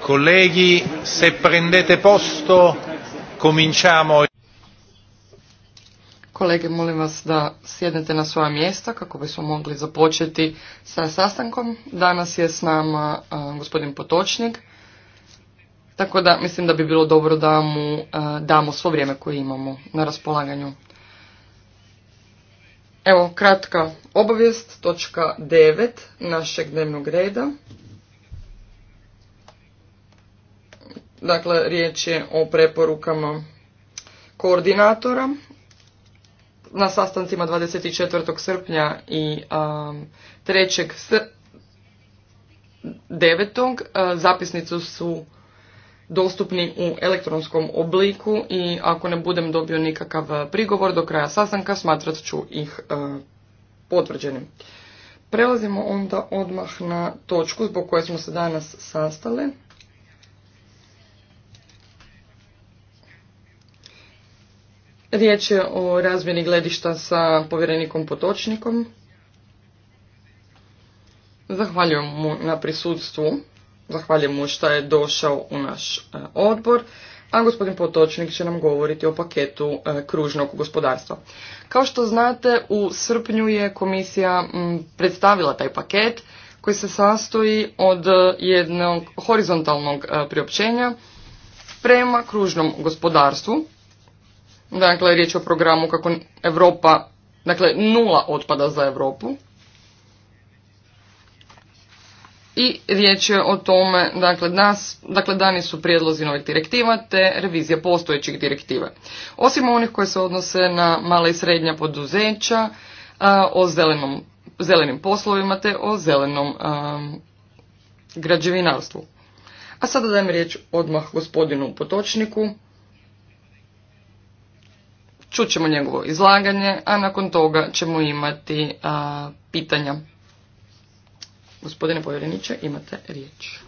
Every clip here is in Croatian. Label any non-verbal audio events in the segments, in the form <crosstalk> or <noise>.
Colleghi, se prendete posto cominciamo Kolege, molim vas da sjednete na svoja mjesta kako bismo mogli započeti sa sastankom. Danas je s nama gospodin Potočnik, tako da mislim da bi bilo dobro da mu damo svo vrijeme koje imamo na raspolaganju. Evo, kratka obavijest, točka 9 našeg dnevnog reda. Dakle, riječ je o preporukama koordinatora na sastancima 24. srpnja i 3. Sr 9. zapisnicu su dostupni u elektronskom obliku i ako ne budem dobio nikakav uh, prigovor do kraja sastanka smatrat ću ih uh, potvrđenim. Prelazimo onda odmah na točku zbog koje smo se danas sastale. Riječ je o razmjeni gledišta sa povjerenikom Potočnikom. Zahvaljujem mu na prisutstvu, zahvaljujem mu što je došao u naš e, odbor, a gospodin Potočnik će nam govoriti o paketu e, kružnog gospodarstva. Kao što znate, u srpnju je komisija predstavila taj paket koji se sastoji od e, jednog horizontalnog priopćenja prema kružnom gospodarstvu, Dakle, riječ je o programu kako Europa, dakle nula otpada za Europu. I riječ je o tome, dakle, nas, dakle dani su prijedlozi novih direktiva te revizija postojećih direktiva. Osim onih koje se odnose na mala i srednja poduzeća, o zelenim poslovima te o zelenom a, građevinarstvu. A sada dajem riječ odmah gospodinu Potočniku ćemo njegovo izlaganje, a nakon toga ćemo imati pitanja. Gospodine povjereniče, imate riječ.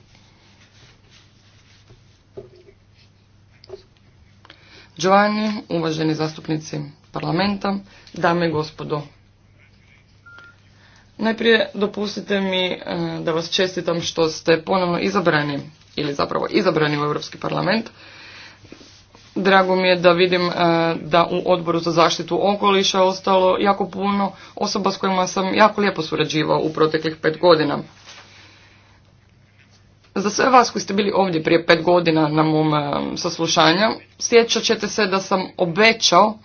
Giovanni, uvaženi zastupnici parlamenta, dame i gospodo. Najprije dopustite mi e, da vas čestitam što ste ponovno izabrani, ili zapravo izabrani u Europski parlament, Drago mi je da vidim e, da u odboru za zaštitu okoliša ostalo jako puno osoba s kojima sam jako lijepo surađivao u proteklih pet godina. Za sve vas koji ste bili ovdje prije pet godina na mom e, saslušanju, sjećat ćete se da sam obećao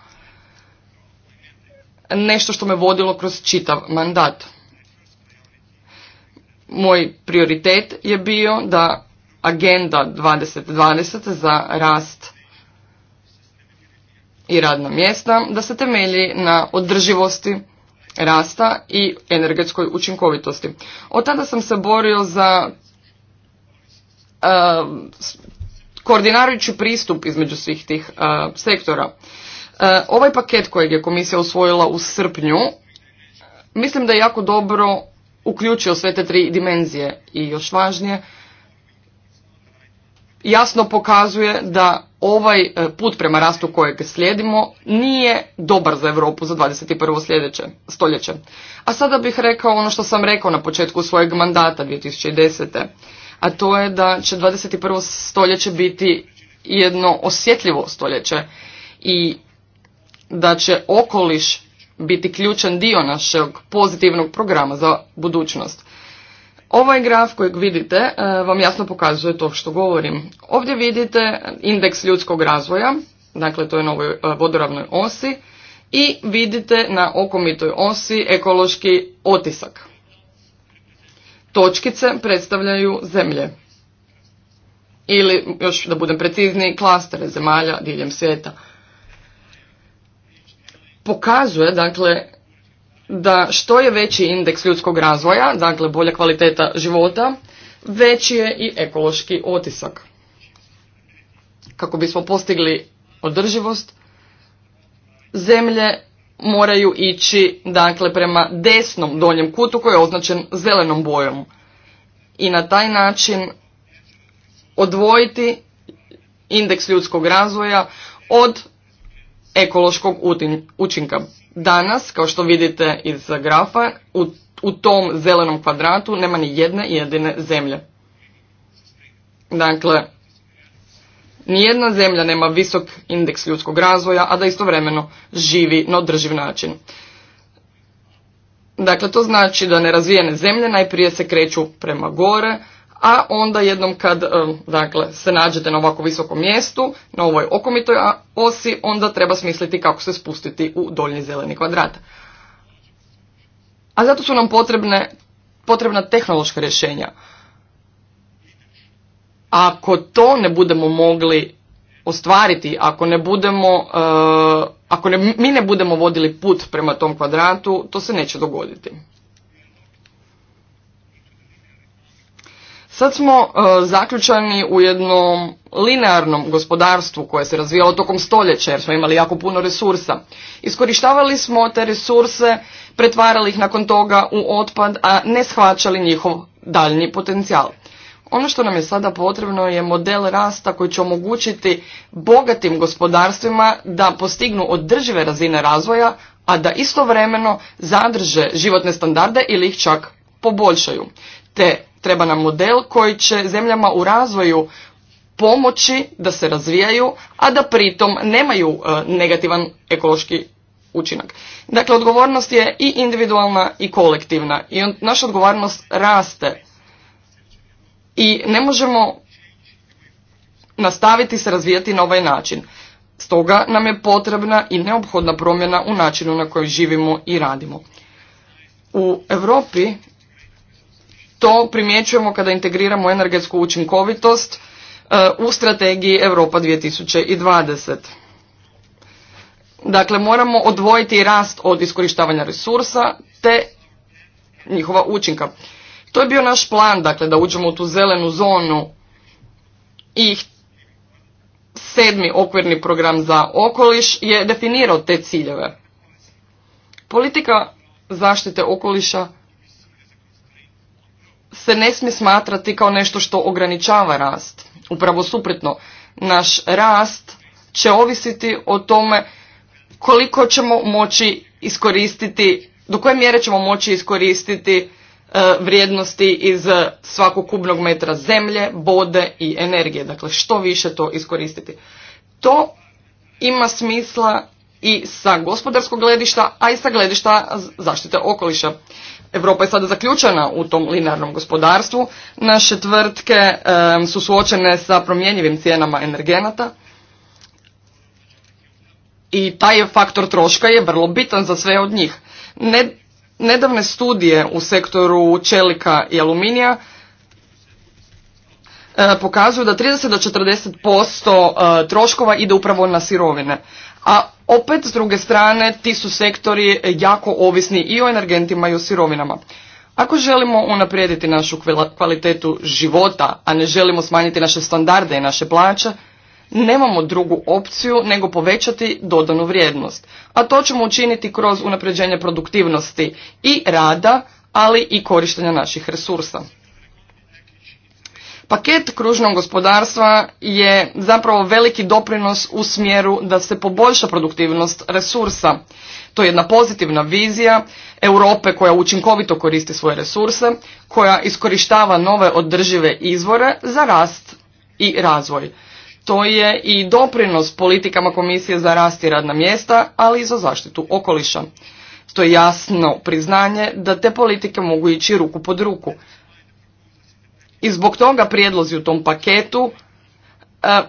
nešto što me vodilo kroz čitav mandat. Moj prioritet je bio da agenda 2020 za rast i radna mjesta da se temelji na održivosti rasta i energetskoj učinkovitosti. Od tada sam se borio za uh, koordinirajući pristup između svih tih uh, sektora. Uh, ovaj paket kojeg je komisija usvojila u srpnju, mislim da je jako dobro uključio sve te tri dimenzije i još važnije, jasno pokazuje da ovaj e, put prema rastu kojeg slijedimo nije dobar za Europu za 21. sljedeće stoljeće. A sada bih rekao ono što sam rekao na početku svojeg mandata 2010. A to je da će 21. stoljeće biti jedno osjetljivo stoljeće i da će okoliš biti ključan dio našeg pozitivnog programa za budućnost. Ovaj graf kojeg vidite e, vam jasno pokazuje to što govorim. Ovdje vidite indeks ljudskog razvoja, dakle to je na ovoj e, vodoravnoj osi, i vidite na okomitoj osi ekološki otisak. Točkice predstavljaju zemlje. Ili, još da budem precizniji, klastere zemalja diljem svijeta. Pokazuje, dakle, da što je veći indeks ljudskog razvoja, dakle bolja kvaliteta života, veći je i ekološki otisak. Kako bismo postigli održivost, zemlje moraju ići dakle prema desnom donjem kutu koji je označen zelenom bojom i na taj način odvojiti indeks ljudskog razvoja od ekološkog učinka. Danas, kao što vidite iz grafa, u, u tom zelenom kvadratu nema ni jedne jedine zemlje. Dakle, nijedna zemlja nema visok indeks ljudskog razvoja, a da istovremeno živi na održiv način. Dakle, to znači da nerazvijene zemlje najprije se kreću prema gore, a onda jednom kad dakle, se nađete na ovako visokom mjestu, na ovoj okomitoj osi, onda treba smisliti kako se spustiti u doljni zeleni kvadrat. A zato su nam potrebne, potrebna tehnološka rješenja. Ako to ne budemo mogli ostvariti, ako ne budemo, e, ako ne, mi ne budemo vodili put prema tom kvadratu, to se neće dogoditi. Sad smo e, zaključani u jednom linearnom gospodarstvu koje se razvijalo tokom stoljeća jer smo imali jako puno resursa. Iskorištavali smo te resurse, pretvarali ih nakon toga u otpad, a ne shvaćali njihov daljnji potencijal. Ono što nam je sada potrebno je model rasta koji će omogućiti bogatim gospodarstvima da postignu održive razine razvoja, a da istovremeno zadrže životne standarde ili ih čak poboljšaju. Te Treba nam model koji će zemljama u razvoju pomoći da se razvijaju, a da pritom nemaju e, negativan ekološki učinak. Dakle, odgovornost je i individualna i kolektivna i naša odgovornost raste i ne možemo nastaviti se razvijati na ovaj način. Stoga nam je potrebna i neophodna promjena u načinu na koji živimo i radimo. U Europi to primjećujemo kada integriramo energetsku učinkovitost e, u strategiji Europa 2020. Dakle, moramo odvojiti rast od iskorištavanja resursa te njihova učinka. To je bio naš plan, dakle, da uđemo u tu zelenu zonu i sedmi okvirni program za okoliš je definirao te ciljeve. Politika zaštite okoliša se ne smije smatrati kao nešto što ograničava rast. Upravo suprotno, naš rast će ovisiti o tome koliko ćemo moći iskoristiti, do koje mjere ćemo moći iskoristiti e, vrijednosti iz svakog kubnog metra zemlje, vode i energije. Dakle, što više to iskoristiti. To ima smisla i sa gospodarskog gledišta, a i sa gledišta zaštite okoliša. Europa je sada zaključena u tom linearnom gospodarstvu. Naše tvrtke su suočene sa promjenjivim cijenama energenata i taj faktor troška je vrlo bitan za sve od njih. nedavne studije u sektoru čelika i aluminija pokazuju da 30 do 40% troškova ide upravo na sirovine a opet s druge strane ti su sektori jako ovisni i o energentima i o sirovinama. Ako želimo unaprijediti našu kvalitetu života, a ne želimo smanjiti naše standarde i naše plaće, nemamo drugu opciju nego povećati dodanu vrijednost. A to ćemo učiniti kroz unapređenje produktivnosti i rada, ali i korištenja naših resursa. Paket kružnog gospodarstva je zapravo veliki doprinos u smjeru da se poboljša produktivnost resursa. To je jedna pozitivna vizija Europe koja učinkovito koristi svoje resurse, koja iskorištava nove održive izvore za rast i razvoj. To je i doprinos politikama Komisije za rast i radna mjesta, ali i za zaštitu okoliša. To je jasno priznanje da te politike mogu ići ruku pod ruku i zbog toga prijedlozi u tom paketu, e,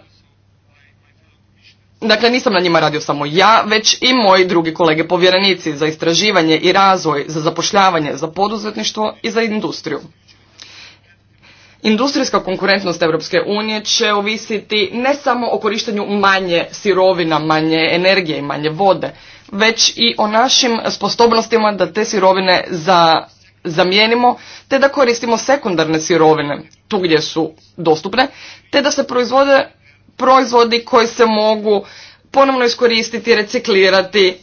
dakle nisam na njima radio samo ja, već i moji drugi kolege povjerenici za istraživanje i razvoj, za zapošljavanje, za poduzetništvo i za industriju. Industrijska konkurentnost Europske unije će ovisiti ne samo o korištenju manje sirovina, manje energije i manje vode, već i o našim sposobnostima da te sirovine za zamijenimo, te da koristimo sekundarne sirovine tu gdje su dostupne, te da se proizvode proizvodi koji se mogu ponovno iskoristiti, reciklirati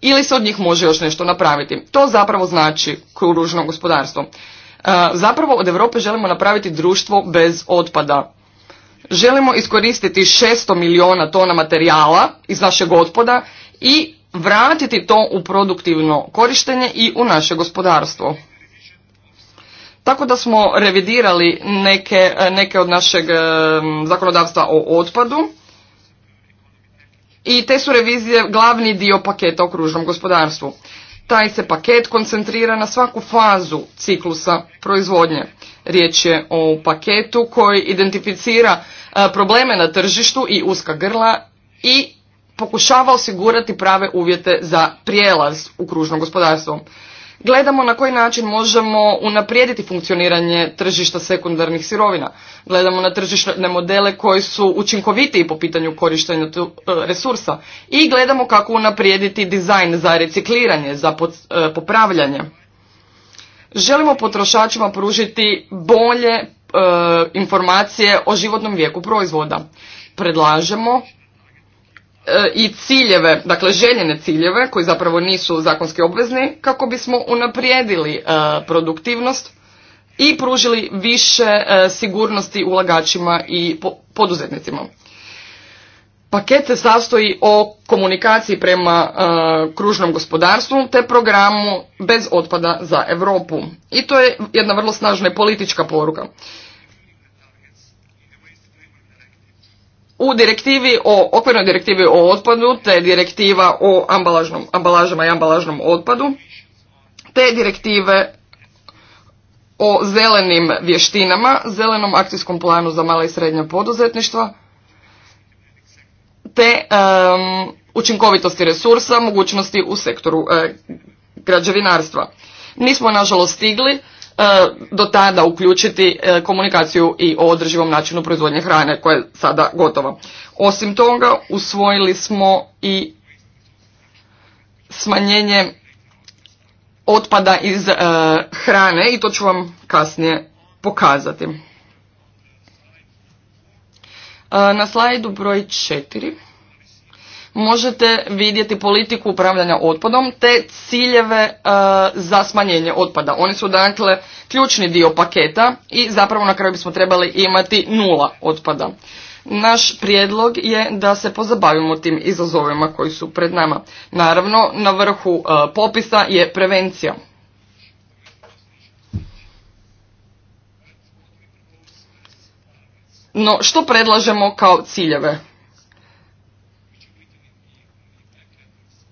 ili se od njih može još nešto napraviti. To zapravo znači kružno gospodarstvo. E, zapravo od Europe želimo napraviti društvo bez otpada. Želimo iskoristiti 600 milijuna tona materijala iz našeg otpada i vratiti to u produktivno korištenje i u naše gospodarstvo. Tako da smo revidirali neke, neke od našeg eh, zakonodavstva o otpadu i te su revizije glavni dio paketa o kružnom gospodarstvu. Taj se paket koncentrira na svaku fazu ciklusa proizvodnje. Riječ je o paketu koji identificira eh, probleme na tržištu i uska grla i pokušava osigurati prave uvjete za prijelaz u kružno gospodarstvo. Gledamo na koji način možemo unaprijediti funkcioniranje tržišta sekundarnih sirovina. Gledamo na tržišne modele koji su učinkovitiji po pitanju korištenja e, resursa i gledamo kako unaprijediti dizajn za recikliranje, za e, popravljanje. Želimo potrošačima pružiti bolje e, informacije o životnom vijeku proizvoda. Predlažemo E, i ciljeve, dakle željene ciljeve koji zapravo nisu zakonski obvezni kako bismo unaprijedili e, produktivnost i pružili više e, sigurnosti ulagačima i poduzetnicima. Paket se sastoji o komunikaciji prema kružnom gospodarstvu te programu bez otpada za Europu. I to je jedna vrlo snažna politička poruka. U direktivi o, okvirnoj direktivi o otpadu, te direktiva o ambalažnom, ambalažama i ambalažnom otpadu, te direktive o zelenim vještinama, zelenom akcijskom planu za mala i srednja poduzetništva, te učinkovitosti resursa, mogućnosti u sektoru e, građevinarstva. Nismo nažalost stigli E, do tada uključiti e, komunikaciju i o održivom načinu proizvodnje hrane koja je sada gotova. Osim toga, usvojili smo i smanjenje otpada iz e, hrane i to ću vam kasnije pokazati. na slajdu broj četiri možete vidjeti politiku upravljanja otpadom te ciljeve e, za smanjenje otpada. Oni su dakle ključni dio paketa i zapravo na kraju bismo trebali imati nula otpada. Naš prijedlog je da se pozabavimo tim izazovima koji su pred nama. Naravno, na vrhu e, popisa je prevencija. No, što predlažemo kao ciljeve?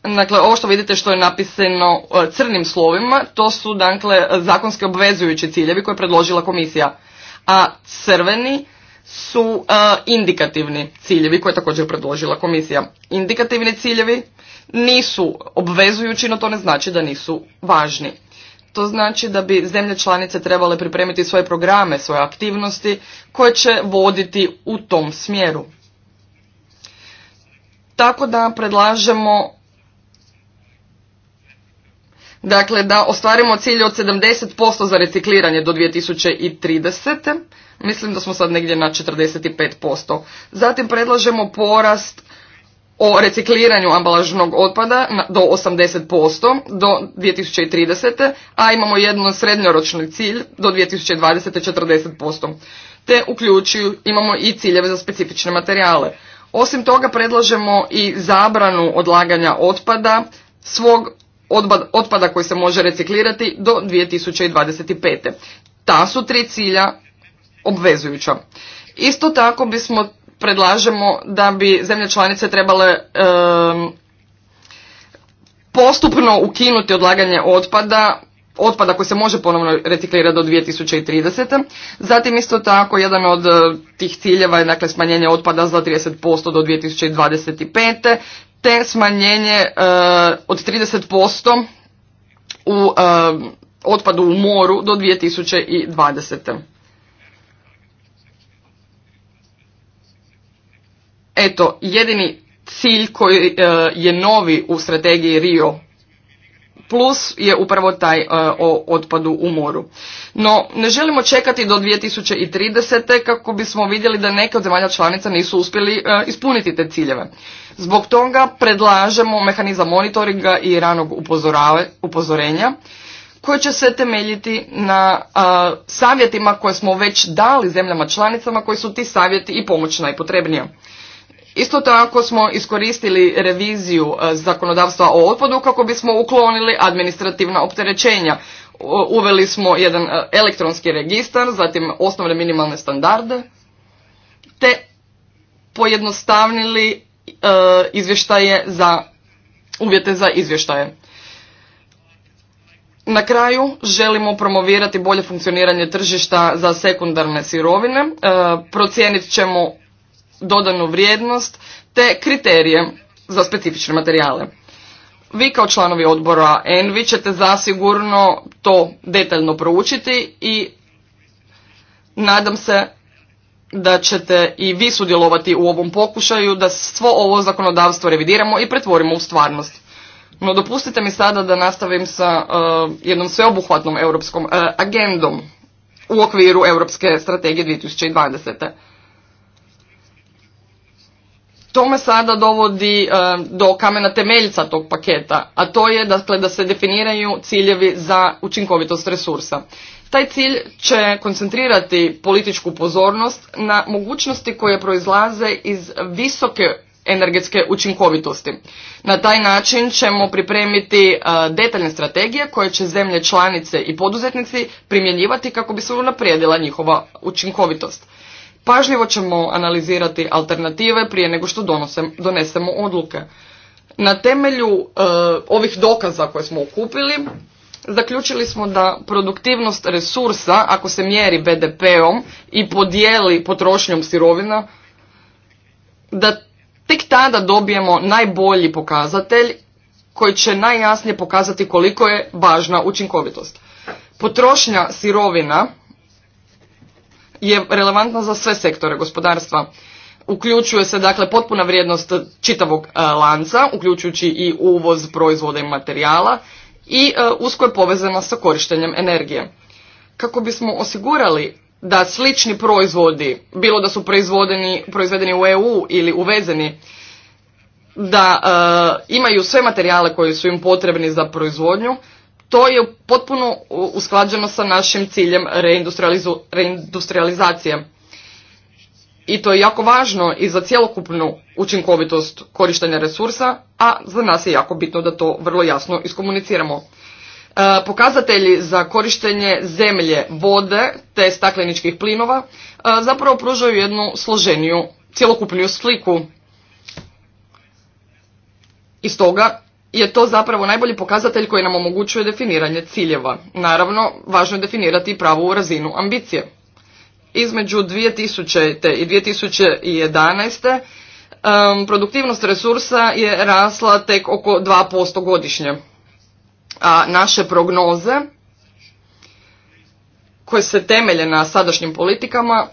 Dakle, ovo što vidite što je napisano e, crnim slovima, to su dakle zakonske obvezujući ciljevi koje je predložila komisija. A crveni su e, indikativni ciljevi koje je također predložila komisija. Indikativni ciljevi nisu obvezujući, no to ne znači da nisu važni. To znači da bi zemlje članice trebale pripremiti svoje programe, svoje aktivnosti koje će voditi u tom smjeru. Tako da predlažemo Dakle, da ostvarimo cilj od 70% za recikliranje do 2030. Mislim da smo sad negdje na 45%. Zatim predlažemo porast o recikliranju ambalažnog otpada do 80% do 2030. A imamo jedno srednjoročni cilj do 2020. 40%. Te uključuju, imamo i ciljeve za specifične materijale. Osim toga predlažemo i zabranu odlaganja otpada svog otpada koji se može reciklirati do 2025. Ta su tri cilja obvezujuća. Isto tako bismo predlažemo da bi zemlje članice trebale postupno ukinuti odlaganje otpada otpada koji se može ponovno reciklirati do 2030. Zatim isto tako jedan od eh, tih ciljeva je dakle smanjenje otpada za 30% do 2025 te smanjenje e, od 30% u e, otpadu u moru do 2020. Eto, jedini cilj koji e, je novi u strategiji Rio plus je upravo taj e, o otpadu u moru. No, ne želimo čekati do 2030. kako bismo vidjeli da neke od zemalja članica nisu uspjeli e, ispuniti te ciljeve. Zbog toga predlažemo mehanizam monitoringa i ranog upozorenja koje će se temeljiti na e, savjetima koje smo već dali zemljama članicama koji su ti savjeti i pomoć najpotrebnija. Isto tako smo iskoristili reviziju e, zakonodavstva o otpadu kako bismo uklonili administrativna opterećenja. Uveli smo jedan e, elektronski registar, zatim osnovne minimalne standarde, te pojednostavnili e, izvještaje za uvjete za izvještaje. Na kraju želimo promovirati bolje funkcioniranje tržišta za sekundarne sirovine. Procijenit ćemo dodanu vrijednost te kriterije za specifične materijale. Vi kao članovi odbora ENVI ćete zasigurno to detaljno proučiti i nadam se da ćete i vi sudjelovati u ovom pokušaju da svo ovo zakonodavstvo revidiramo i pretvorimo u stvarnost. No dopustite mi sada da nastavim sa e, jednom sveobuhvatnom europskom e, agendom u okviru Europske strategije 2020. To me sada dovodi e, do kamena temeljca tog paketa, a to je dakle, da se definiraju ciljevi za učinkovitost resursa. Taj cilj će koncentrirati političku pozornost na mogućnosti koje proizlaze iz visoke energetske učinkovitosti. Na taj način ćemo pripremiti e, detaljne strategije koje će zemlje članice i poduzetnici primjenjivati kako bi se unaprijedila njihova učinkovitost. Pažljivo ćemo analizirati alternative prije nego što donosem, donesemo odluke. Na temelju e, ovih dokaza koje smo okupili, zaključili smo da produktivnost resursa, ako se mjeri BDP-om i podijeli potrošnjom sirovina, da tek tada dobijemo najbolji pokazatelj koji će najjasnije pokazati koliko je važna učinkovitost. Potrošnja sirovina je relevantna za sve sektore gospodarstva. Uključuje se dakle potpuna vrijednost čitavog e, lanca, uključujući i uvoz proizvoda i materijala i e, usko je povezana sa korištenjem energije. Kako bismo osigurali da slični proizvodi, bilo da su proizvedeni u EU ili uvezeni, da e, imaju sve materijale koji su im potrebni za proizvodnju, to je potpuno usklađeno sa našim ciljem reindustrializacije. I to je jako važno i za cjelokupnu učinkovitost korištenja resursa, a za nas je jako bitno da to vrlo jasno iskomuniciramo. E, pokazatelji za korištenje zemlje, vode te stakleničkih plinova e, zapravo pružaju jednu složeniju cjelokupniju sliku. I stoga je to zapravo najbolji pokazatelj koji nam omogućuje definiranje ciljeva. Naravno, važno je definirati pravu razinu ambicije. Između 2000. i 2011. produktivnost resursa je rasla tek oko 2% godišnje. A naše prognoze koje se temelje na sadašnjim politikama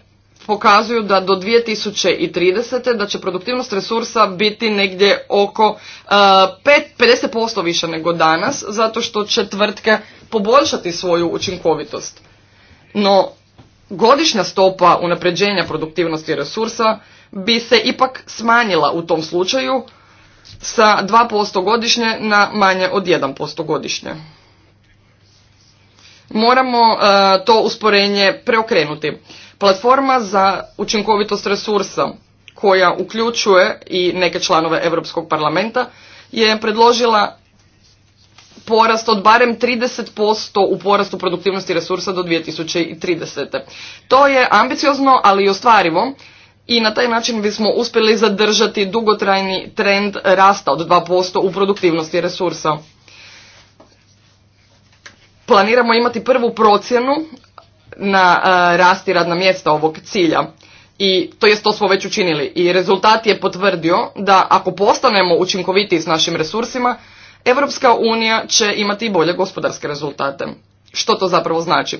pokazuju da do 2030. da će produktivnost resursa biti negdje oko uh, 5, 50% više nego danas, zato što će tvrtke poboljšati svoju učinkovitost. No, godišnja stopa unapređenja produktivnosti resursa bi se ipak smanjila u tom slučaju sa 2% godišnje na manje od 1% godišnje. Moramo e, to usporenje preokrenuti Platforma za učinkovitost resursa koja uključuje i neke članove Europskog parlamenta je predložila porast od barem 30% u porastu produktivnosti resursa do 2030. To je ambiciozno, ali i ostvarivo i na taj način bismo uspjeli zadržati dugotrajni trend rasta od 2% u produktivnosti resursa. Planiramo imati prvu procjenu na e, rasti radna mjesta ovog cilja. I to jest to smo već učinili. I rezultat je potvrdio da ako postanemo učinkovitiji s našim resursima, Europska unija će imati i bolje gospodarske rezultate. Što to zapravo znači?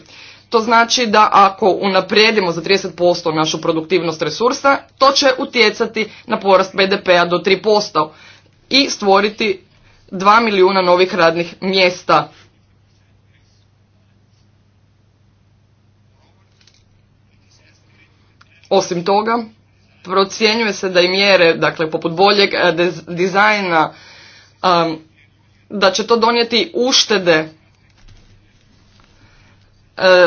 To znači da ako unaprijedimo za 30% našu produktivnost resursa, to će utjecati na porast BDP-a do 3% i stvoriti 2 milijuna novih radnih mjesta Osim toga, procjenjuje se da i mjere, dakle poput boljeg eh, dizajna, ehm, da će to donijeti uštede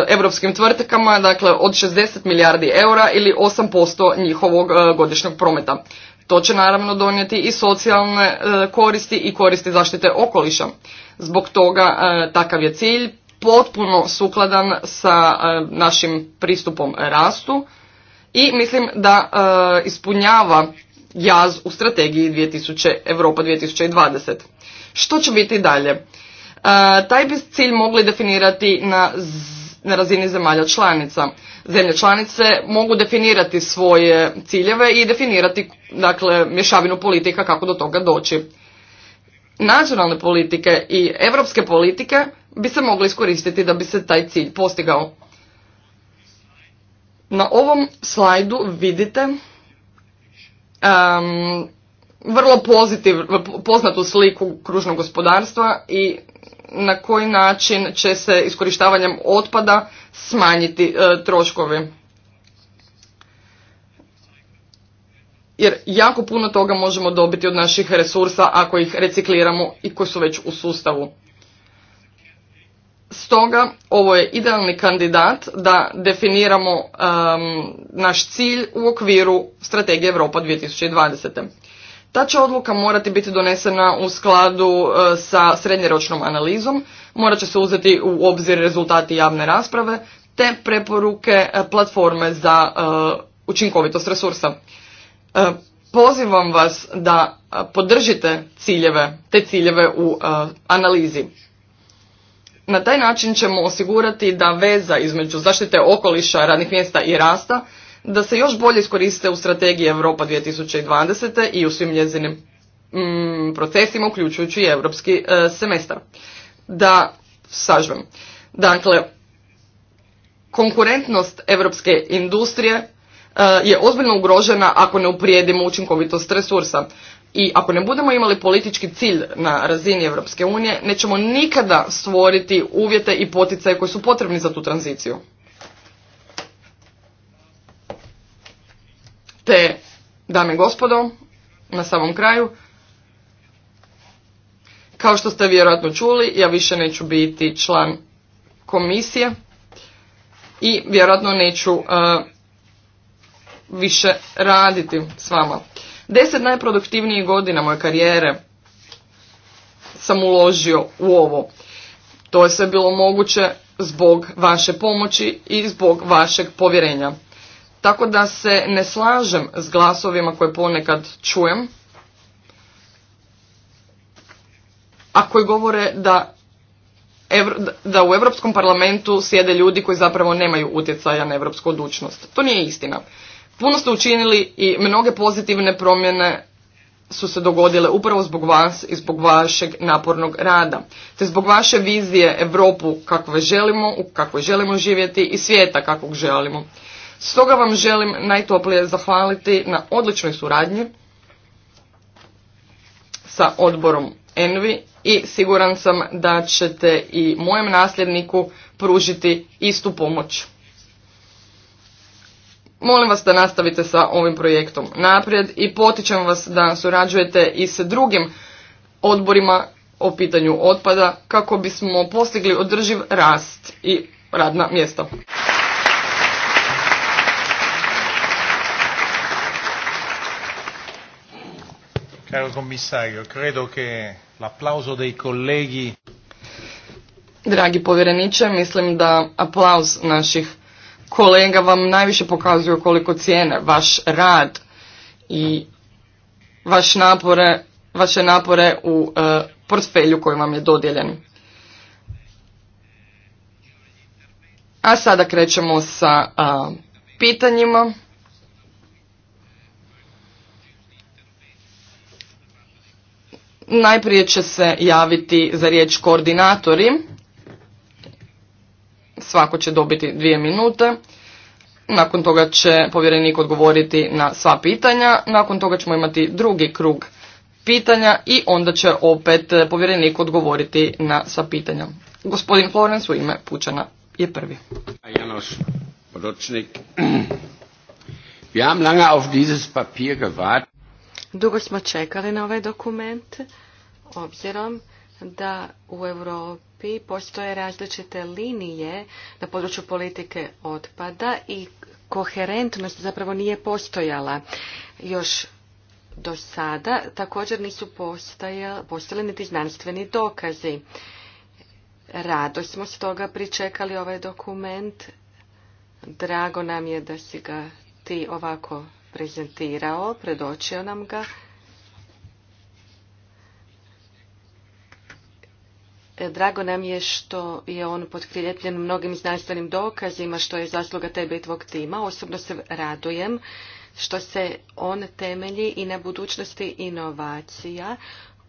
europskim eh, tvrtkama, dakle od 60 milijardi eura ili 8% njihovog eh, godišnjeg prometa. To će naravno donijeti i socijalne koristi i koristi zaštite okoliša. Zbog toga takav je cilj potpuno sukladan sa našim pristupom rastu i mislim da e, ispunjava jaz u strategiji 2000, Europa 2020. Što će biti dalje? E, taj bi cilj mogli definirati na, na razini zemalja članica. Zemlje članice mogu definirati svoje ciljeve i definirati dakle, mješavinu politika kako do toga doći. Nacionalne politike i europske politike bi se mogli iskoristiti da bi se taj cilj postigao. Na ovom slajdu vidite vrlo poznatu sliku kružnog gospodarstva i na koji način će se iskorištavanjem otpada smanjiti e, troškovi. Jer jako puno toga možemo dobiti od naših resursa ako ih recikliramo i koji su već u sustavu. Stoga ovo je idealni kandidat da definiramo um, naš cilj u okviru strategije Europa 2020. Ta će odluka morati biti donesena u skladu uh, sa srednjeročnom analizom, morat će se uzeti u obzir rezultati javne rasprave te preporuke uh, platforme za uh, učinkovitost resursa. pozivam vas da podržite ciljeve, te ciljeve u analizi. Na taj način ćemo osigurati da veza između zaštite okoliša, radnih mjesta i rasta da se još bolje iskoriste u strategiji Europa 2020. i u svim njezinim mm, procesima, uključujući i europski e, semestar. Da sažvem. Dakle, konkurentnost europske industrije e, je ozbiljno ugrožena ako ne uprijedimo učinkovitost resursa i ako ne budemo imali politički cilj na razini Europske unije, nećemo nikada stvoriti uvjete i poticaje koji su potrebni za tu tranziciju. Te, dame i gospodo, na samom kraju, kao što ste vjerojatno čuli, ja više neću biti član komisije i vjerojatno neću uh, više raditi s vama. Deset najproduktivnijih godina moje karijere sam uložio u ovo. To je sve bilo moguće zbog vaše pomoći i zbog vašeg povjerenja. Tako da se ne slažem s glasovima koje ponekad čujem, a koji govore da, da u Europskom parlamentu sjede ljudi koji zapravo nemaju utjecaja na europsku odlučnost. To nije istina. Puno ste učinili i mnoge pozitivne promjene su se dogodile upravo zbog vas i zbog vašeg napornog rada, te zbog vaše vizije Europu kakve želimo, u kakvoj želimo živjeti i svijeta kakvog želimo. Stoga vam želim najtoplije zahvaliti na odličnoj suradnji sa odborom Envi i siguran sam da ćete i mojem nasljedniku pružiti istu pomoć. Molim vas da nastavite sa ovim projektom naprijed i potičem vas da surađujete i sa drugim odborima o pitanju otpada kako bismo postigli održiv rast i radna mjesta. Caro commissario, credo che l'applauso dei colleghi Dragi povjereniče, mislim da aplauz naših kolega vam najviše pokazuju koliko cijene vaš rad i vaš napore, vaše napore u e, portfelju koji vam je dodijeljen. A sada krećemo sa e, pitanjima. Najprije će se javiti za riječ koordinatori Svako će dobiti dvije minute. Nakon toga će povjerenik odgovoriti na sva pitanja. Nakon toga ćemo imati drugi krug pitanja i onda će opet povjerenik odgovoriti na sva pitanja. Gospodin Florens, u ime Pučana je prvi. Janoš <clears throat> Dugo smo čekali na ovaj dokument, obzirom da u euro postoje različite linije na području politike otpada i koherentnost zapravo nije postojala još do sada. Također nisu postojali niti znanstveni dokazi. Rado smo stoga pričekali ovaj dokument. Drago nam je da si ga ti ovako prezentirao, predočio nam ga. Drago nam je što je on potkrijepljen mnogim znanstvenim dokazima što je zasluga tebe i tvog tima. Osobno se radujem što se on temelji i na budućnosti inovacija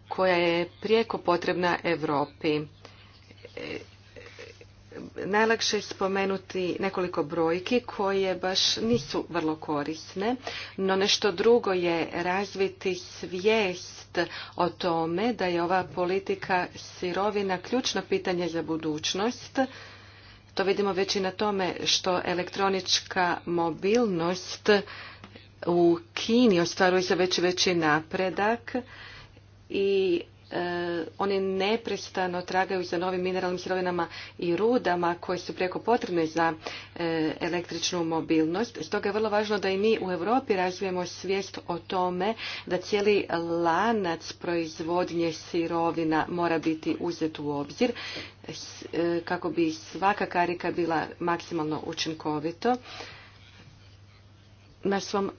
koja je prijeko potrebna Europi. E, najlakše je spomenuti nekoliko brojki koje baš nisu vrlo korisne, no nešto drugo je razviti svijest o tome da je ova politika sirovina ključno pitanje za budućnost. To vidimo već i na tome što elektronička mobilnost u Kini ostvaruje se već veći napredak i E, oni neprestano tragaju za novim mineralnim sirovinama i rudama koje su preko potrebne za e, električnu mobilnost. Stoga je vrlo važno da i mi u Europi razvijemo svijest o tome da cijeli lanac proizvodnje sirovina mora biti uzet u obzir e, kako bi svaka karika bila maksimalno učinkovito. Na svom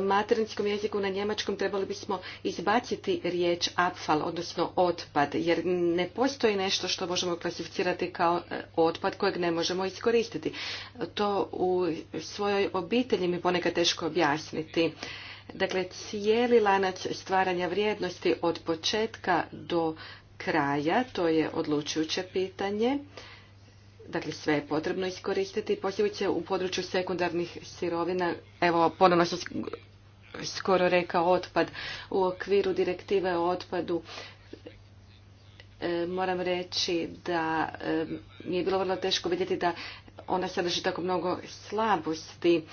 materinskom jeziku na njemačkom trebali bismo izbaciti riječ apfal, odnosno otpad, jer ne postoji nešto što možemo klasificirati kao e, otpad kojeg ne možemo iskoristiti. To u svojoj obitelji mi ponekad teško objasniti. Dakle, cijeli lanac stvaranja vrijednosti od početka do kraja, to je odlučujuće pitanje. Dakle, sve je potrebno iskoristiti. Posebice u području sekundarnih sirovina, evo, ponovno sam skoro rekao otpad. U okviru direktive o otpadu e, moram reći da e, mi je bilo vrlo teško vidjeti da ona sadrži tako mnogo slabosti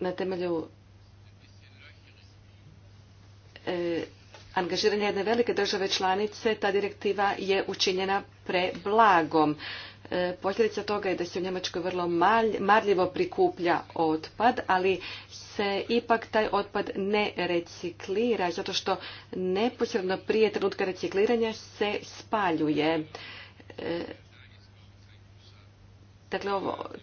na temelju e, Angažiranje jedne velike države članice ta direktiva je učinjena preblagom. E, posljedica toga je da se u Njemačkoj vrlo marljivo prikuplja otpad, ali se ipak taj otpad ne reciklira, zato što neposredno prije trenutka recikliranja se spaljuje. E, Dakle,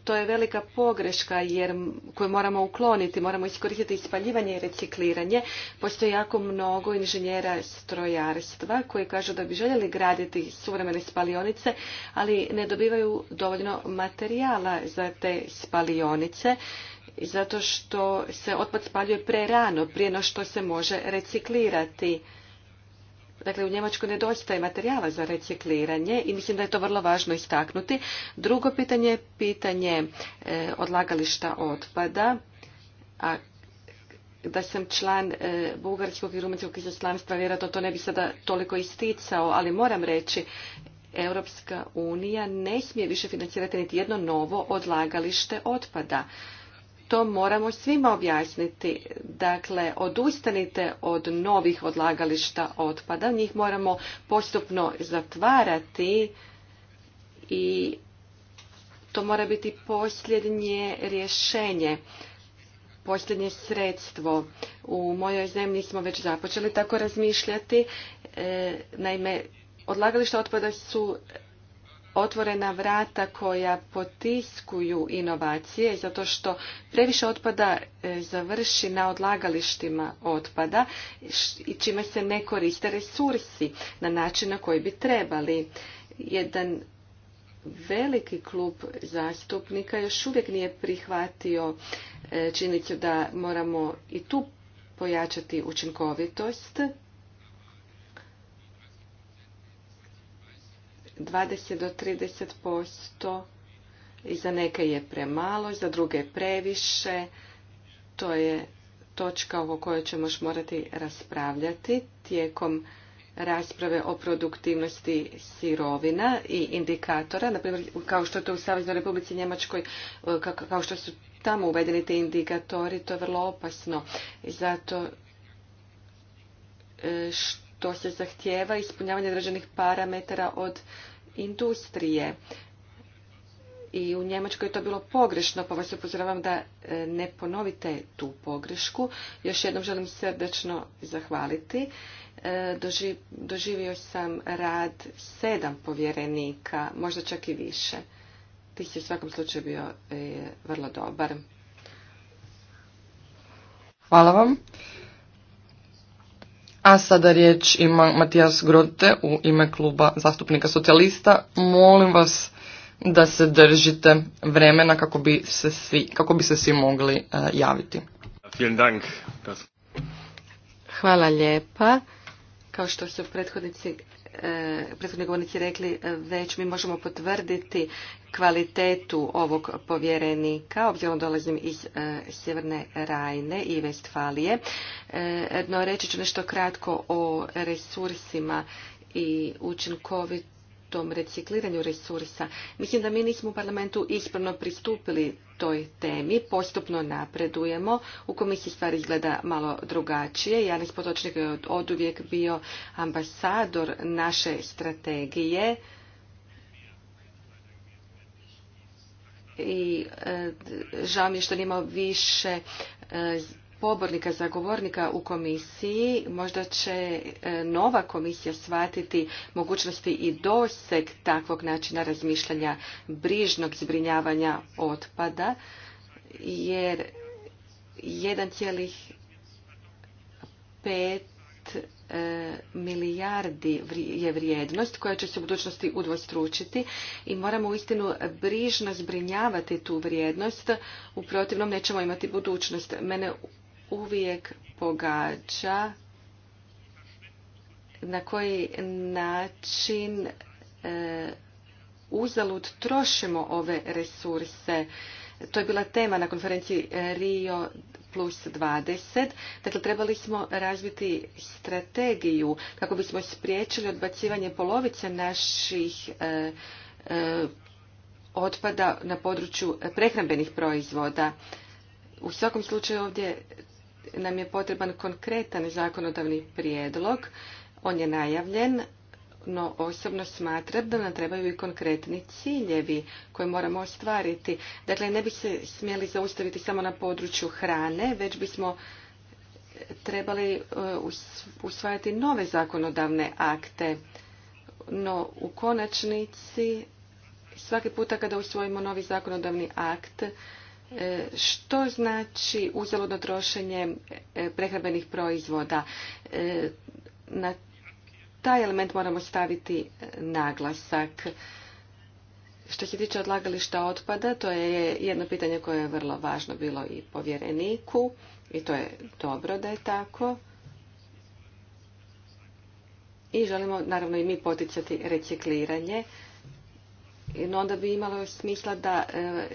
to je velika pogreška jer, koju moramo ukloniti. Moramo iskoristiti spaljivanje i recikliranje. Postoji jako mnogo inženjera strojarstva koji kažu da bi željeli graditi suvremene spalionice, ali ne dobivaju dovoljno materijala za te spalionice zato što se otpad spaljuje prerano, prije no što se može reciklirati. Dakle, u Njemačkoj nedostaje materijala za recikliranje i mislim da je to vrlo važno istaknuti. Drugo pitanje je pitanje e, odlagališta otpada. A da sam član e, bugarskog i rumunjskog izaslanstva, vjerojatno to ne bi sada toliko isticao, ali moram reći, Europska unija ne smije više financirati niti jedno novo odlagalište otpada to moramo svima objasniti. Dakle, odustanite od novih odlagališta otpada, njih moramo postupno zatvarati i to mora biti posljednje rješenje, posljednje sredstvo. U mojoj zemlji smo već započeli tako razmišljati. E, naime, odlagališta otpada su otvorena vrata koja potiskuju inovacije zato što previše otpada e, završi na odlagalištima otpada i čime se ne koriste resursi na način na koji bi trebali. Jedan veliki klub zastupnika još uvijek nije prihvatio e, činjenicu da moramo i tu pojačati učinkovitost 20 do 30 posto i za neke je premalo, za druge previše. To je točka o kojoj ćemo još morati raspravljati tijekom rasprave o produktivnosti sirovina i indikatora, na kao što je to u Saveznoj Republici Njemačkoj, e, kao što su tamo uvedeni ti indikatori, to je vrlo opasno. Zato e, što to se zahtjeva, ispunjavanje određenih parametara od industrije. I u Njemačkoj je to bilo pogrešno, pa vas upozoravam da e, ne ponovite tu pogrešku. Još jednom želim srdečno zahvaliti. E, doživio sam rad sedam povjerenika, možda čak i više. Ti si u svakom slučaju bio e, vrlo dobar. Hvala vam. A sada riječ ima Matijas Grote u ime kluba zastupnika socijalista. Molim vas da se držite vremena kako bi se svi, kako bi se svi mogli e, javiti. Hvala lijepa. Kao što su prethodnici E, prethodni govornici rekli, e, već mi možemo potvrditi kvalitetu ovog povjerenika, obzirom dolazim iz e, Sjeverne Rajne i Vestfalije. Jedno reći ću nešto kratko o resursima i učinkovitosti tom recikliranju resursa. Mislim da mi nismo u parlamentu ispravno pristupili toj temi, postupno napredujemo. U komisiji stvari izgleda malo drugačije. Janis Potočnik je od uvijek bio ambasador naše strategije. I e, žao mi je što nimao više e, pobornika, zagovornika u komisiji. Možda će e, nova komisija shvatiti mogućnosti i doseg takvog načina razmišljanja brižnog zbrinjavanja otpada, jer 1,5 e, milijardi je vrijednost koja će se u budućnosti udvostručiti i moramo uistinu brižno zbrinjavati tu vrijednost u protivnom nećemo imati budućnost mene uvijek pogađa na koji način e, uzalud trošimo ove resurse. To je bila tema na konferenciji e, Rio plus 20. Dakle, trebali smo razviti strategiju kako bismo spriječili odbacivanje polovice naših e, otpada na području prehrambenih proizvoda. U svakom slučaju ovdje nam je potreban konkretan zakonodavni prijedlog. On je najavljen, no osobno smatram da nam trebaju i konkretni ciljevi koje moramo ostvariti. Dakle, ne bi se smjeli zaustaviti samo na području hrane, već bismo trebali e, usvajati nove zakonodavne akte. No, u konačnici, svaki puta kada usvojimo novi zakonodavni akt, E, što znači uzaludno trošenje e, prehrambenih proizvoda? E, na taj element moramo staviti naglasak. Što se tiče odlagališta otpada, to je jedno pitanje koje je vrlo važno bilo i povjereniku i to je dobro da je tako. I želimo naravno i mi poticati recikliranje no onda bi imalo još smisla da e,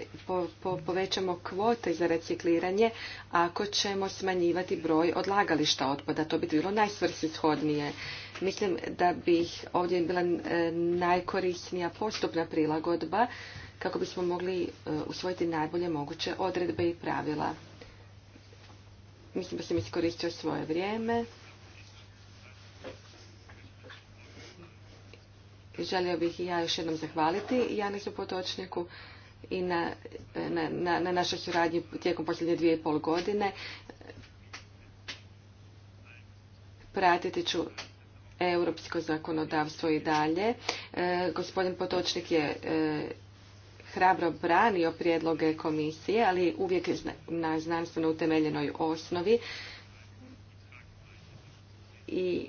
povećamo kvote za recikliranje ako ćemo smanjivati broj odlagališta otpada. To bi bilo najsvrsishodnije. Mislim da bi ovdje bila e, najkorisnija postupna prilagodba kako bismo mogli e, usvojiti najbolje moguće odredbe i pravila. Mislim da sam iskoristio svoje vrijeme. želio bih i ja još jednom zahvaliti Janisu Potočniku i na, na, na, našoj suradnji tijekom posljednje dvije i pol godine. Pratiti ću europsko zakonodavstvo i dalje. E, gospodin Potočnik je e, hrabro branio prijedloge komisije, ali uvijek na znanstveno utemeljenoj osnovi. I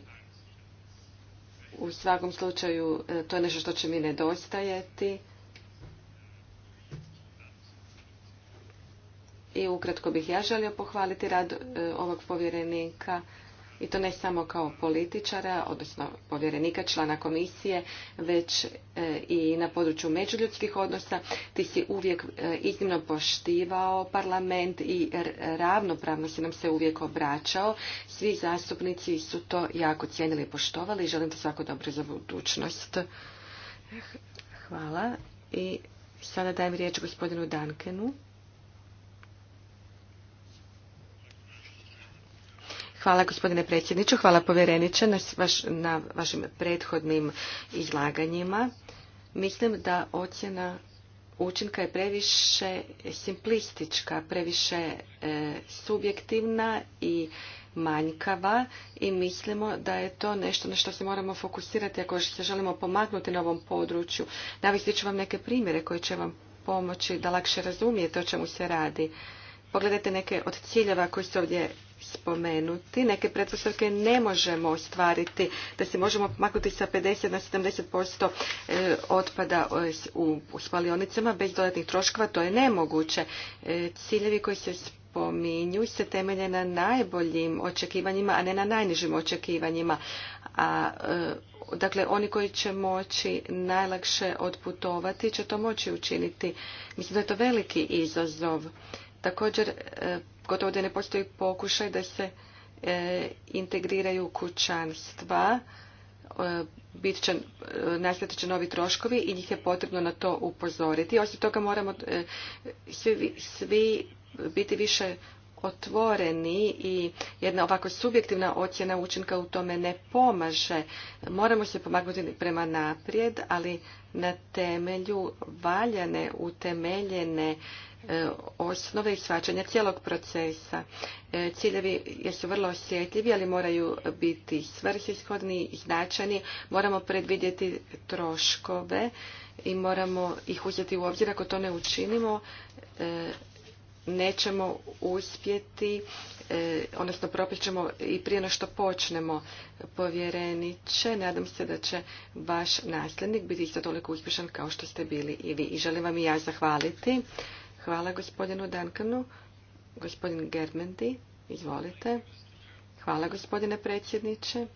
u svakom slučaju e, to je nešto što će mi nedostajati. I ukratko bih ja želio pohvaliti rad e, ovog povjerenika i to ne samo kao političara, odnosno povjerenika, člana komisije, već e, i na području međuljudskih odnosa. Ti si uvijek e, iznimno poštivao parlament i ravnopravno si nam se uvijek obraćao. Svi zastupnici su to jako cijenili i poštovali i želim ti svako dobro za budućnost. Hvala i sada dajem riječ gospodinu Dankenu. Hvala gospodine predsjedniče, hvala povjereniče na, vašim prethodnim izlaganjima. Mislim da ocjena učinka je previše simplistička, previše e, subjektivna i manjkava i mislimo da je to nešto na što se moramo fokusirati ako se želimo pomaknuti na ovom području. Navesti ću vam neke primjere koji će vam pomoći da lakše razumijete o čemu se radi. Pogledajte neke od ciljeva koji su ovdje spomenuti. Neke pretpostavke ne možemo ostvariti, da se možemo maknuti sa 50 na 70% e, otpada e, u spalionicama bez dodatnih troškova, to je nemoguće. E, ciljevi koji se spominju se temelje na najboljim očekivanjima, a ne na najnižim očekivanjima. A dakle oni koji će moći najlakše odputovati će to moći učiniti. Mislim da je to veliki izazov. Također gotovo da ne postoji pokušaj da se e, integriraju kućanstva, e, bit će, e, nastati će novi troškovi i njih je potrebno na to upozoriti. Osim toga moramo svi, svi biti više otvoreni i jedna ovako subjektivna ocjena učinka u tome ne pomaže. Moramo se pomagati prema naprijed, ali na temelju valjane, utemeljene E, osnove i svačanja cijelog procesa. E, ciljevi jesu vrlo osjetljivi, ali moraju biti svrsishodni i značajni. Moramo predvidjeti troškove i moramo ih uzeti u obzir. Ako to ne učinimo, e, nećemo uspjeti, odnosno propjećemo i prije na što počnemo povjereniće. Nadam se da će vaš nasljednik biti isto toliko uspješan kao što ste bili i vi. I želim vam i ja zahvaliti. Hvala gospodinu Dankanu. Gospodin Germendi, izvolite. Hvala gospodine predsjedniče.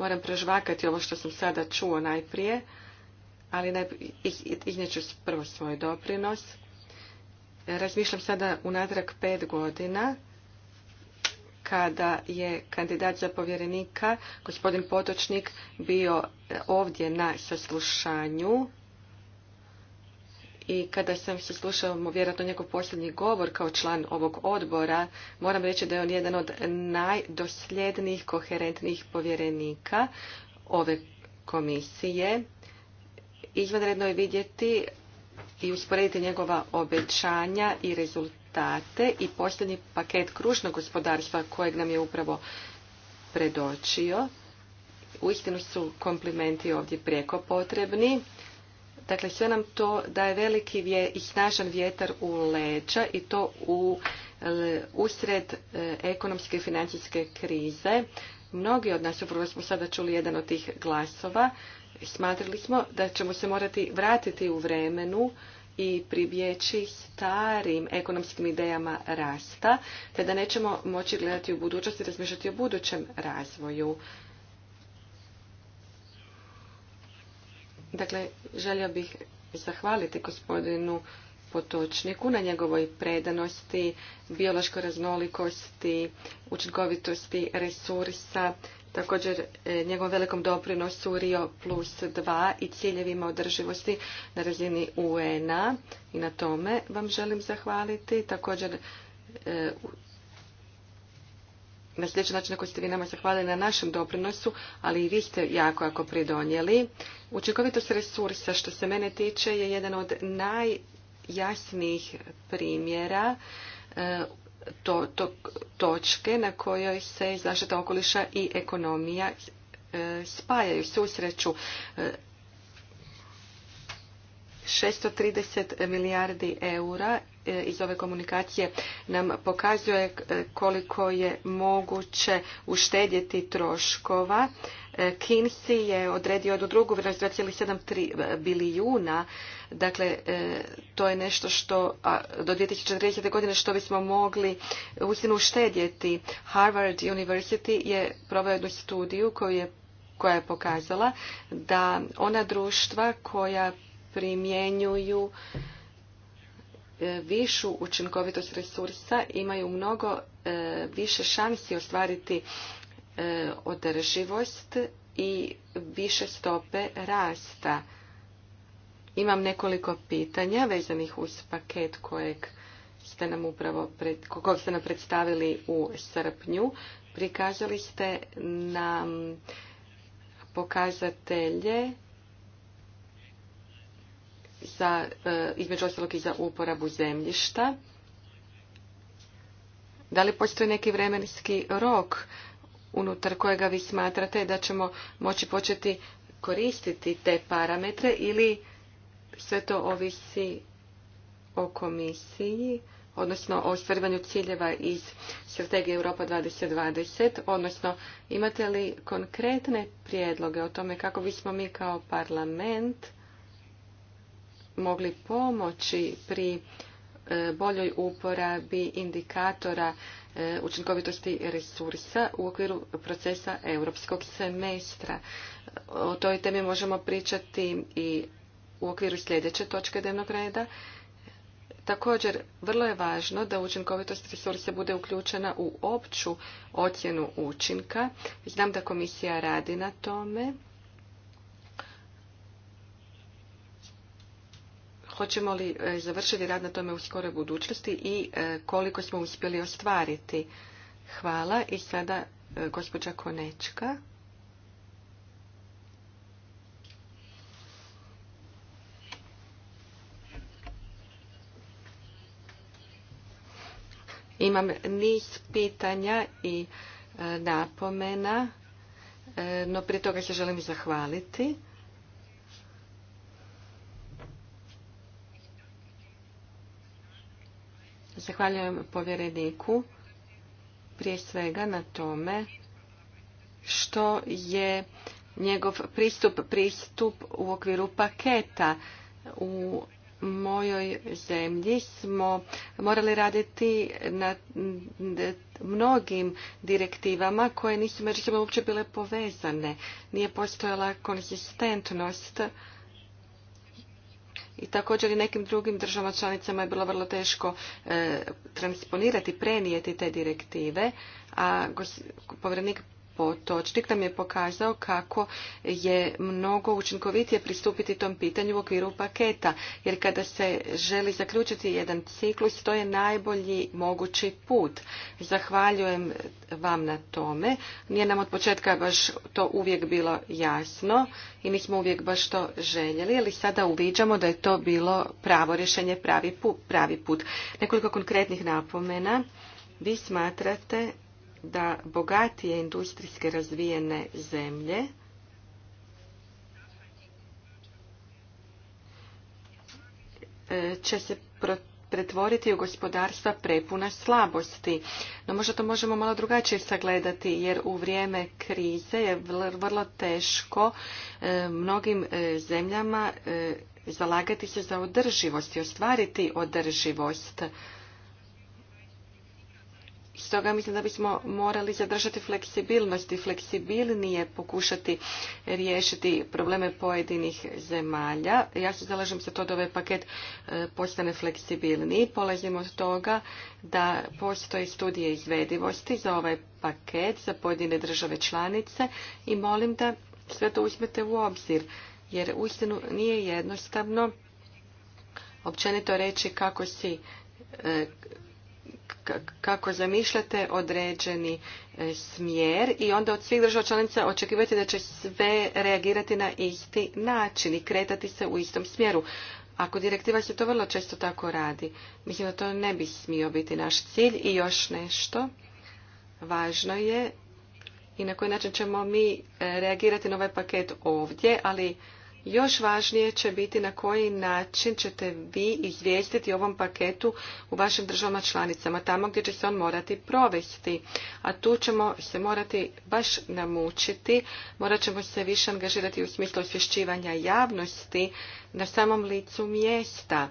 Moram prežvakati ovo što sam sada čuo najprije, ali iznijet iznijeću prvo svoj doprinos. Razmišljam sada unatrag pet godina kada je kandidat za povjerenika, gospodin Potočnik, bio ovdje na saslušanju i kada sam se slušao vjerojatno njegov posljednji govor kao član ovog odbora, moram reći da je on jedan od najdosljednijih, koherentnijih povjerenika ove komisije. Izvanredno je vidjeti i usporediti njegova obećanja i rezultate i posljednji paket kružnog gospodarstva kojeg nam je upravo predočio. Uistinu su komplimenti ovdje prijeko potrebni Dakle, sve nam to daje veliki i snažan vjetar u leđa i to u, e, usred e, ekonomske i financijske krize. Mnogi od nas, upravo smo sada čuli jedan od tih glasova, smatrali smo da ćemo se morati vratiti u vremenu i pribjeći starim ekonomskim idejama rasta, te da nećemo moći gledati u budućnost i razmišljati o budućem razvoju. Dakle, želio bih zahvaliti gospodinu Potočniku na njegovoj predanosti, biološkoj raznolikosti, učinkovitosti resursa, također e, njegovom velikom doprinosu Rio plus 2 i ciljevima održivosti na razini UN-a i na tome vam želim zahvaliti. Također e, na sljedeći način na koji ste vi nama zahvalili na našem doprinosu, ali i vi ste jako, jako pridonijeli. Učinkovitost resursa što se mene tiče je jedan od najjasnijih primjera e, to, točke na kojoj se zaštita okoliša i ekonomija e, spajaju, susreću. E, 630 milijardi eura e, iz ove komunikacije nam pokazuje e, koliko je moguće uštedjeti troškova. E, Kinsey je odredio do drugu vrijednost 2,7 bilijuna, dakle to je nešto što do 2040. godine što bismo mogli uistinu uštedjeti. Harvard University je proveo jednu studiju koju je koja je pokazala da ona društva koja primjenjuju e, višu učinkovitost resursa, imaju mnogo e, više šansi ostvariti e, održivost i više stope rasta. Imam nekoliko pitanja vezanih uz paket kojeg ste nam upravo kojeg ste nam predstavili u srpnju. Prikazali ste nam pokazatelje za, e, između ostalog i za uporabu zemljišta. Da li postoji neki vremenski rok unutar kojega vi smatrate da ćemo moći početi koristiti te parametre ili sve to ovisi o komisiji, odnosno o ostvarivanju ciljeva iz strategije Europa 2020, odnosno imate li konkretne prijedloge o tome kako bismo mi kao parlament mogli pomoći pri e, boljoj uporabi indikatora e, učinkovitosti resursa u okviru procesa europskog semestra. O toj temi možemo pričati i u okviru sljedeće točke dnevnog reda. Također, vrlo je važno da učinkovitost resursa bude uključena u opću ocjenu učinka. Znam da komisija radi na tome hoćemo li e, završiti rad na tome u skoroj budućnosti i e, koliko smo uspjeli ostvariti. Hvala i sada e, gospođa Konečka. Imam niz pitanja i napomena, no prije toga se želim zahvaliti. Zahvaljujem povjereniku prije svega na tome što je njegov pristup pristup u okviru paketa u mojoj zemlji smo morali raditi na mnogim direktivama koje nisu međusobno uopće bile povezane. Nije postojala konzistentnost i također i nekim drugim državama članicama je bilo vrlo teško e, transponirati, prenijeti te direktive, a povjerenik potočnik nam je pokazao kako je mnogo učinkovitije pristupiti tom pitanju u okviru paketa jer kada se želi zaključiti jedan ciklus to je najbolji mogući put zahvaljujem vam na tome nije nam od početka baš to uvijek bilo jasno i nismo uvijek baš to željeli ali sada uviđamo da je to bilo pravo rješenje pravi put nekoliko konkretnih napomena vi smatrate da bogatije industrijske razvijene zemlje će se pretvoriti u gospodarstva prepuna slabosti. No možda to možemo malo drugačije sagledati jer u vrijeme krize je vrlo teško e, mnogim e, zemljama e, zalagati se za održivost i ostvariti održivost. Stoga mislim da bismo morali zadržati fleksibilnost i fleksibilnije pokušati riješiti probleme pojedinih zemalja. Ja se zalažem za to da ovaj paket e, postane fleksibilniji. polazim od toga da postoje studije izvedivosti za ovaj paket, za pojedine države članice i molim da sve to uzmete u obzir, jer uistinu nije jednostavno općenito reći kako si e, kako zamišljate određeni e, smjer i onda od svih država članica očekivati da će sve reagirati na isti način i kretati se u istom smjeru. Ako direktiva se to vrlo često tako radi, mislim da to ne bi smio biti naš cilj i još nešto važno je i na koji način ćemo mi e, reagirati na ovaj paket ovdje, ali još važnije će biti na koji način ćete vi izvijestiti ovom paketu u vašim državama članicama, tamo gdje će se on morati provesti. A tu ćemo se morati baš namučiti, morat ćemo se više angažirati u smislu osvješćivanja javnosti na samom licu mjesta.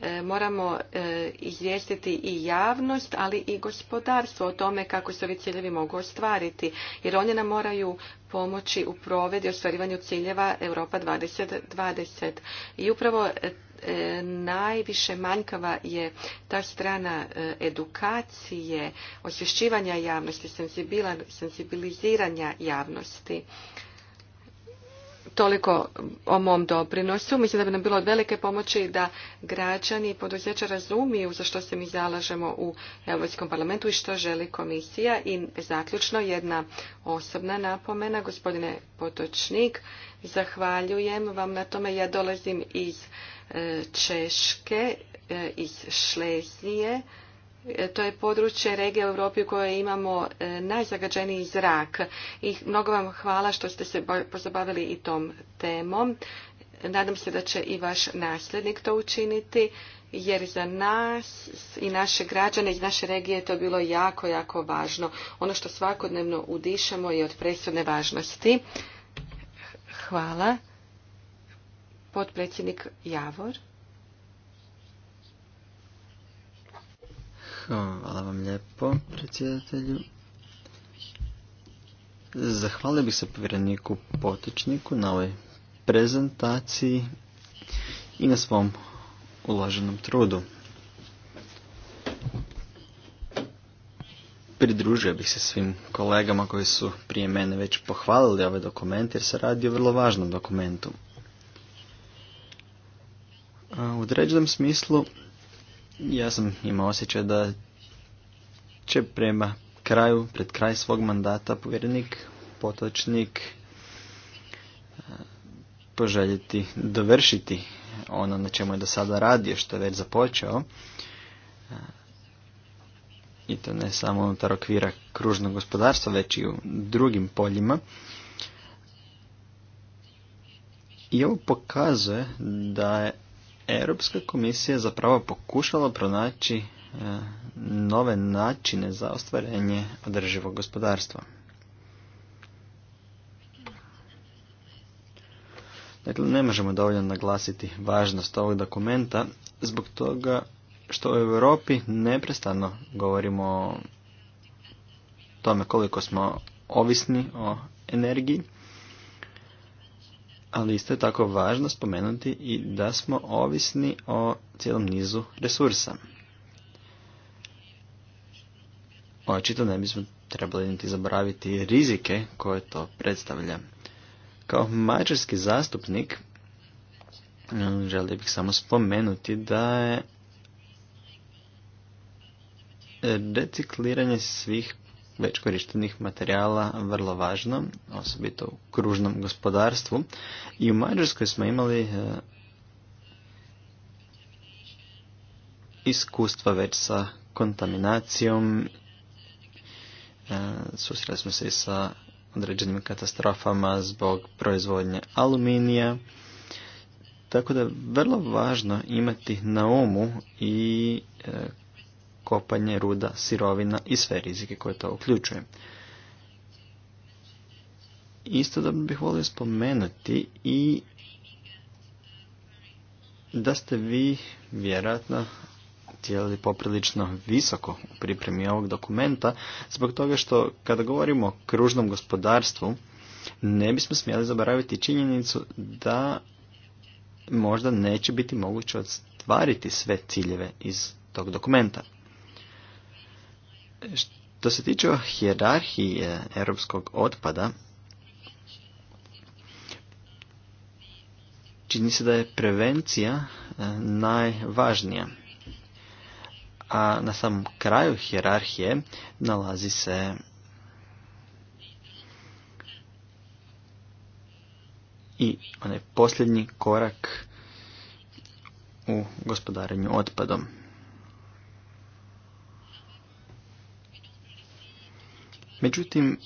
E, moramo e, izvijestiti i javnost, ali i gospodarstvo o tome kako se ovi ciljevi mogu ostvariti, jer oni nam moraju pomoći u provedi ostvarivanju ciljeva Europa 2020. I upravo e, najviše manjkava je ta strana edukacije, osvješćivanja javnosti, senzibiliziranja javnosti. Toliko o mom doprinosu. Mislim da bi nam bilo od velike pomoći da građani i poduzeća razumiju za što se mi zalažemo u Europskom parlamentu i što želi komisija. I zaključno jedna osobna napomena. Gospodine Potočnik, zahvaljujem vam na tome. Ja dolazim iz e, Češke, e, iz Šlezije. E, to je područje regije u Europi u kojoj imamo e, najzagađeniji zrak. I mnogo vam hvala što ste se pozabavili i tom temom. Nadam se da će i vaš nasljednik to učiniti, jer za nas i naše građane iz naše regije je to bilo jako, jako važno. Ono što svakodnevno udišemo je od presudne važnosti. Hvala. Potpredsjednik Javor. Hvala vam lijepo, predsjedatelju. Zahvalio bih se povjereniku Potičniku na ovoj prezentaciji i na svom uloženom trudu. Pridružio bih se svim kolegama koji su prije mene već pohvalili ovaj dokument jer se radi o vrlo važnom dokumentu. U određenom smislu ja sam imao osjećaj da će prema kraju, pred kraj svog mandata povjerenik, potočnik e, poželjeti dovršiti ono na čemu je do sada radio, što je već započeo. E, I to ne samo unutar okvira kružnog gospodarstva, već i u drugim poljima. I ovo pokazuje da je Europska komisija zapravo pokušala pronaći e, nove načine za ostvarenje održivog gospodarstva. Dakle, ne možemo dovoljno naglasiti važnost ovog dokumenta zbog toga što u Europi neprestano govorimo o tome koliko smo ovisni o energiji ali isto je tako važno spomenuti i da smo ovisni o cijelom nizu resursa. Očito ne bismo trebali niti zaboraviti rizike koje to predstavlja. Kao mađarski zastupnik mm, želio bih samo spomenuti da je recikliranje svih već korištenih materijala vrlo važno, osobito u kružnom gospodarstvu. I u Mađarskoj smo imali e, iskustva već sa kontaminacijom. E, susreli smo se i sa određenim katastrofama zbog proizvodnje aluminija. Tako da je vrlo važno imati na umu i e, kopanje ruda, sirovina i sve rizike koje to uključuje. Isto da bih volio spomenuti i da ste vi vjerojatno cijeli poprilično visoko u pripremi ovog dokumenta, zbog toga što kada govorimo o kružnom gospodarstvu, ne bismo smjeli zaboraviti činjenicu da možda neće biti moguće ostvariti sve ciljeve iz tog dokumenta. Što se tiče o hjerarhije europskog otpada, čini se da je prevencija e, najvažnija. A na samom kraju hjerarhije nalazi se i onaj posljednji korak u gospodarenju otpadom. Međutim,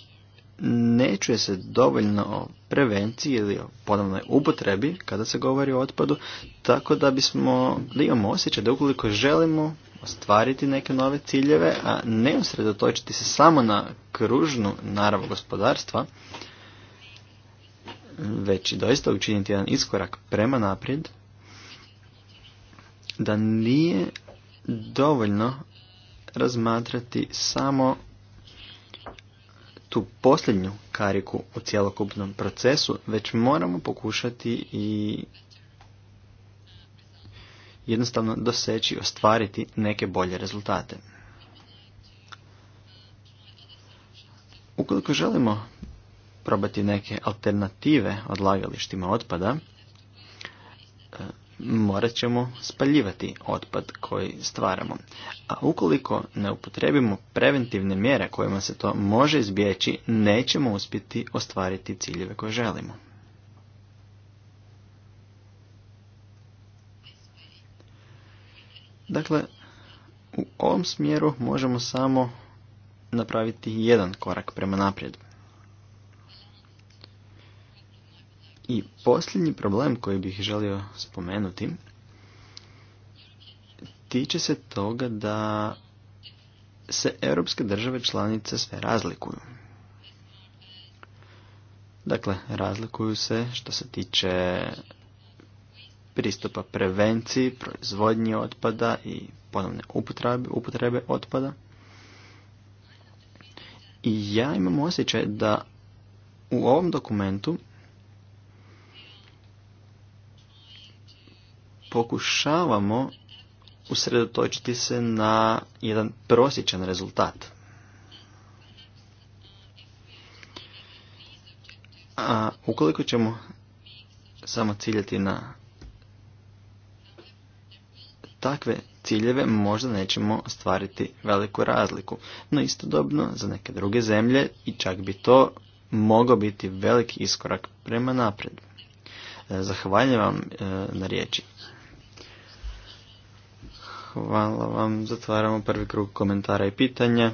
ne čuje se dovoljno o prevenciji ili o ponovnoj upotrebi kada se govori o otpadu, tako da bismo, da imamo osjećaj da ukoliko želimo ostvariti neke nove ciljeve, a ne usredotočiti se samo na kružnu naravu gospodarstva, već i doista učiniti jedan iskorak prema naprijed, da nije dovoljno razmatrati samo tu posljednju kariku u cjelokupnom procesu, već moramo pokušati i jednostavno doseći, ostvariti neke bolje rezultate. Ukoliko želimo probati neke alternative odlagalištima otpada, morat ćemo spaljivati otpad koji stvaramo. A ukoliko ne upotrebimo preventivne mjere kojima se to može izbjeći, nećemo uspjeti ostvariti ciljeve koje želimo. Dakle, u ovom smjeru možemo samo napraviti jedan korak prema naprijed. I posljednji problem koji bih želio spomenuti tiče se toga da se europske države članice sve razlikuju. Dakle, razlikuju se što se tiče pristupa prevenciji, proizvodnji otpada i ponovne upotrebe, upotrebe otpada. I ja imam osjećaj da u ovom dokumentu pokušavamo usredotočiti se na jedan prosječan rezultat. A ukoliko ćemo samo ciljati na takve ciljeve možda nećemo stvariti veliku razliku. No istodobno za neke druge zemlje i čak bi to mogao biti veliki iskorak prema naprijed. Zahvaljujem vam e, na riječi. Hvala vam. Zatvaramo prvi krug komentara i pitanja.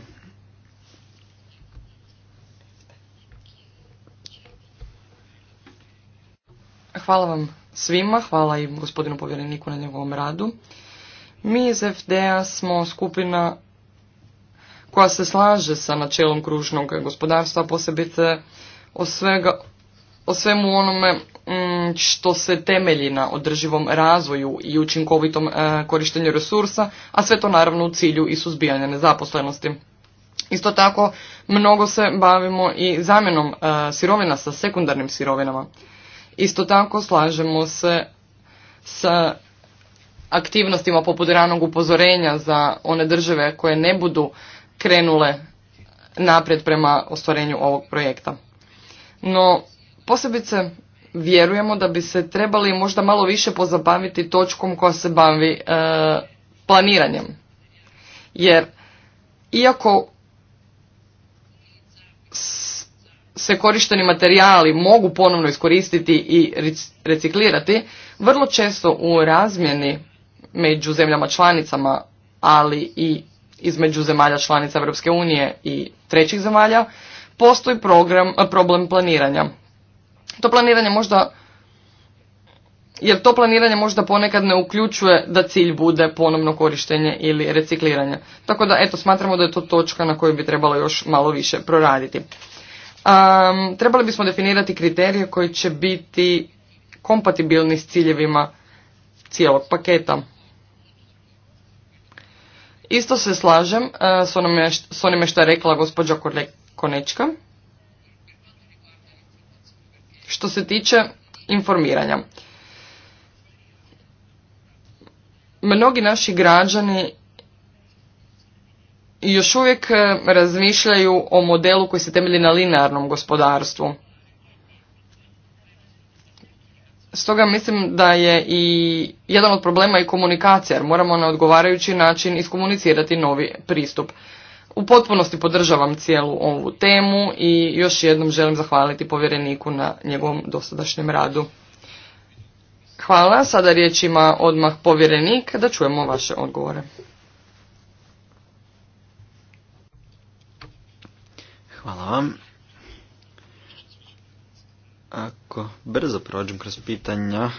Hvala vam svima, hvala i gospodinu povjereniku na njegovom radu. Mi iz FDA smo skupina koja se slaže sa načelom kružnog gospodarstva, posebite o, o svemu onome mm, što se temelji na održivom razvoju i učinkovitom e, korištenju resursa, a sve to naravno u cilju i suzbijanja nezaposlenosti. Isto tako, mnogo se bavimo i zamjenom e, sirovina sa sekundarnim sirovinama. Isto tako, slažemo se sa aktivnostima poput ranog upozorenja za one države koje ne budu krenule naprijed prema ostvarenju ovog projekta. No, posebice vjerujemo da bi se trebali možda malo više pozabaviti točkom koja se bavi e, planiranjem. Jer iako se korišteni materijali mogu ponovno iskoristiti i reciklirati, vrlo često u razmjeni među zemljama članicama, ali i između zemalja članica Europske unije i trećih zemalja, postoji program, problem planiranja. To planiranje možda jer to planiranje možda ponekad ne uključuje da cilj bude ponovno korištenje ili recikliranje. Tako da, eto, smatramo da je to točka na kojoj bi trebalo još malo više proraditi. Um, trebali bismo definirati kriterije koji će biti kompatibilni s ciljevima cijelog paketa. Isto se slažem eh, s, s onime što je rekla gospođa Konečka. Što se tiče informiranja. Mnogi naši građani još uvijek e, razmišljaju o modelu koji se temelji na linearnom gospodarstvu. Stoga mislim da je i jedan od problema i komunikacija, jer moramo na odgovarajući način iskomunicirati novi pristup. U potpunosti podržavam cijelu ovu temu i još jednom želim zahvaliti povjereniku na njegovom dosadašnjem radu. Hvala, sada riječ ima odmah povjerenik da čujemo vaše odgovore. Hvala vam. Ako brzo prođem kroz pitanja,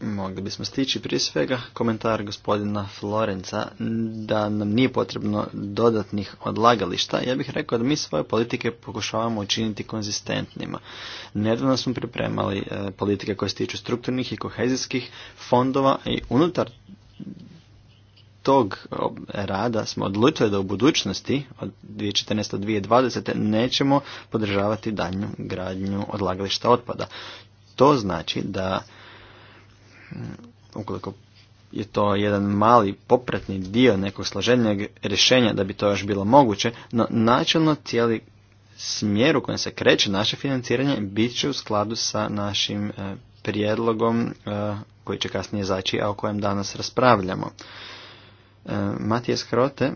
mogli bismo stići prije svega komentar gospodina Florenca da nam nije potrebno dodatnih odlagališta. Ja bih rekao da mi svoje politike pokušavamo učiniti konzistentnima. Nedavno smo pripremali e, politike koje se tiču strukturnih i kohezijskih fondova i unutar tog e, rada smo odlučili da u budućnosti od 2014. do 2020. nećemo podržavati daljnju gradnju odlagališta otpada. To znači da Mm, ukoliko je to jedan mali popratni dio nekog složenijeg rješenja da bi to još bilo moguće, no načelno cijeli smjer u kojem se kreće naše financiranje bit će u skladu sa našim e, prijedlogom e, koji će kasnije zaći, a o kojem danas raspravljamo. E, Matijas Hrote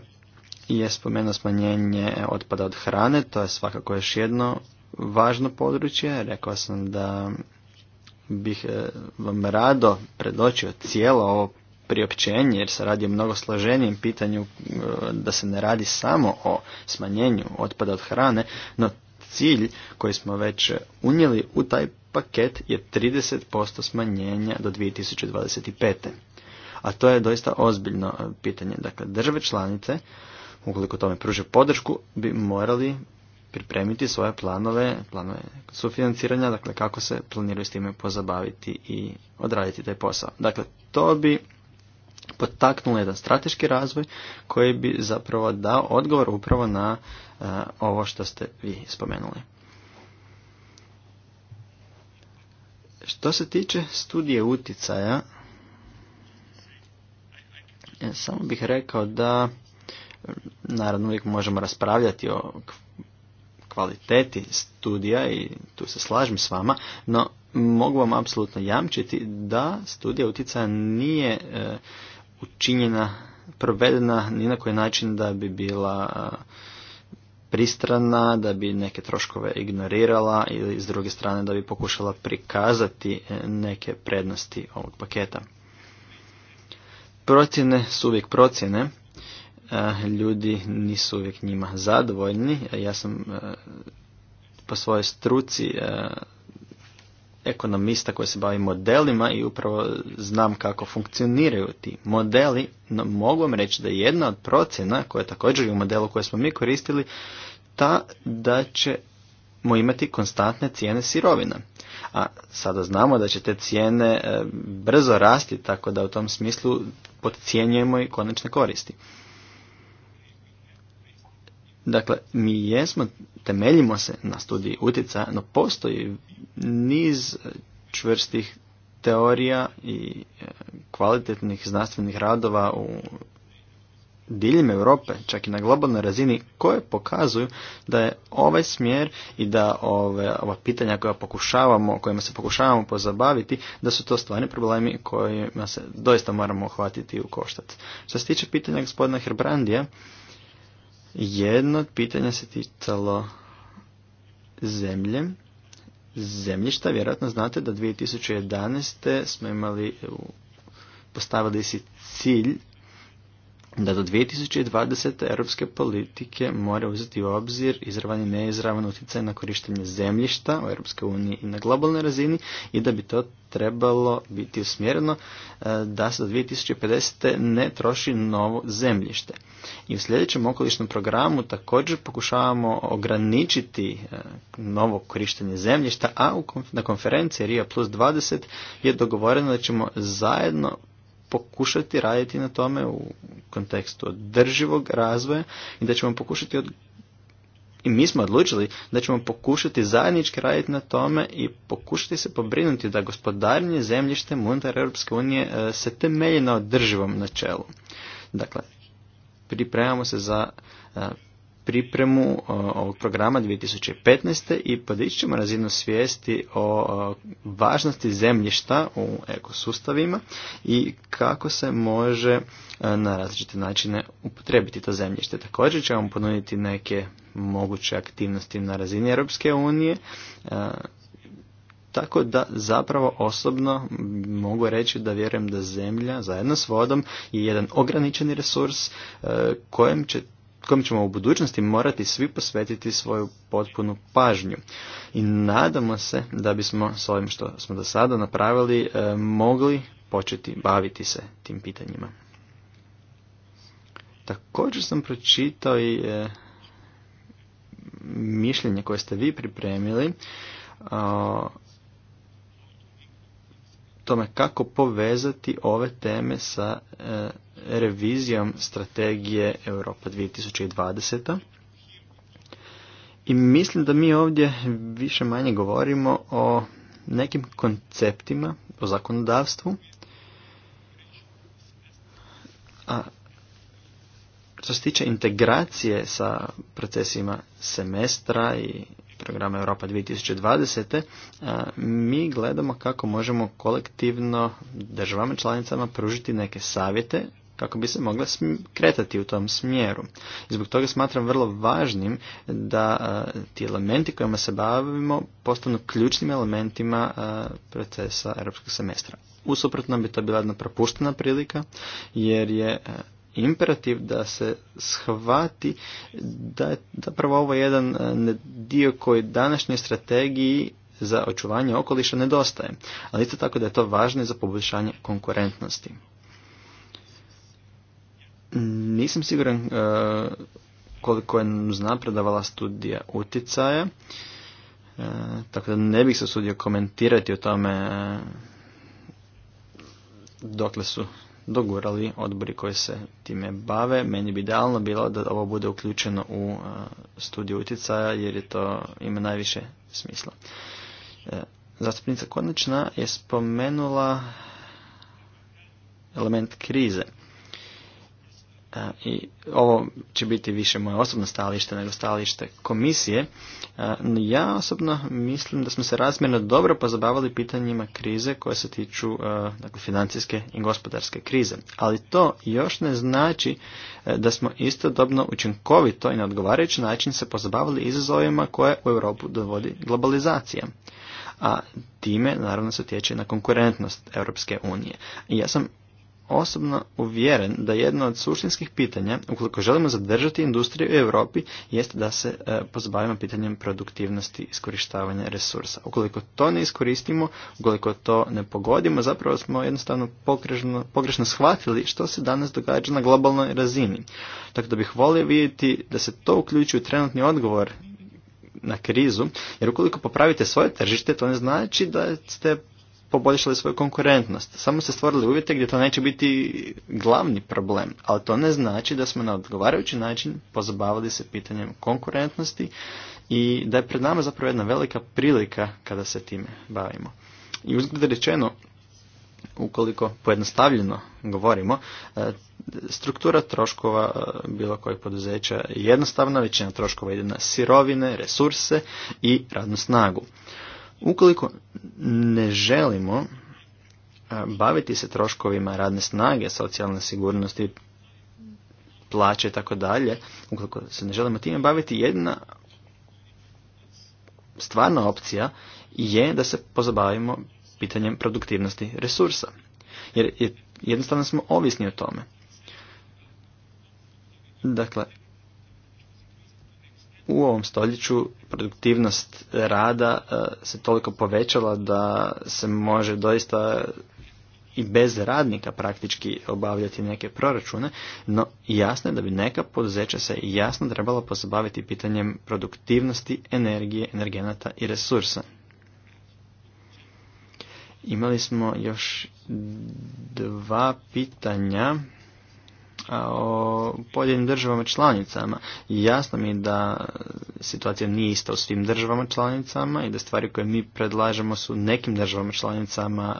je spomenuo smanjenje otpada od hrane, to je svakako još jedno važno područje. Rekao sam da bih e, vam rado predočio cijelo ovo priopćenje jer se radi o mnogo složenijem pitanju e, da se ne radi samo o smanjenju otpada od hrane, no cilj koji smo već unijeli u taj paket je 30% smanjenja do 2025. A to je doista ozbiljno e, pitanje. Dakle, države članice, ukoliko tome pruže podršku, bi morali pripremiti svoje planove, planove sufinanciranja, dakle kako se planiraju s time pozabaviti i odraditi taj posao. Dakle, to bi potaknulo jedan strateški razvoj koji bi zapravo dao odgovor upravo na e, ovo što ste vi spomenuli. Što se tiče studije utjecaja, e, samo bih rekao da naravno uvijek možemo raspravljati o kvaliteti studija i tu se slažem s vama, no mogu vam apsolutno jamčiti da studija utjecaja nije e, učinjena, provedena ni na koji način da bi bila e, pristrana, da bi neke troškove ignorirala ili s druge strane da bi pokušala prikazati e, neke prednosti ovog paketa. Procjene su uvijek procjene ljudi nisu uvijek njima zadovoljni. Ja sam po svojoj struci ekonomista koji se bavi modelima i upravo znam kako funkcioniraju ti modeli, no mogu vam reći da je jedna od procjena, koja je također u modelu koje smo mi koristili, ta da ćemo imati konstantne cijene sirovina. A sada znamo da će te cijene e, brzo rasti, tako da u tom smislu podcjenjujemo i konačne koristi. Dakle, mi jesmo, temeljimo se na studiji utjecaja, no postoji niz čvrstih teorija i e, kvalitetnih znanstvenih radova u diljem Europe, čak i na globalnoj razini, koje pokazuju da je ovaj smjer i da ove, ova pitanja koja pokušavamo, kojima se pokušavamo pozabaviti, da su to stvarni problemi kojima se doista moramo uhvatiti u koštac. Što se tiče pitanja gospodina Herbrandija, jedno od pitanja se ticalo zemlje. Zemljišta, vjerojatno znate da 2011. smo imali, postavili si cilj da do 2020. europske politike mora uzeti u obzir izravan i neizravan utjecaj na korištenje zemljišta u Europskoj uniji i na globalnoj razini i da bi to trebalo biti usmjereno e, da se do 2050. ne troši novo zemljište. I u sljedećem okolišnom programu također pokušavamo ograničiti e, novo korištenje zemljišta, a na konferenciji RIA plus 20 je dogovoreno da ćemo zajedno pokušati raditi na tome u kontekstu održivog razvoja i da ćemo pokušati od... i mi smo odlučili da ćemo pokušati zajednički raditi na tome i pokušati se pobrinuti da gospodarnje zemljište unutar Europske unije e, se temelji na održivom načelu. Dakle, pripremamo se za e, pripremu e, ovog programa 2015. i podići ćemo razinu svijesti o e, važnosti zemljišta u ekosustavima i kako se može e, na različite načine upotrebiti to zemljište. Također ćemo ponuditi neke moguće aktivnosti na razini Europske unije tako da zapravo osobno mogu reći da vjerujem da zemlja zajedno s vodom je jedan ograničeni resurs kojem će kojem ćemo u budućnosti morati svi posvetiti svoju potpunu pažnju. I nadamo se da bismo s ovim što smo do sada napravili e, mogli početi baviti se tim pitanjima. Također sam pročitao i e, mišljenje koje ste vi pripremili o tome kako povezati ove teme sa e, revizijom strategije Europa 2020. I mislim da mi ovdje više manje govorimo o nekim konceptima, o zakonodavstvu. A što se tiče integracije sa procesima semestra i programa Europa 2020. mi gledamo kako možemo kolektivno državama članicama pružiti neke savjete kako bi se mogla kretati u tom smjeru. I zbog toga smatram vrlo važnim da ti elementi kojima se bavimo postanu ključnim elementima procesa europskog semestra. Usuprotno bi to bila jedna propuštena prilika jer je imperativ da se shvati da je zapravo ovo jedan dio koji današnjoj strategiji za očuvanje okoliša nedostaje, ali isto tako da je to važno i za poboljšanje konkurentnosti. Nisam siguran e, koliko je napredavala studija utjecaja, e, tako da ne bih se usudio komentirati o tome e, dokle su dogurali odbori koji se time bave. Meni bi idealno bilo da ovo bude uključeno u studiju utjecaja jer je to ima najviše smisla. Zastupnica Konačna je spomenula element krize. E, i ovo će biti više moje osobno stalište nego stalište komisije. E, ja osobno mislim da smo se razmjerno dobro pozabavili pitanjima krize koje se tiču e, dakle, financijske i gospodarske krize. Ali to još ne znači da smo istodobno učinkovito i na odgovarajući način se pozabavili izazovima koje u Europu dovodi globalizacija a time naravno se tječe na konkurentnost Europske unije. I ja sam osobno uvjeren da jedno od suštinskih pitanja, ukoliko želimo zadržati industriju u Europi, jest da se e, pozbavimo pitanjem produktivnosti iskorištavanja resursa. Ukoliko to ne iskoristimo, ukoliko to ne pogodimo, zapravo smo jednostavno pogrešno, shvatili što se danas događa na globalnoj razini. Tako da bih volio vidjeti da se to uključuje u trenutni odgovor na krizu, jer ukoliko popravite svoje tržište, to ne znači da ste poboljšali svoju konkurentnost. Samo se stvorili uvjete gdje to neće biti glavni problem, ali to ne znači da smo na odgovarajući način pozabavili se pitanjem konkurentnosti i da je pred nama zapravo jedna velika prilika kada se time bavimo. I uzgled rečeno, ukoliko pojednostavljeno govorimo, e, struktura troškova e, bilo kojeg poduzeća je jednostavna, većina troškova ide na sirovine, resurse i radnu snagu. Ukoliko ne želimo e, baviti se troškovima radne snage, socijalne sigurnosti, plaće i tako dalje, ukoliko se ne želimo time baviti, jedna stvarna opcija je da se pozabavimo pitanjem produktivnosti resursa. Jer jednostavno smo ovisni o tome. Dakle, u ovom stoljeću produktivnost rada e, se toliko povećala da se može doista i bez radnika praktički obavljati neke proračune, no jasno je da bi neka poduzeća se jasno trebala pozabaviti pitanjem produktivnosti, energije, energenata i resursa. Imali smo još dva pitanja o pojedinim državama članicama. Jasno mi je da situacija nije ista u svim državama članicama i da stvari koje mi predlažemo su nekim državama članicama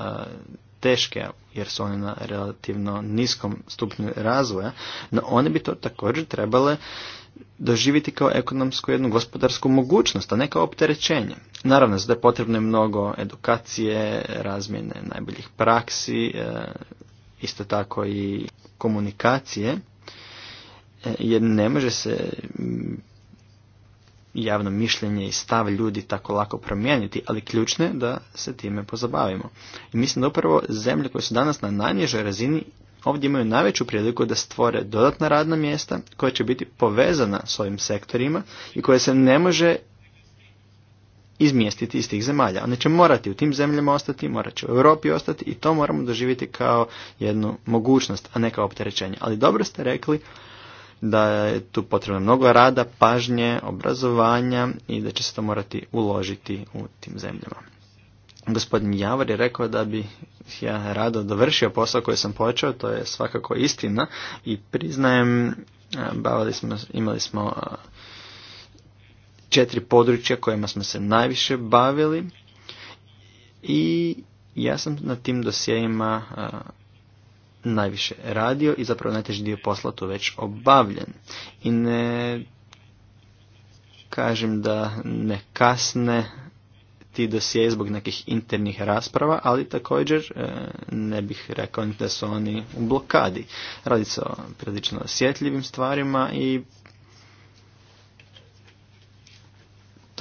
teške, jer su one na relativno niskom stupnju razvoja, no one bi to također trebale doživiti kao ekonomsku jednu gospodarsku mogućnost, a ne kao opterećenje. Naravno, da je potrebno je mnogo edukacije, razmjene najboljih praksi, e, isto tako i komunikacije e, jer ne može se mm, javno mišljenje i stav ljudi tako lako promijeniti, ali ključno je da se time pozabavimo. I mislim da upravo zemlje koje su danas na najnižoj razini ovdje imaju najveću priliku da stvore dodatna radna mjesta koja će biti povezana s ovim sektorima i koje se ne može izmjestiti iz tih zemalja. One će morati u tim zemljama ostati, morat će u Europi ostati i to moramo doživjeti kao jednu mogućnost, a ne kao opterećenje. Ali dobro ste rekli da je tu potrebno mnogo rada, pažnje, obrazovanja i da će se to morati uložiti u tim zemljama. Gospodin Javor je rekao da bi ja rado dovršio posao koji sam počeo, to je svakako istina i priznajem, bavili smo, imali smo četiri područja kojima smo se najviše bavili i ja sam na tim dosjeima najviše radio i zapravo najteži dio posla tu već obavljen. I ne kažem da ne kasne ti dosije zbog nekih internih rasprava, ali također e, ne bih rekao da su oni u blokadi. Radi se o prilično osjetljivim stvarima i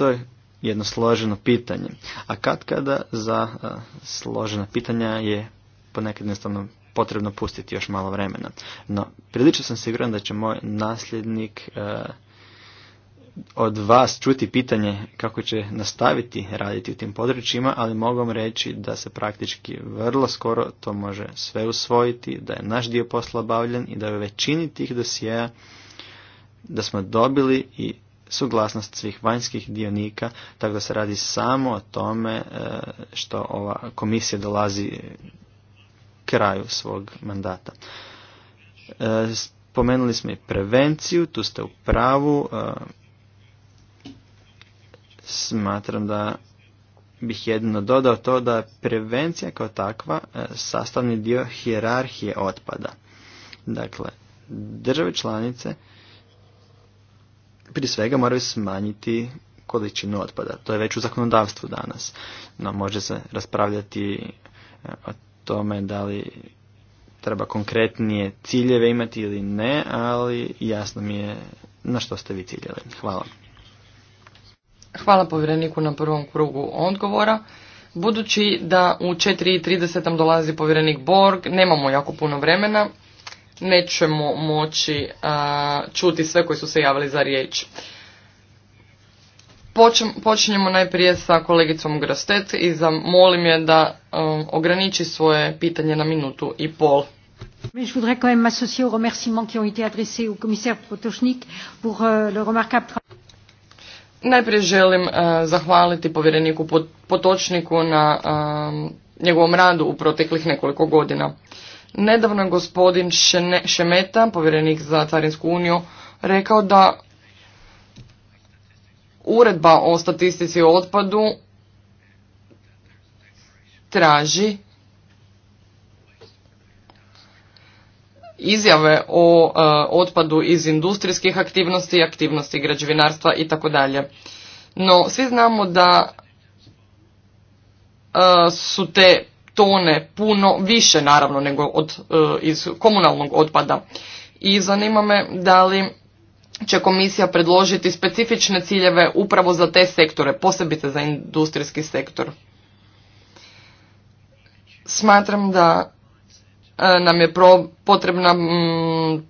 To je jedno složeno pitanje. A kad kada za e, složena pitanja je ponekad jednostavno potrebno pustiti još malo vremena. No, prilično sam siguran da će moj nasljednik e, od vas čuti pitanje kako će nastaviti raditi u tim područjima, ali mogu vam reći da se praktički vrlo skoro to može sve usvojiti, da je naš dio posla obavljen i da je u većini tih dosjeja da smo dobili i suglasnost svih vanjskih dionika, tako da se radi samo o tome e, što ova komisija dolazi kraju svog mandata. E, spomenuli smo i prevenciju, tu ste u pravu. E, smatram da bih jedino dodao to da prevencija kao takva sastavni dio hijerarhije otpada. Dakle, države članice prije svega moraju smanjiti količinu otpada. To je već u zakonodavstvu danas. No, može se raspravljati e, o tome da li treba konkretnije ciljeve imati ili ne, ali jasno mi je na što ste vi ciljeli. Hvala. Hvala povjereniku na prvom krugu odgovora. Budući da u 4.30 dolazi povjerenik Borg, nemamo jako puno vremena, nećemo moći uh, čuti sve koji su se javili za riječ. Počinjemo najprije sa kolegicom Grastet i zamolim je da um, ograniči svoje pitanje na minutu i pol. Mais je voudrais quand même m'associer aux remerciements qui ont été adressés au commissaire Potočnik pour euh, le remarquable travail. Najprije želim uh, zahvaliti povjereniku Potočniku na uh, njegovom radu u proteklih nekoliko godina. Nedavno gospodin Šemeta, povjerenik za Carinsku uniju, rekao da uredba o statistici o otpadu traži izjave o e, otpadu iz industrijskih aktivnosti, aktivnosti građevinarstva i tako dalje. No, svi znamo da e, su te tone, puno više naravno nego od, e, iz komunalnog otpada. I zanima me da li će komisija predložiti specifične ciljeve upravo za te sektore, posebice za industrijski sektor. Smatram da e, nam je potrebna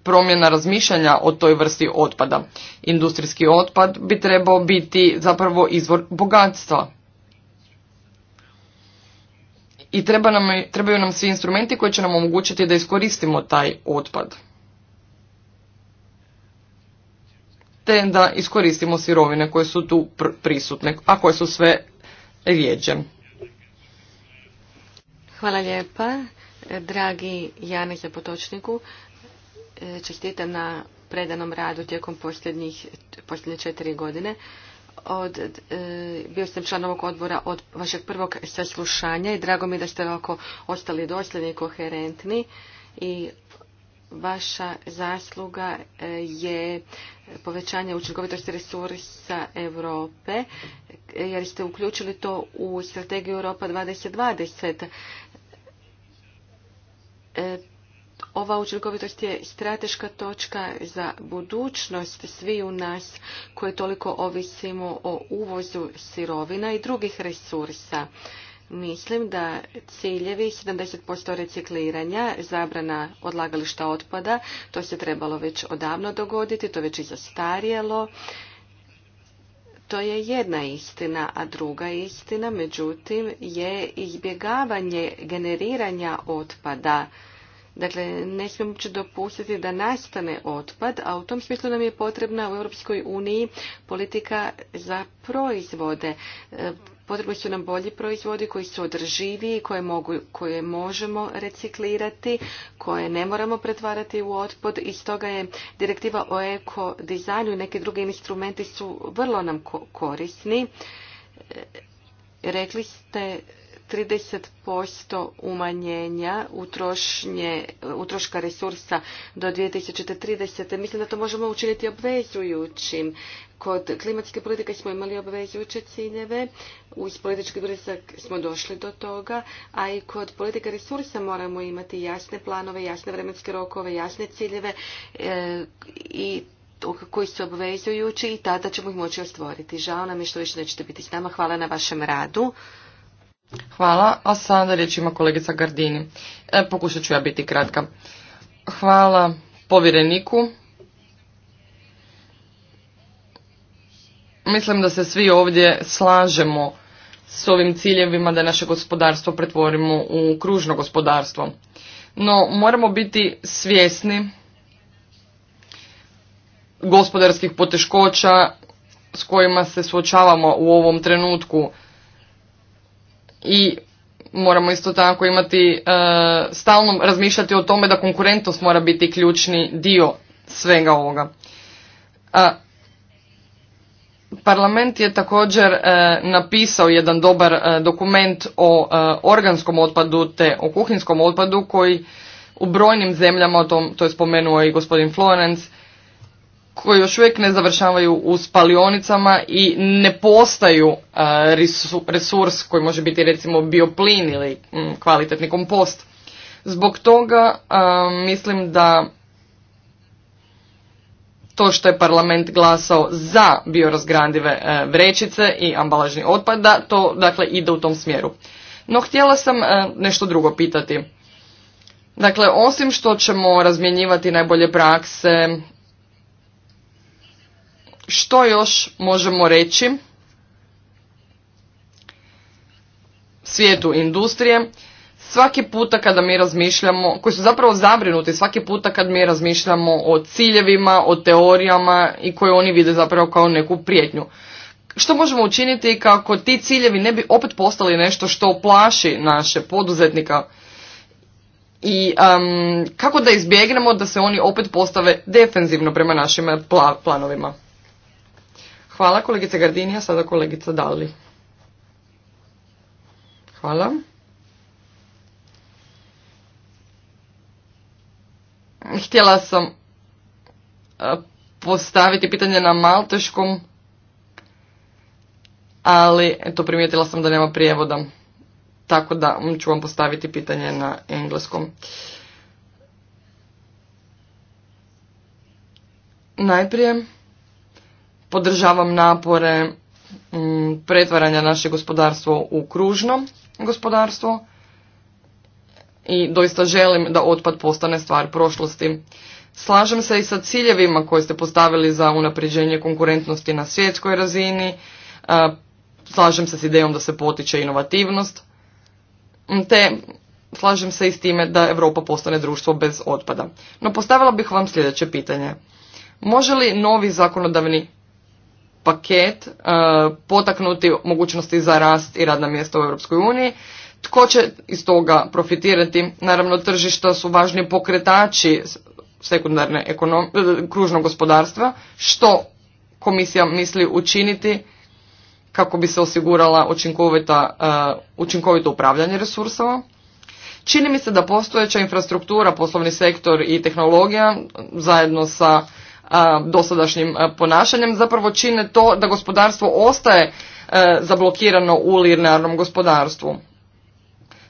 promjena razmišljanja o toj vrsti otpada. Industrijski otpad bi trebao biti zapravo izvor bogatstva i treba nam, trebaju nam svi instrumenti koji će nam omogućiti da iskoristimo taj otpad. Te da iskoristimo sirovine koje su tu prisutne, a koje su sve rijeđe. Hvala lijepa, dragi Jane potočniku. Čestitam na predanom radu tijekom posljednjih, posljednje četiri godine od, e, bio sam član ovog odbora od vašeg prvog saslušanja i drago mi da ste ovako ostali dosljedni i koherentni i vaša zasluga e, je povećanje učinkovitosti resursa Europe e, jer ste uključili to u strategiju Europa 2020. E, ova učinkovitost je strateška točka za budućnost svi u nas koje toliko ovisimo o uvozu sirovina i drugih resursa. Mislim da ciljevi 70% recikliranja, zabrana odlagališta otpada, to se trebalo već odavno dogoditi, to već i zastarjelo. To je jedna istina, a druga istina, međutim, je izbjegavanje generiranja otpada Dakle, ne smijemo uopće dopustiti da nastane otpad, a u tom smislu nam je potrebna u Europskoj uniji politika za proizvode. E, potrebni su nam bolji proizvodi koji su održiviji, koje, mogu, koje možemo reciklirati, koje ne moramo pretvarati u otpad i stoga je direktiva o ekodizajnu i neki drugi instrumenti su vrlo nam korisni. E, rekli ste 30% umanjenja utrošnje, utroška resursa do 2030. Mislim da to možemo učiniti obvezujućim. Kod klimatske politike smo imali obvezujuće ciljeve, uz politički brisak smo došli do toga, a i kod politike resursa moramo imati jasne planove, jasne vremenske rokove, jasne ciljeve e, i koji su obvezujući i tada ćemo ih moći ostvoriti. Žao nam je što više nećete biti s nama. Hvala na vašem radu. Hvala, a sada riječ ima kolegica Gardini. E, pokušat ću ja biti kratka. Hvala povjereniku. Mislim da se svi ovdje slažemo s ovim ciljevima da naše gospodarstvo pretvorimo u kružno gospodarstvo. No, moramo biti svjesni gospodarskih poteškoća s kojima se suočavamo u ovom trenutku i moramo isto tako imati e, stalno razmišljati o tome da konkurentnost mora biti ključni dio svega ovoga. parlament je također e, napisao jedan dobar e, dokument o e, organskom otpadu te o kuhinskom otpadu koji u brojnim zemljama, o tom, to je spomenuo i gospodin Florence, koji još uvijek ne završavaju u spalionicama i ne postaju e, resurs koji može biti recimo bioplin ili mm, kvalitetni kompost. Zbog toga e, mislim da to što je parlament glasao za biorazgrandive e, vrećice i ambalažni otpad, da to dakle ide u tom smjeru. No htjela sam nešto drugo pitati. Dakle, osim što ćemo razmjenjivati najbolje prakse, što još možemo reći svijetu industrije svaki puta kada mi razmišljamo, koji su zapravo zabrinuti svaki puta kad mi razmišljamo o ciljevima, o teorijama i koje oni vide zapravo kao neku prijetnju. Što možemo učiniti kako ti ciljevi ne bi opet postali nešto što plaši naše poduzetnika i kako da izbjegnemo da se oni opet postave defenzivno prema našim planovima. Hvala kolegice Gardinija, sada kolegica Dali. Hvala. Htjela sam e, postaviti pitanje na malteškom, ali eto primijetila sam da nema prijevoda, tako da ću vam postaviti pitanje na engleskom. Najprije, podržavam napore mm, pretvaranja naše gospodarstvo u kružno gospodarstvo i doista želim da otpad postane stvar prošlosti. Slažem se i sa ciljevima koje ste postavili za unapređenje konkurentnosti na svjetskoj razini, slažem se s idejom da se potiče inovativnost, te slažem se i s time da Europa postane društvo bez otpada. No postavila bih vam sljedeće pitanje. Može li novi zakonodavni paket e, potaknuti mogućnosti za rast i radna mjesta u Europskoj uniji. Tko će iz toga profitirati? Naravno, tržišta su važni pokretači sekundarne ekonom, e, kružnog gospodarstva. Što komisija misli učiniti kako bi se osigurala e, učinkovito upravljanje resursova. Čini mi se da postojeća infrastruktura, poslovni sektor i tehnologija zajedno sa dosadašnjim ponašanjem zapravo čine to da gospodarstvo ostaje e, zablokirano u linearnom gospodarstvu.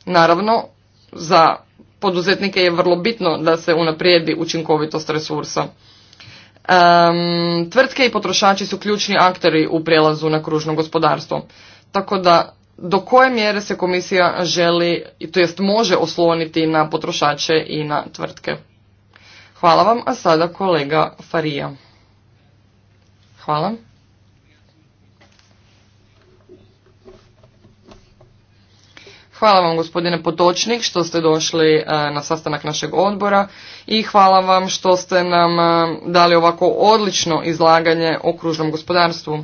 Naravno, za poduzetnike je vrlo bitno da se unaprijedi učinkovitost resursa. Um, tvrtke i potrošači su ključni akteri u prijelazu na kružno gospodarstvo. Tako da do koje mjere se komisija želi, to jest može osloniti na potrošače i na tvrtke. Hvala vam, a sada kolega Farija. Hvala. Hvala vam gospodine Potočnik što ste došli e, na sastanak našeg odbora i hvala vam što ste nam e, dali ovako odlično izlaganje o kružnom gospodarstvu.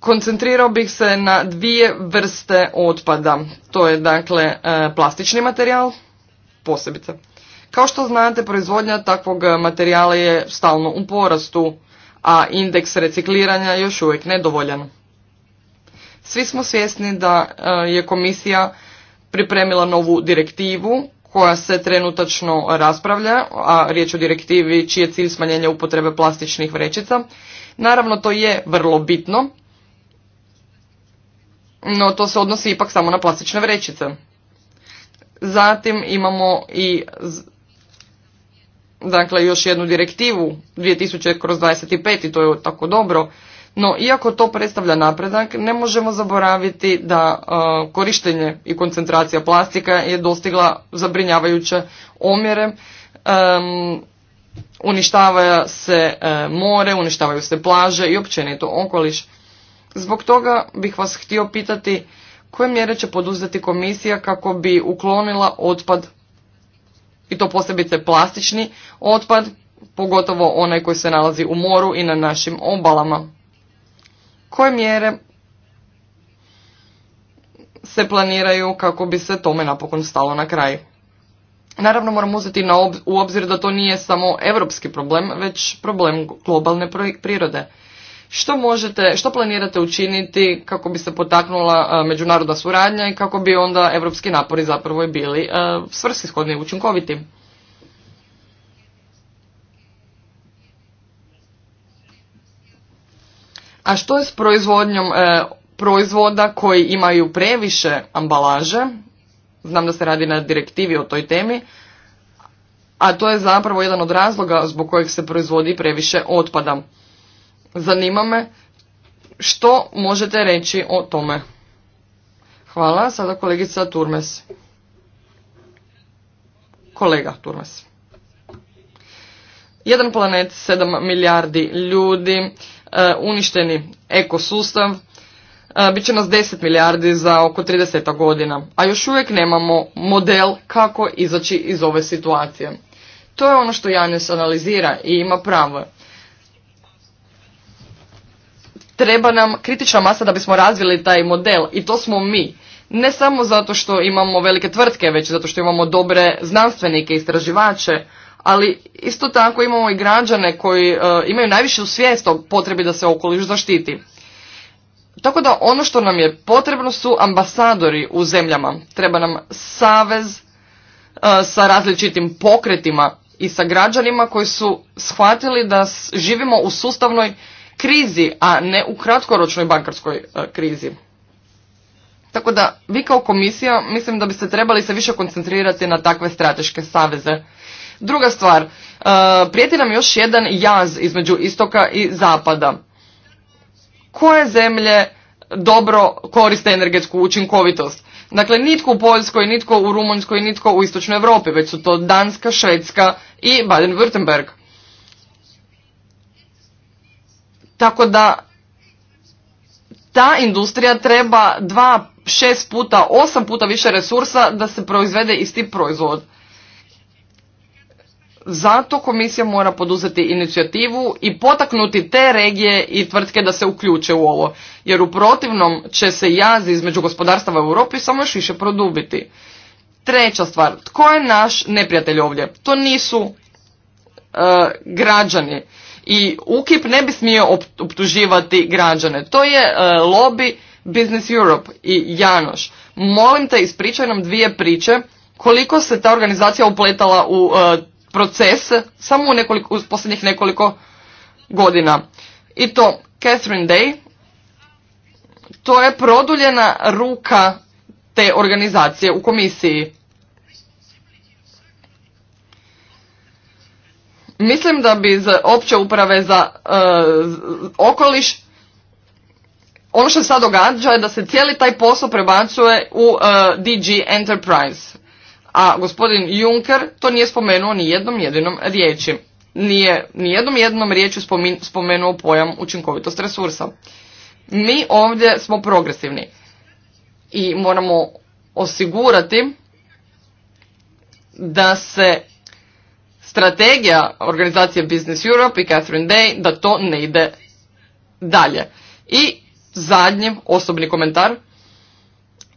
Koncentrirao bih se na dvije vrste otpada. To je dakle e, plastični materijal posebice. Kao što znate, proizvodnja takvog e, materijala je stalno u porastu, a indeks recikliranja još uvijek nedovoljan. Svi smo svjesni da e, je komisija pripremila novu direktivu koja se trenutačno raspravlja, a riječ o direktivi čiji je cilj smanjenja upotrebe plastičnih vrećica. Naravno, to je vrlo bitno, no to se odnosi ipak samo na plastične vrećice. Zatim imamo i dakle još jednu direktivu 2000 kroz 25 i to je tako dobro. No, iako to predstavlja napredak, ne možemo zaboraviti da e, korištenje i koncentracija plastika je dostigla zabrinjavajuće omjere. uništavaju se e, more, uništavaju se plaže i općenito okoliš. Zbog toga bih vas htio pitati koje mjere će poduzeti komisija kako bi uklonila otpad i to posebice plastični otpad, pogotovo onaj koji se nalazi u moru i na našim obalama. Koje mjere se planiraju kako bi se tome napokon stalo na kraj? Naravno moram uzeti u obzir da to nije samo europski problem, već problem globalne prirode. Što možete, što planirate učiniti kako bi se potaknula e, međunarodna suradnja i kako bi onda europski napori zapravo i bili e, svrsishodni i učinkoviti? A što je s proizvodnjom e, proizvoda koji imaju previše ambalaže? Znam da se radi na direktivi o toj temi, a to je zapravo jedan od razloga zbog kojeg se proizvodi previše otpada. Zanima me što možete reći o tome. Hvala. Sada kolegica Turmes. Kolega Turmes. Jedan planet, sedam milijardi ljudi, e, uništeni ekosustav, e, bit će nas deset milijardi za oko 30 godina, a još uvijek nemamo model kako izaći iz ove situacije. To je ono što se analizira i ima pravo treba nam kritična masa da bismo razvili taj model i to smo mi. Ne samo zato što imamo velike tvrtke, već zato što imamo dobre znanstvenike, istraživače, ali isto tako imamo i građane koji e, imaju najviše svijest o potrebi da se okoliš zaštiti. Tako da ono što nam je potrebno su ambasadori u zemljama. Treba nam savez e, sa različitim pokretima i sa građanima koji su shvatili da živimo u sustavnoj krizi, a ne u kratkoročnoj bankarskoj e, krizi. Tako da vi kao komisija mislim da biste trebali se više koncentrirati na takve strateške saveze. Druga stvar, e, prijeti nam još jedan jaz između istoka i zapada. Koje zemlje dobro koriste energetsku učinkovitost? Dakle, nitko u Poljskoj, nitko u Rumunjskoj, nitko u Istočnoj Europi, već su to Danska, Švedska i Baden-Württemberg. Tako da ta industrija treba dva, šest puta, osam puta više resursa da se proizvede isti proizvod. Zato komisija mora poduzeti inicijativu i potaknuti te regije i tvrtke da se uključe u ovo, jer u protivnom će se jaz između gospodarstva u Europi samo još više produbiti. Treća stvar, tko je naš neprijatelj ovdje? To nisu e, građani. I UKIP ne bi smio optuživati građane. To je e, lobby Business Europe i Janoš. Molim te, ispričaj nam dvije priče koliko se ta organizacija upletala u e, proces samo u, nekoliko, u posljednjih nekoliko godina. I to Catherine Day, to je produljena ruka te organizacije u komisiji. Mislim da bi za opće uprave za e, okoliš ono što se sad događa je da se cijeli taj posao prebacuje u e, DG Enterprise. A gospodin Juncker to nije spomenuo ni jednom jedinom riječi. Nije ni jednom jednom riječju spomenuo pojam učinkovitost resursa. Mi ovdje smo progresivni i moramo osigurati da se strategija organizacije Business Europe i Catherine Day da to ne ide dalje. I zadnji osobni komentar.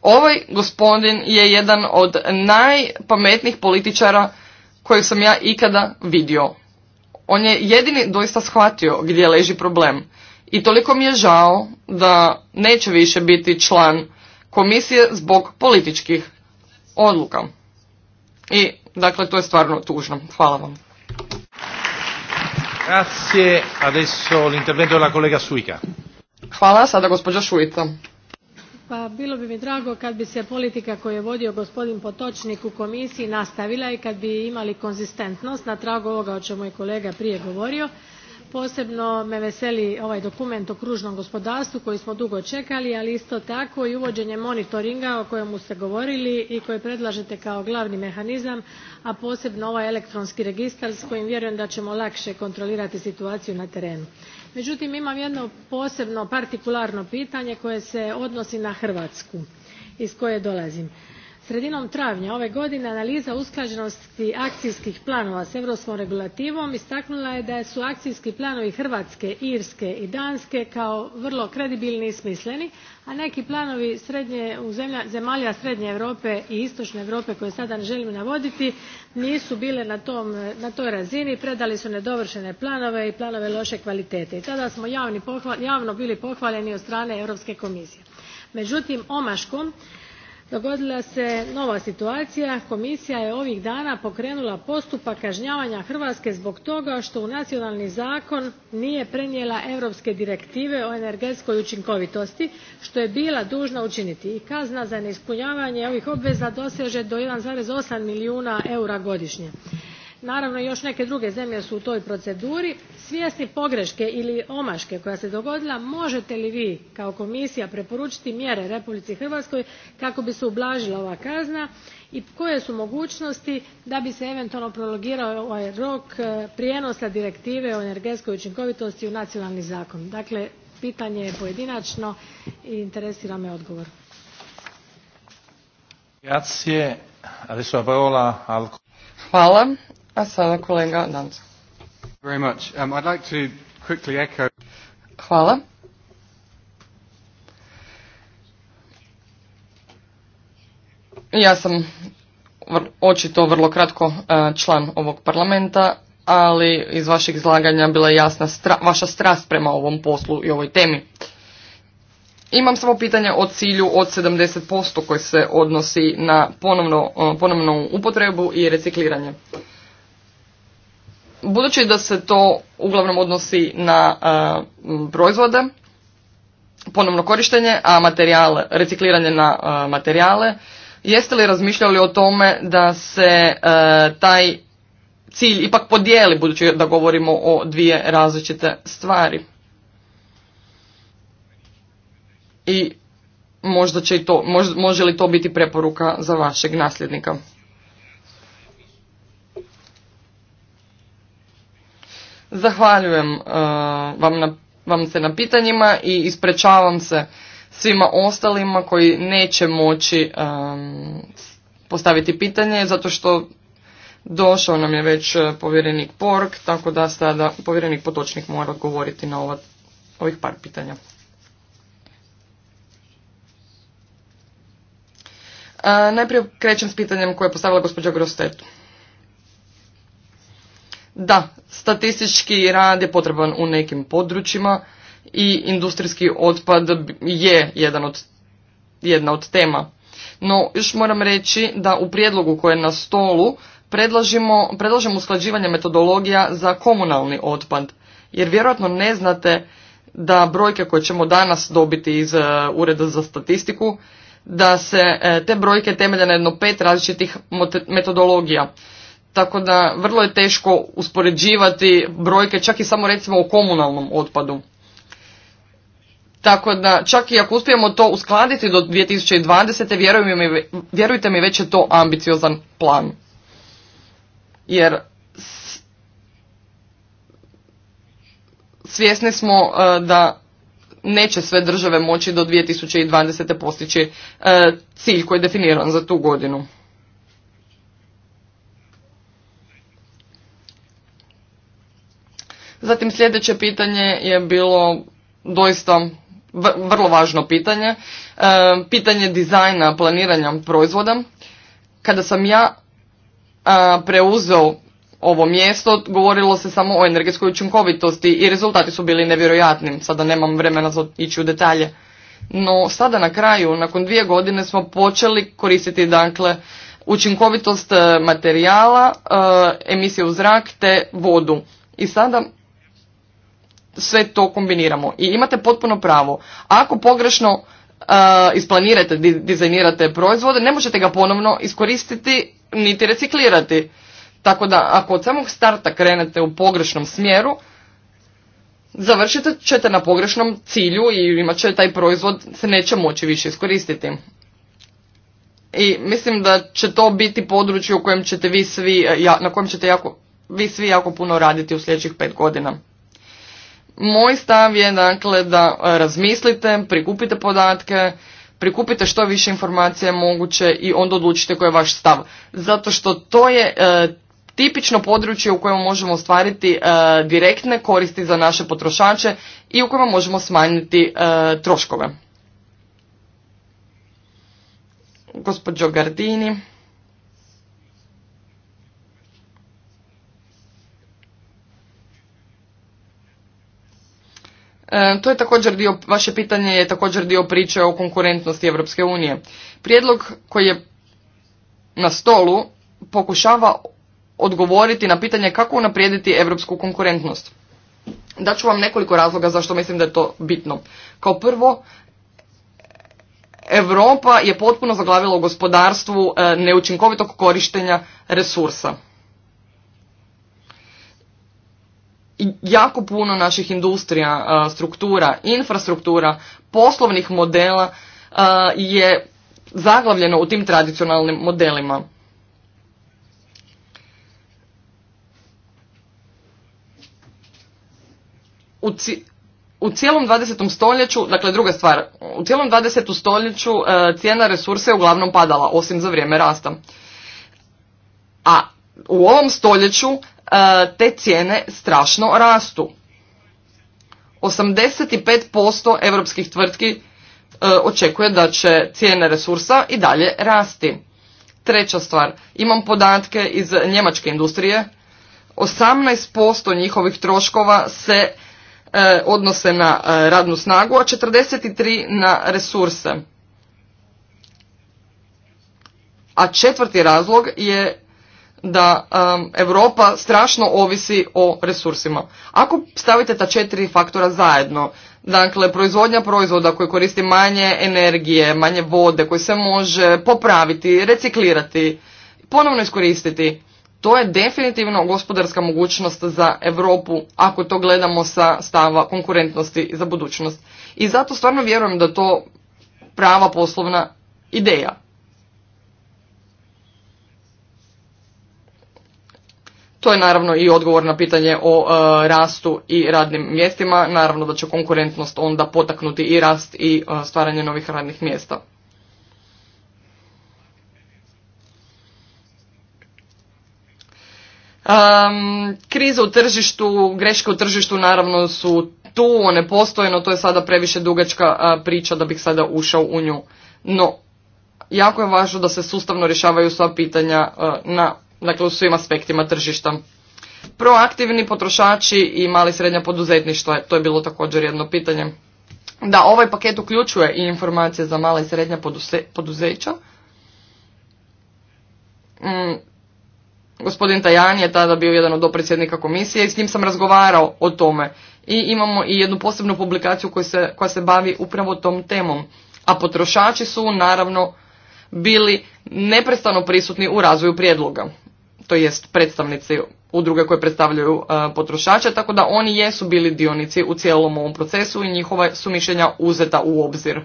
Ovaj gospodin je jedan od najpametnijih političara kojeg sam ja ikada vidio. On je jedini doista shvatio gdje leži problem. I toliko mi je žao da neće više biti član komisije zbog političkih odluka. I Dakle, to je stvarno tužno. Hvala vam. Grazie. Adesso l'intervento Hvala, sada gospođa Šuica. Pa bilo bi mi drago kad bi se politika koju je vodio gospodin Potočnik u komisiji nastavila i kad bi imali konzistentnost na tragu ovoga o čemu je kolega prije govorio posebno me veseli ovaj dokument o kružnom gospodarstvu koji smo dugo čekali ali isto tako i uvođenje monitoringa o kojemu ste govorili i koji predlažete kao glavni mehanizam a posebno ovaj elektronski registar s kojim vjerujem da ćemo lakše kontrolirati situaciju na terenu. međutim imam jedno posebno partikularno pitanje koje se odnosi na hrvatsku iz koje dolazim sredinom travnja ove godine analiza usklađenosti akcijskih planova s europskom regulativom istaknula je da su akcijski planovi hrvatske irske i danske kao vrlo kredibilni i smisleni a neki planovi zemalja srednje europe i istočne europe koje sada ne želim navoditi nisu bile na toj razini predali su nedovršene planove i planove loše kvalitete i tada smo javno bili pohvaljeni od strane europske komisije. međutim omaškom dogodila se nova situacija komisija je ovih dana pokrenula postupak kažnjavanja hrvatske zbog toga što u nacionalni zakon nije prenijela europske direktive o energetskoj učinkovitosti što je bila dužna učiniti i kazna za neispunjavanje ovih obveza doseže do one eight milijuna eura godišnje naravno još neke druge zemlje su u toj proceduri svjesni pogreške ili omaške koja se dogodila možete li vi kao komisija preporučiti mjere republici hrvatskoj kako bi se ublažila ova kazna i koje su mogućnosti da bi se eventualno prolongirao ovaj rok eh, prijenosa direktive o energetskoj učinkovitosti u nacionalni zakon? dakle pitanje je pojedinačno i interesira me odgovor. Hvala. A sada kolega um, Hvala. Ja sam očito vrlo kratko e, član ovog parlamenta, ali iz vašeg izlaganja bila je jasna vaša strast prema ovom poslu i ovoj temi. Imam samo pitanje o cilju od 70% koji se odnosi na e, ponovnu upotrebu i recikliranje. Budući da se to uglavnom odnosi na e, proizvode, ponovno korištenje, a materijale, recikliranje na e, materijale, jeste li razmišljali o tome da se e, taj cilj ipak podijeli, budući da govorimo o dvije različite stvari? I možda će to, može li to biti preporuka za vašeg nasljednika? Zahvaljujem uh, vam, na, vam se na pitanjima i isprečavam se svima ostalima koji neće moći um, postaviti pitanje zato što došao nam je već uh, povjerenik Pork, tako da sada povjerenik Potočnik mora odgovoriti na ova, ovih par pitanja. Uh, najprije krećem s pitanjem koje je postavila gospođa Grostetu. Da, statistički rad je potreban u nekim područjima i industrijski otpad je jedan od, jedna od tema. No, još moram reći da u prijedlogu koje je na stolu predlažemo, predlažemo usklađivanje metodologija za komunalni otpad. Jer vjerojatno ne znate da brojke koje ćemo danas dobiti iz e, Ureda za statistiku, da se e, te brojke temelje na jedno pet različitih metodologija. Tako da vrlo je teško uspoređivati brojke čak i samo recimo o komunalnom otpadu. Tako da čak i ako uspijemo to uskladiti do 2020. vjerujte mi, vjerujte mi već je to ambiciozan plan. Jer svjesni smo e, da neće sve države moći do 2020. postići e, cilj koji je definiran za tu godinu. Zatim sljedeće pitanje je bilo doista vrlo važno pitanje. E, pitanje dizajna, planiranja proizvoda. Kada sam ja e, preuzeo ovo mjesto, govorilo se samo o energetskoj učinkovitosti i rezultati su bili nevjerojatni. Sada nemam vremena za ići u detalje. No sada na kraju, nakon dvije godine smo počeli koristiti dakle učinkovitost e, materijala, emisije u zrak te vodu. I sada sve to kombiniramo. I imate potpuno pravo. Ako pogrešno uh, isplanirate, dizajnirate proizvode, ne možete ga ponovno iskoristiti niti reciklirati. Tako da ako od samog starta krenete u pogrešnom smjeru, završite ćete na pogrešnom cilju i imat će taj proizvod se neće moći više iskoristiti. I mislim da će to biti područje u kojem ćete vi svi, na kojem ćete jako, vi svi jako puno raditi u sljedećih pet godina. Moj stav je dakle da e, razmislite, prikupite podatke, prikupite što više informacija moguće i onda odlučite koji je vaš stav. Zato što to je e, tipično područje u kojem možemo ostvariti e, direktne koristi za naše potrošače i u kojem možemo smanjiti troškove. Gospođo Gardini. E, to je također dio, vaše pitanje je također dio priče o konkurentnosti Europske unije. Prijedlog koji je na stolu pokušava odgovoriti na pitanje kako unaprijediti europsku konkurentnost. Daću vam nekoliko razloga zašto mislim da je to bitno. Kao prvo, Europa je potpuno zaglavila u gospodarstvu e, neučinkovitog korištenja resursa. jako puno naših industrija, e, struktura, infrastruktura, poslovnih modela e, je zaglavljeno u tim tradicionalnim modelima. U, u cijelom 20. stoljeću, dakle druga stvar, u cijelom 20. stoljeću e, cijena resursa je uglavnom padala, osim za vrijeme rasta. A u ovom stoljeću E, te cijene strašno rastu. 85% europskih tvrtki e, očekuje da će cijene resursa i dalje rasti. Treća stvar, imam podatke iz njemačke industrije. 18% njihovih troškova se e, odnose na radnu snagu, a 43 na resurse. A četvrti razlog je da um, Europa strašno ovisi o resursima. Ako stavite ta četiri faktora zajedno, dakle proizvodnja proizvoda koji koristi manje energije, manje vode, koji se može popraviti, reciklirati, ponovno iskoristiti, to je definitivno gospodarska mogućnost za Europu ako to gledamo sa stava konkurentnosti za budućnost. I zato stvarno vjerujem da to prava poslovna ideja. To je naravno i odgovor na pitanje o e, rastu i radnim mjestima. Naravno da će konkurentnost onda potaknuti i rast i e, stvaranje novih radnih mjesta. Um, krize u tržištu, greške u tržištu naravno su tu, one postoje, no to je sada previše dugačka e, priča da bih sada ušao u nju. No, jako je važno da se sustavno rješavaju sva pitanja na dakle u svim aspektima tržišta. Proaktivni potrošači i mali i srednja poduzetništva, to je bilo također jedno pitanje. Da, ovaj paket uključuje i informacije za mala i srednja poduzeća. Mm, gospodin Tajani je tada bio jedan od dopredsjednika komisije i s njim sam razgovarao o tome. I imamo i jednu posebnu publikaciju koja se, koja se bavi upravo tom temom. A potrošači su naravno bili neprestano prisutni u razvoju prijedloga to jest predstavnici udruge koje predstavljaju e, potrošače, tako da oni jesu bili dionici u cijelom ovom procesu i njihova su mišljenja uzeta u obzir.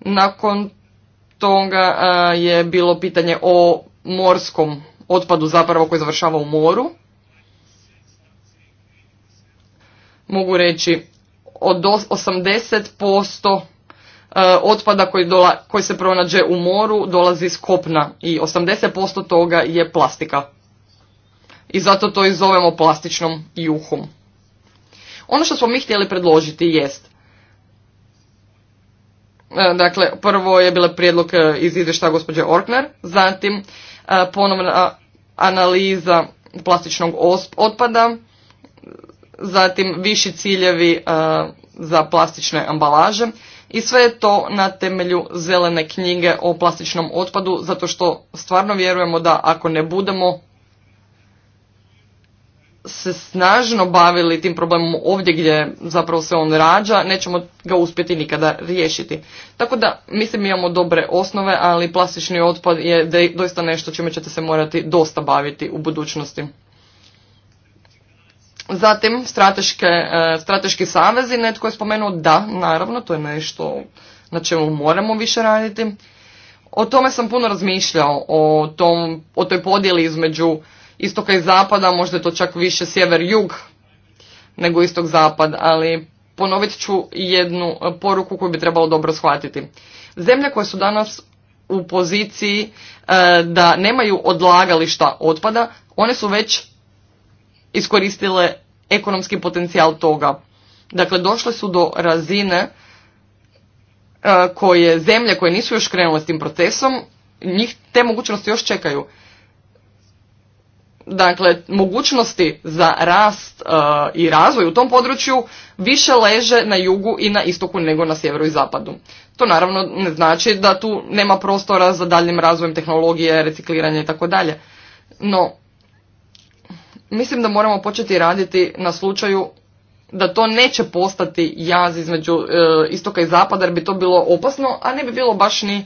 Nakon toga e, je bilo pitanje o morskom otpadu zapravo koji završava u moru. Mogu reći od 80% E, otpada koji, koji se pronađe u moru dolazi iz kopna i 80% toga je plastika. I zato to i zovemo plastičnom juhom. Ono što smo mi htjeli predložiti jest e, Dakle, prvo je bila prijedlog e, iz izvještaja gospođe Orkner, zatim ponovna analiza plastičnog otpada, zatim viši ciljevi za plastične ambalaže i sve je to na temelju zelene knjige o plastičnom otpadu zato što stvarno vjerujemo da ako ne budemo se snažno bavili tim problemom ovdje gdje zapravo se on rađa, nećemo ga uspjeti nikada riješiti. Tako da, mislim, imamo dobre osnove, ali plastični otpad je doista nešto čime ćete se morati dosta baviti u budućnosti. Zatim, strateške, e, strateški savezi, netko je spomenuo da, naravno, to je nešto na čemu moramo više raditi. O tome sam puno razmišljao, o, tom, o toj podjeli između istoka i zapada, možda je to čak više sjever-jug nego istok-zapad, ali ponovit ću jednu poruku koju bi trebalo dobro shvatiti. Zemlje koje su danas u poziciji e, da nemaju odlagališta otpada, one su već iskoristile ekonomski potencijal toga. Dakle, došle su do razine e, koje zemlje koje nisu još krenule s tim procesom, njih te mogućnosti još čekaju. Dakle, mogućnosti za rast e, i razvoj u tom području više leže na jugu i na istoku nego na sjeveru i zapadu. To naravno ne znači da tu nema prostora za daljnim razvojem tehnologije, recikliranja i tako dalje. No, mislim da moramo početi raditi na slučaju da to neće postati jaz između e, istoka i zapada jer bi to bilo opasno, a ne bi bilo baš ni,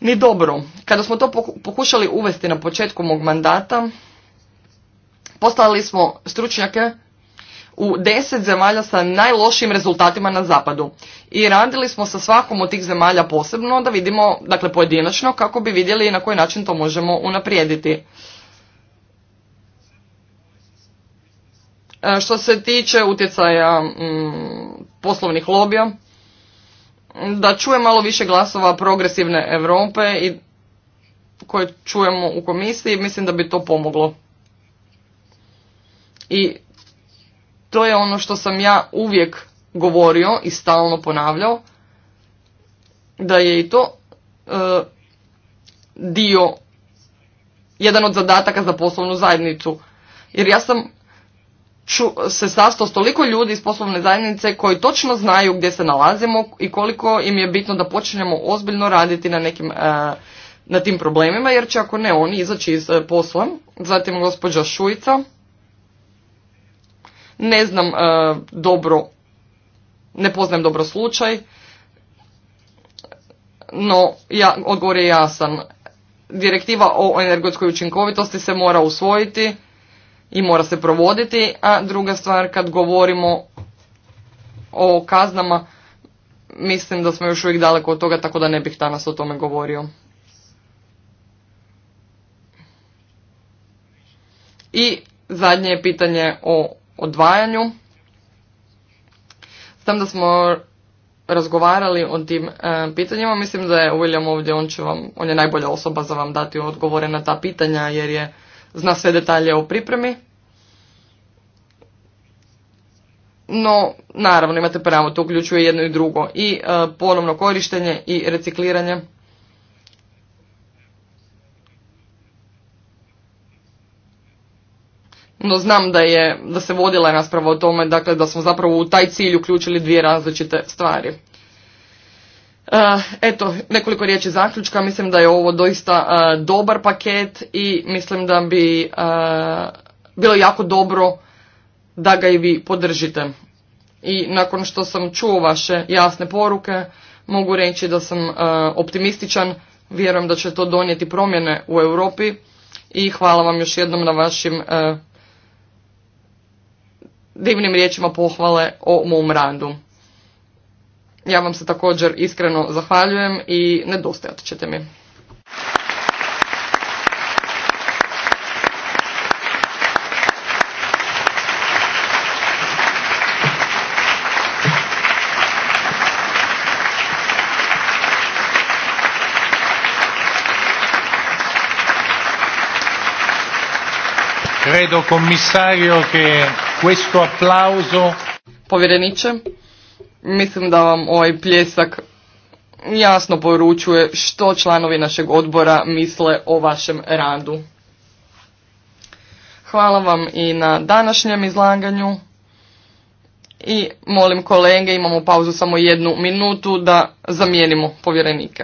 ni dobro. Kada smo to pokušali uvesti na početku mog mandata, postavili smo stručnjake u deset zemalja sa najlošijim rezultatima na zapadu. I radili smo sa svakom od tih zemalja posebno da vidimo, dakle pojedinačno, kako bi vidjeli na koji način to možemo unaprijediti. E, što se tiče utjecaja mm, poslovnih lobija, da čuje malo više glasova progresivne Europe i koje čujemo u komisiji, mislim da bi to pomoglo. I to je ono što sam ja uvijek govorio i stalno ponavljao, da je i to e, dio, jedan od zadataka za poslovnu zajednicu. Jer ja sam se sastao s toliko ljudi iz poslovne zajednice koji točno znaju gdje se nalazimo i koliko im je bitno da počnemo ozbiljno raditi na nekim e, na tim problemima jer će ako ne oni izaći iz e, posla. Zatim gospođa Šujica. Ne znam e, dobro, ne poznajem dobro slučaj, no ja, odgovor je jasan. Direktiva o energetskoj učinkovitosti se mora usvojiti i mora se provoditi, a druga stvar kad govorimo o kaznama, mislim da smo još uvijek daleko od toga, tako da ne bih danas o tome govorio. I zadnje je pitanje o odvajanju. Znam da smo razgovarali o tim e, pitanjima. Mislim da je William ovdje, on, će vam, on je najbolja osoba za vam dati odgovore na ta pitanja jer je zna sve detalje o pripremi. No, naravno, imate pravo, to uključuje jedno i drugo. I e, ponovno korištenje i recikliranje. No znam da, je, da se vodila rasprava o tome, dakle da smo zapravo u taj cilj uključili dvije različite stvari. Eto, nekoliko riječi zaključka. Mislim da je ovo doista dobar paket i mislim da bi bilo jako dobro da ga i vi podržite. I nakon što sam čuo vaše jasne poruke, mogu reći da sam optimističan. Vjerujem da će to donijeti promjene u Europi i hvala vam još jednom na vašim divnim riječima pohvale o mom radu. Ja vam se također iskreno zahvaljujem i nedostajat ćete mi. Credo commissario che questo applauso Povjereniče, Mislim da vam ovaj pljesak jasno poručuje što članovi našeg odbora misle o vašem radu. Hvala vam i na današnjem izlaganju. I molim kolege, imamo pauzu samo jednu minutu da zamijenimo povjerenike.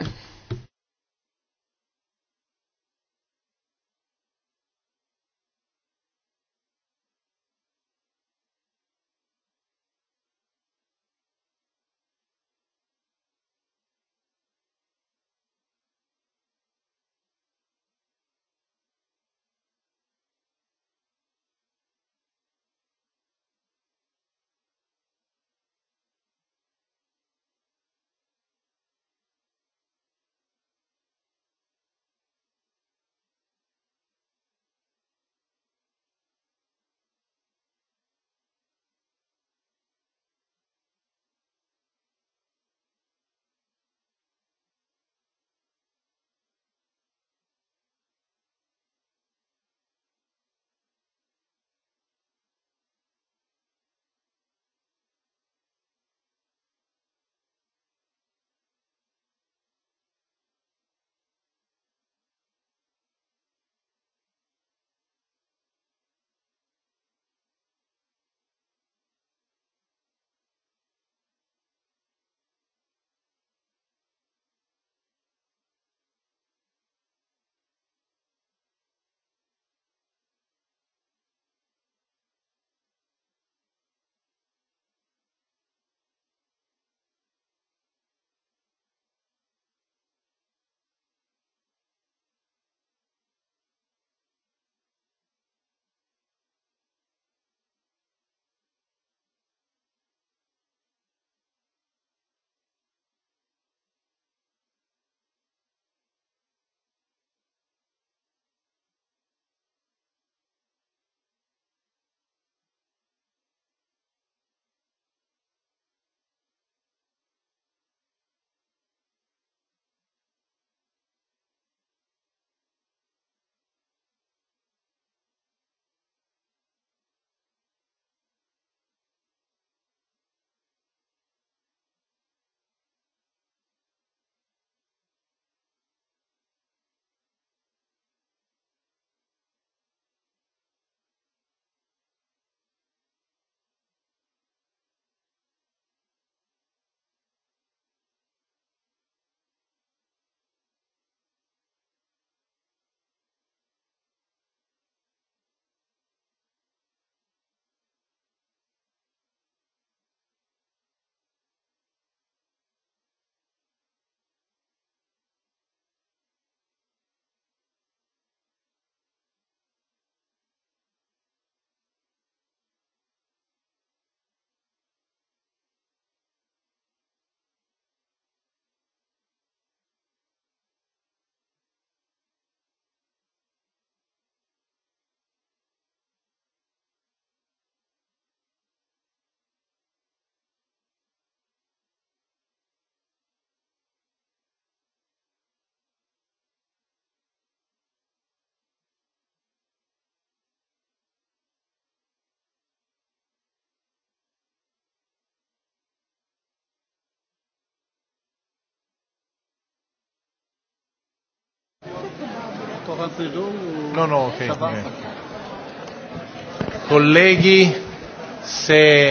se...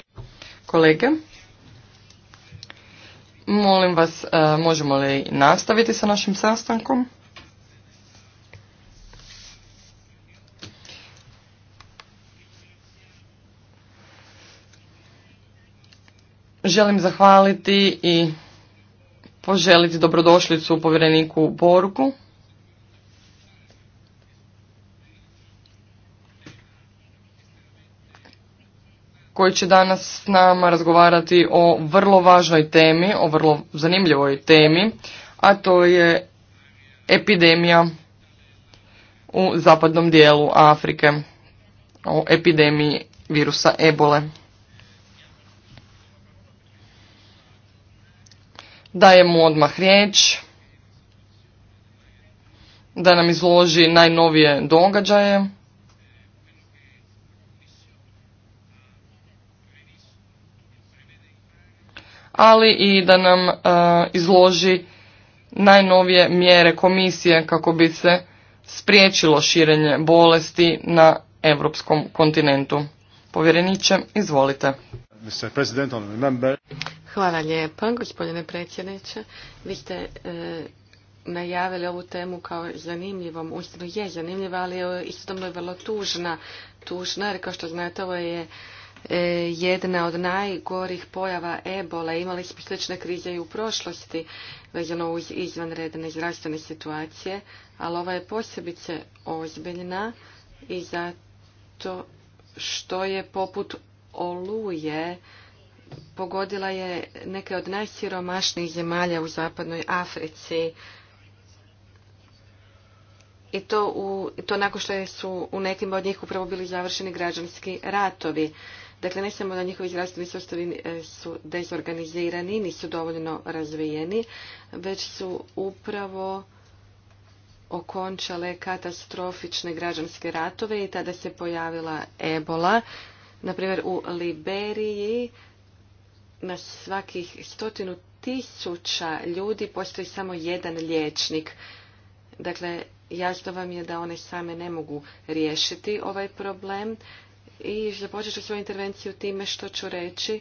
Kolege, molim vas, eh, možemo li nastaviti sa našim sastankom? Želim zahvaliti i poželiti dobrodošlicu povjereniku Borgu. koji će danas s nama razgovarati o vrlo važnoj temi, o vrlo zanimljivoj temi, a to je epidemija u zapadnom dijelu Afrike, o epidemiji virusa ebole. Dajem mu odmah riječ da nam izloži najnovije događaje ali i da nam e, izloži najnovije mjere komisije kako bi se spriječilo širenje bolesti na europskom kontinentu. Povjereniče, izvolite. Hvala lijepa, gospodine predsjedniče. Vi ste e, najavili ovu temu kao zanimljivom. Uistinu je zanimljiva, ali je vrlo tužna. Tužna jer kao što znate ovo je E, jedna od najgorih pojava ebola. Imali smo slične krize i u prošlosti vezano uz izvanredne zdravstvene situacije, ali ova je posebice ozbiljna i zato što je poput oluje pogodila je neke od najsiromašnijih zemalja u zapadnoj Africi. I to, to nakon što su u nekim od njih upravo bili završeni građanski ratovi. Dakle, ne samo da njihovi zdravstveni sustavi e, su dezorganizirani, nisu dovoljno razvijeni, već su upravo okončale katastrofične građanske ratove i tada se pojavila ebola. Naprimjer, u Liberiji na svakih stotinu tisuća ljudi postoji samo jedan liječnik. Dakle, jasno vam je da one same ne mogu riješiti ovaj problem i započet ću svoju intervenciju time što ću reći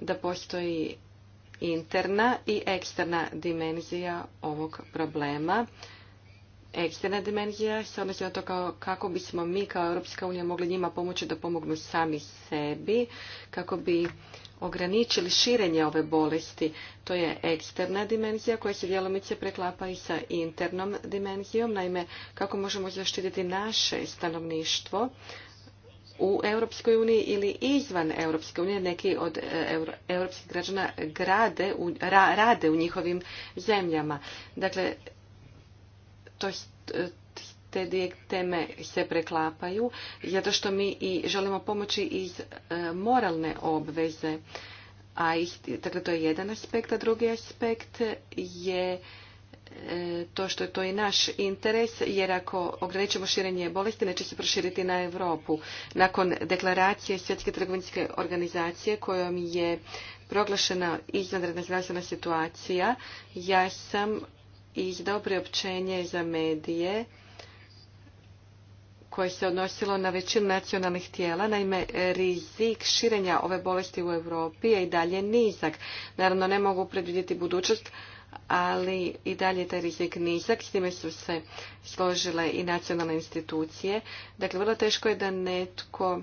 da postoji interna i eksterna dimenzija ovog problema. Eksterna dimenzija se odnosi na to kao, kako bismo mi kao Europska unija mogli njima pomoći da pomognu sami sebi, kako bi ograničili širenje ove bolesti. To je eksterna dimenzija koja se djelomice preklapa i sa internom dimenzijom, naime kako možemo zaštititi naše stanovništvo u Europskoj uniji ili izvan Europske unije. Neki od e, europskih građana rade u njihovim zemljama. Dakle, to, e, te dvije teme se preklapaju, zato što mi i želimo pomoći iz e, moralne obveze. A, dakle, to je jedan aspekt, a drugi aspekt je E, to što je to i naš interes, jer ako ograničimo širenje bolesti, neće se proširiti na Europu. Nakon deklaracije Svjetske trgovinske organizacije kojom je proglašena izvanredna zdravstvena situacija, ja sam izdao priopćenje za medije koje se odnosilo na većinu nacionalnih tijela. Naime, rizik širenja ove bolesti u Europi je i dalje nizak. Naravno, ne mogu predvidjeti budućnost, ali i dalje taj rizik nizak, s time su se složile i nacionalne institucije. Dakle, vrlo teško je da netko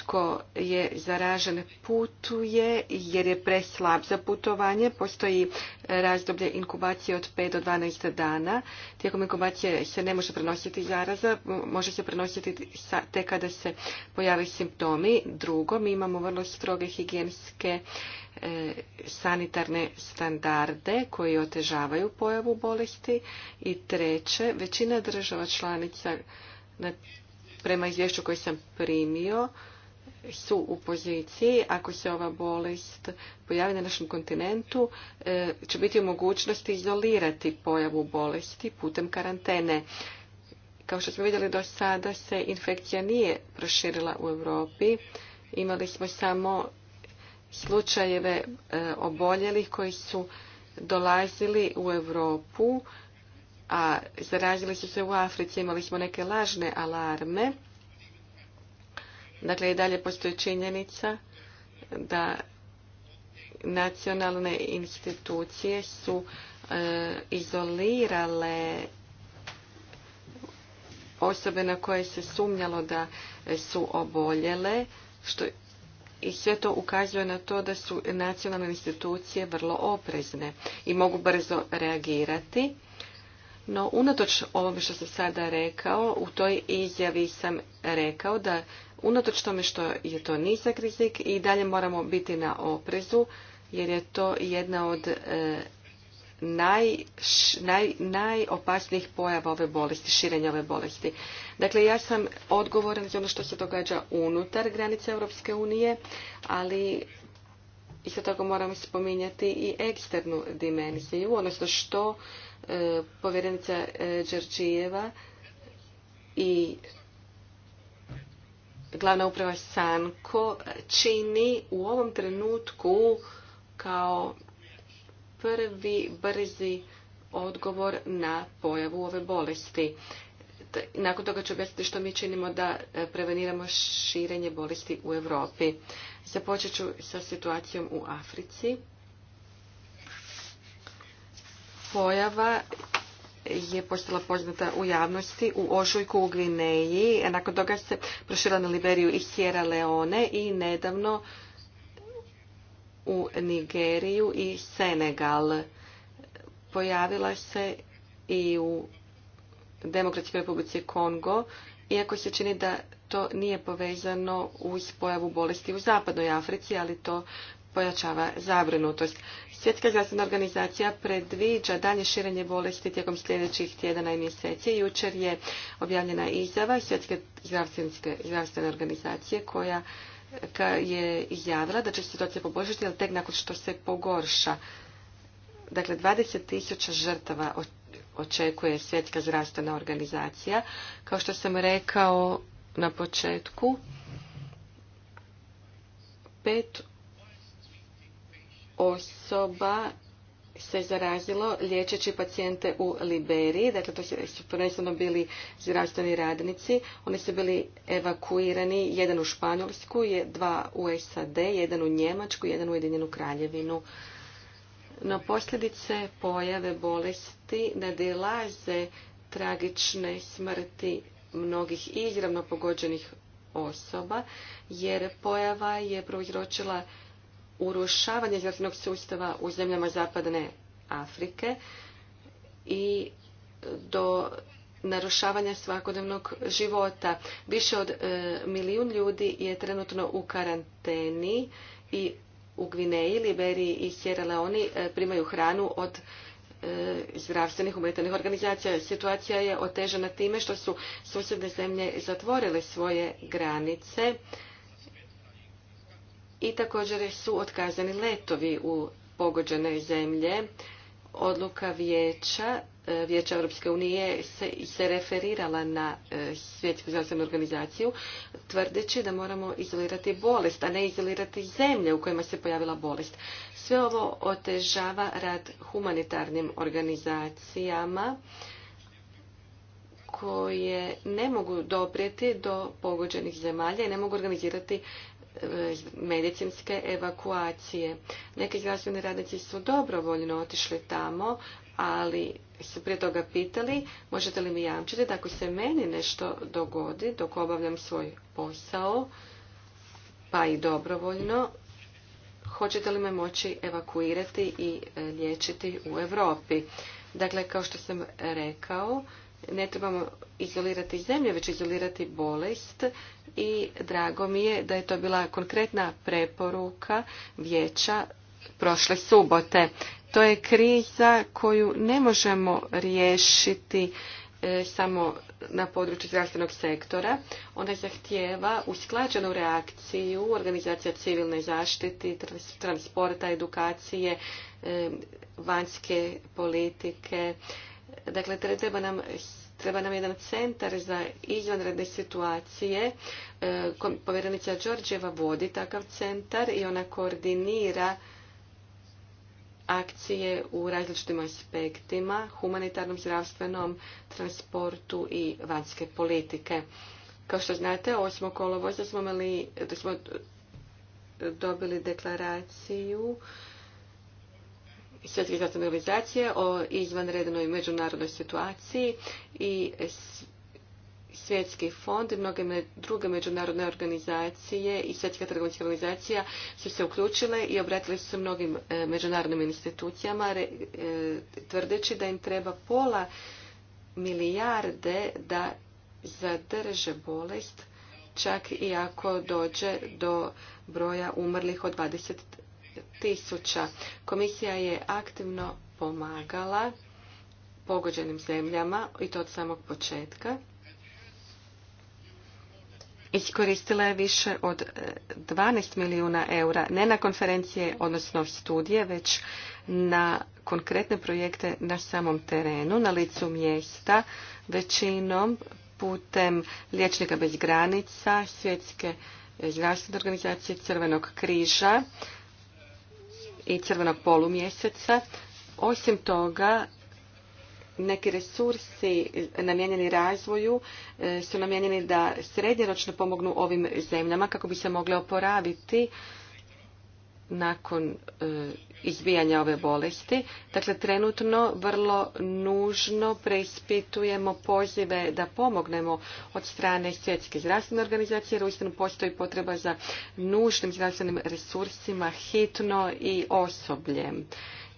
tko je zaražen putuje jer je preslab za putovanje. Postoji e, razdoblje inkubacije od 5 do 12 dana. Tijekom inkubacije se ne može prenositi zaraza, može se prenositi te kada se pojave simptomi. Drugo, mi imamo vrlo stroge higijenske e, sanitarne standarde koji otežavaju pojavu bolesti. I treće, većina država članica prema izvješću koje sam primio su u poziciji, ako se ova bolest pojavi na našem kontinentu, e, će biti u mogućnosti izolirati pojavu bolesti putem karantene. Kao što smo vidjeli do sada se infekcija nije proširila u Europi. Imali smo samo slučajeve e, oboljelih koji su dolazili u Europu, a zarazili su se u Africi. Imali smo neke lažne alarme Dakle, i dalje postoji činjenica da nacionalne institucije su e, izolirale osobe na koje se sumnjalo da su oboljele što i sve to ukazuje na to da su nacionalne institucije vrlo oprezne i mogu brzo reagirati. No, unatoč ovome što sam sada rekao, u toj izjavi sam rekao da Unatoč tome što je to nizak rizik i dalje moramo biti na oprezu jer je to jedna od e, najopasnijih pojava ove bolesti, širenja ove bolesti. Dakle, ja sam odgovoran za ono što se događa unutar granice Europske unije, ali isto tako moram spominjati i eksternu dimenziju, odnosno što e, povjerenica e, i glavna uprava Sanko čini u ovom trenutku kao prvi brzi odgovor na pojavu ove bolesti. Nakon toga ću objasniti što mi činimo da e, preveniramo širenje bolesti u Europi. Započet ću sa situacijom u Africi. Pojava je postala poznata u javnosti u Ožujku u Gvineji. Nakon toga se prošila na Liberiju i Sierra Leone i nedavno u Nigeriju i Senegal. Pojavila se i u Demokratskoj republici Kongo, iako se čini da to nije povezano uz pojavu bolesti u zapadnoj Africi, ali to pojačava zabrinutost. Svjetska zdravstvena organizacija predviđa dalje širenje bolesti tijekom sljedećih tjedana i mjeseci. Jučer je objavljena izjava Svjetske zdravstvene organizacije koja je izjavila da će situacija poboljšati, ali tek nakon što se pogorša. Dakle, 20.000 žrtava očekuje Svjetska zdravstvena organizacija. Kao što sam rekao na početku, pet osoba se zarazilo liječeći pacijente u Liberiji. Dakle, to su prvenstveno bili zdravstveni radnici. Oni su bili evakuirani, jedan u Španjolsku, dva u SAD, jedan u Njemačku, jedan u Ujedinjenu kraljevinu. No posljedice pojave bolesti nadilaze tragične smrti mnogih izravno pogođenih osoba, jer pojava je prouzročila urušavanje zdravstvenog sustava u zemljama zapadne Afrike i do narušavanja svakodnevnog života. Više od e, milijun ljudi je trenutno u karanteni i u Gvineji, Liberiji i Sierra Leone primaju hranu od e, zdravstvenih humanitarnih organizacija. Situacija je otežana time što su susjedne zemlje zatvorile svoje granice i također su otkazani letovi u pogođene zemlje. Odluka vijeća, e, vijeća Europske unije se, se referirala na e, svjetsku zdravstvenu organizaciju tvrdeći da moramo izolirati bolest, a ne izolirati zemlje u kojima se pojavila bolest. Sve ovo otežava rad humanitarnim organizacijama koje ne mogu doprijeti do pogođenih zemalja i ne mogu organizirati medicinske evakuacije. Neki zdravstveni radnici su dobrovoljno otišli tamo, ali su prije toga pitali možete li mi jamčiti da ako se meni nešto dogodi dok obavljam svoj posao, pa i dobrovoljno, hoćete li me moći evakuirati i liječiti u Europi. Dakle, kao što sam rekao, ne trebamo izolirati zemlje, već izolirati bolest i drago mi je da je to bila konkretna preporuka vijeća prošle subote. To je kriza koju ne možemo riješiti e, samo na području zdravstvenog sektora. Ona zahtijeva usklađenu reakciju organizacija civilne zaštiti, transporta, edukacije, e, vanjske politike. Dakle, treba nam Treba nam jedan centar za izvanredne situacije. E, povjerenica Đorđeva vodi takav centar i ona koordinira akcije u različitim aspektima, humanitarnom, zdravstvenom, transportu i vanjske politike. Kao što znate, 8. kolovoza smo imali, da smo dobili deklaraciju svjetske zdravstvene organizacije o izvanrednoj međunarodnoj situaciji i Svjetski fond i mnoge druge međunarodne organizacije i svjetska trgovinska organizacija su se uključile i obratili su se mnogim e, međunarodnim institucijama e, tvrdeći da im treba pola milijarde da zadrže bolest čak i ako dođe do broja umrlih od tisuća. Komisija je aktivno pomagala pogođenim zemljama i to od samog početka. Iskoristila je više od 12 e, milijuna eura, ne na konferencije, odnosno studije, već na konkretne projekte na samom terenu, na licu mjesta, većinom putem Liječnika bez granica, Svjetske zdravstvene organizacije Crvenog križa, i crvenog polumjeseca. Osim toga, neki resursi namijenjeni razvoju e, su namijenjeni da srednjeročno pomognu ovim zemljama kako bi se mogle oporaviti nakon e, izbijanja ove bolesti. Dakle, trenutno vrlo nužno preispitujemo pozive da pomognemo od strane svjetske zdravstvene organizacije, jer uistinu postoji potreba za nužnim zdravstvenim resursima, hitno i osobljem.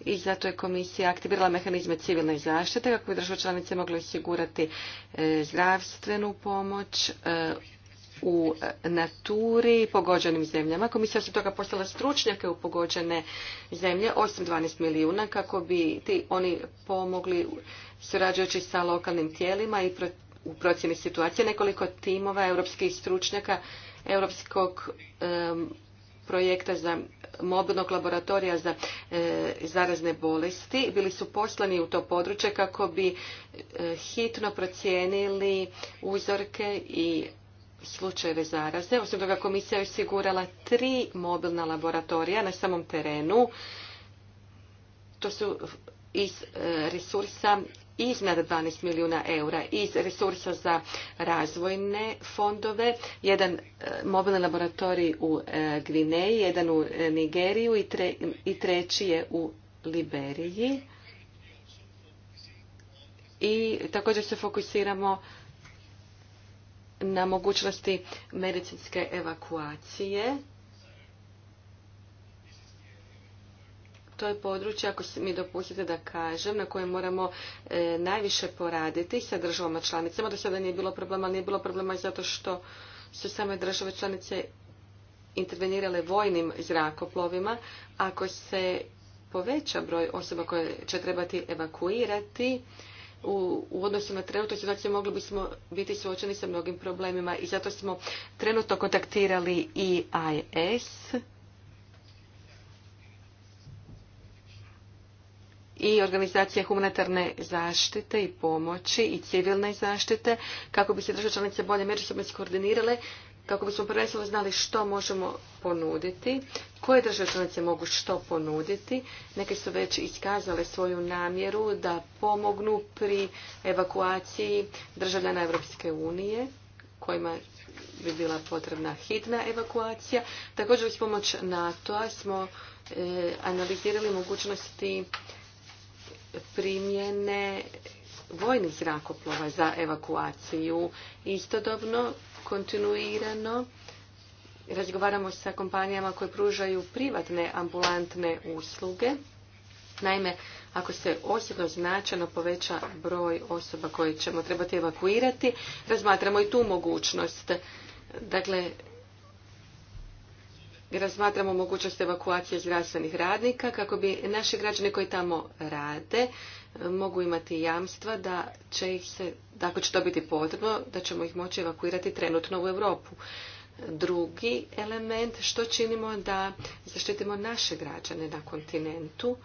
I zato je komisija aktivirala mehanizme civilne zaštite kako bi države članice mogle osigurati e, zdravstvenu pomoć, e, u e, naturi pogođenim zemljama. Komisija se toga postala stručnjake u pogođene zemlje, 8-12 milijuna, kako bi ti oni pomogli surađujući sa lokalnim tijelima i u procjeni situacije nekoliko timova europskih stručnjaka europskog projekta za mobilnog laboratorija za e, zarazne bolesti bili su poslani u to područje kako bi e, hitno procijenili uzorke i slučajeve zaraze. Osim toga komisija je osigurala tri mobilna laboratorija na samom terenu. To su iz e, resursa iznad 12 milijuna eura iz resursa za razvojne fondove, jedan e, mobilni laboratorij u e, Gvineji, jedan u Nigeriju i, i treći je u Liberiji. I također se fokusiramo na mogućnosti medicinske evakuacije. To je područje, ako mi dopustite da kažem, na kojem moramo e, najviše poraditi sa državama članicama. Do sada nije bilo problema, nije bilo problema zato što su same države članice intervenirale vojnim zrakoplovima. Ako se poveća broj osoba koje će trebati evakuirati, u, odnosu na trenutno situaciju mogli bismo biti suočeni sa mnogim problemima i zato smo trenutno kontaktirali e i EIS i organizacije humanitarne zaštite i pomoći i civilne zaštite kako bi se države članice bolje međusobno skoordinirale kako bismo prvenstveno znali što možemo ponuditi, koje države članice mogu što ponuditi. Neke su već iskazale svoju namjeru da pomognu pri evakuaciji državljana Europske unije kojima bi bila potrebna hitna evakuacija. Također uz pomoć NATO-a smo e, analizirali mogućnosti primjene vojnih zrakoplova za evakuaciju. Istodobno kontinuirano razgovaramo sa kompanijama koje pružaju privatne ambulantne usluge. Naime, ako se osobno značajno poveća broj osoba koje ćemo trebati evakuirati, razmatramo i tu mogućnost. Dakle, razmatramo mogućnost evakuacije zdravstvenih radnika kako bi naši građani koji tamo rade mogu imati jamstva da će ih se, da ako će to biti potrebno, da ćemo ih moći evakuirati trenutno u Europu. Drugi element, što činimo da zaštitimo naše građane na kontinentu,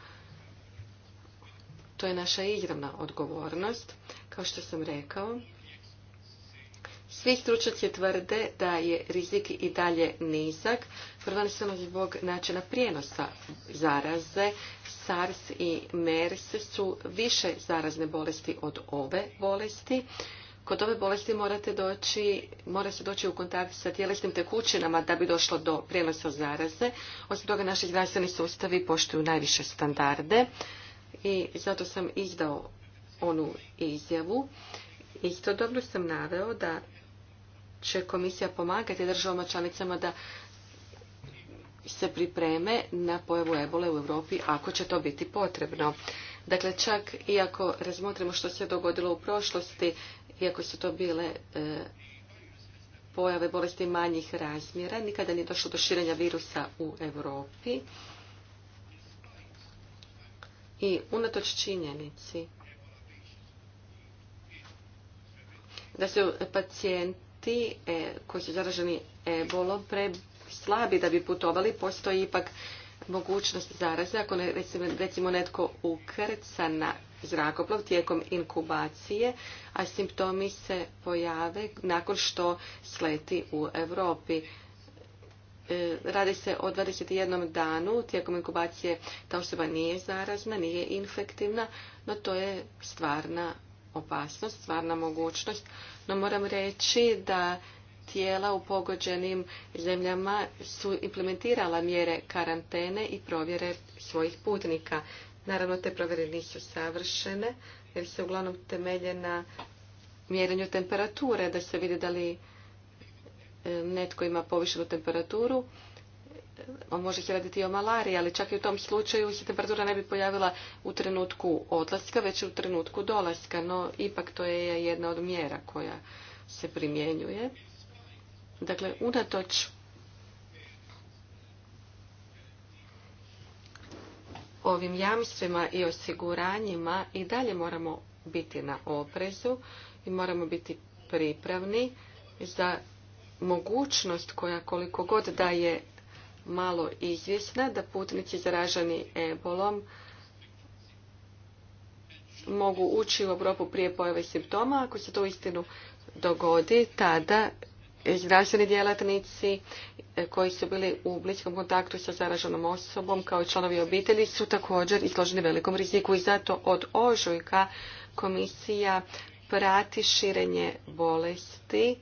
to je naša izravna odgovornost. Kao što sam rekao, svi stručnjaci tvrde da je rizik i dalje nizak, prvenstveno zbog načina prijenosa zaraze. SARS i MERS su više zarazne bolesti od ove bolesti. Kod ove bolesti morate doći, mora se doći u kontakt sa tjelesnim tekućinama da bi došlo do prijenosa zaraze. Osim toga, naši zdravstveni sustavi poštuju najviše standarde i zato sam izdao onu izjavu. Istodobno sam naveo da će komisija pomagati državama članicama da se pripreme na pojavu ebole u Europi ako će to biti potrebno. Dakle, čak i ako razmotrimo što se dogodilo u prošlosti, iako su to bile e, pojave bolesti manjih razmjera, nikada nije došlo do širenja virusa u Europi. I unatoč činjenici da se pacijenti ti e, koji su zaraženi ebolom pre slabi da bi putovali, postoji ipak mogućnost zaraze. Ako ne, recimo netko ukrca na zrakoplov tijekom inkubacije, a simptomi se pojave nakon što sleti u Europi. E, radi se o 21 danu, tijekom inkubacije ta osoba nije zarazna, nije infektivna, no to je stvarna opasnost, stvarna mogućnost, no moram reći da tijela u pogođenim zemljama su implementirala mjere karantene i provjere svojih putnika. Naravno, te provjere nisu savršene, jer se uglavnom temelje na mjerenju temperature, da se vidi da li e, netko ima povišenu temperaturu može se raditi i o malariji, ali čak i u tom slučaju se temperatura ne bi pojavila u trenutku odlaska, već u trenutku dolaska, no ipak to je jedna od mjera koja se primjenjuje. Dakle, unatoč ovim jamstvima i osiguranjima i dalje moramo biti na oprezu i moramo biti pripravni za mogućnost koja koliko god da je malo izvjesna da putnici zaraženi ebolom mogu ući u Europu prije pojave simptoma. Ako se to istinu dogodi, tada zdravstveni djelatnici e, koji su bili u bliskom kontaktu sa zaraženom osobom kao i članovi obitelji su također izloženi velikom riziku i zato od ožujka komisija prati širenje bolesti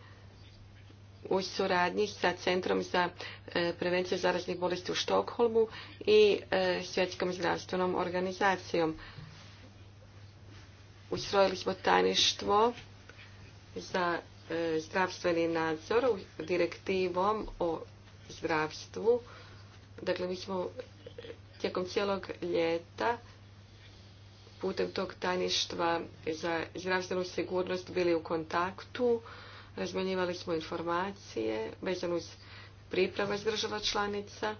u suradnji sa Centrom za e, prevenciju zaraznih bolesti u Štokholmu i e, Svjetskom zdravstvenom organizacijom. Ustrojili smo tajništvo za e, zdravstveni nadzor direktivom o zdravstvu. Dakle, mi smo tijekom cijelog ljeta putem tog tajništva za zdravstvenu sigurnost bili u kontaktu Razmjenjivali smo informacije vezano uz priprava iz država članica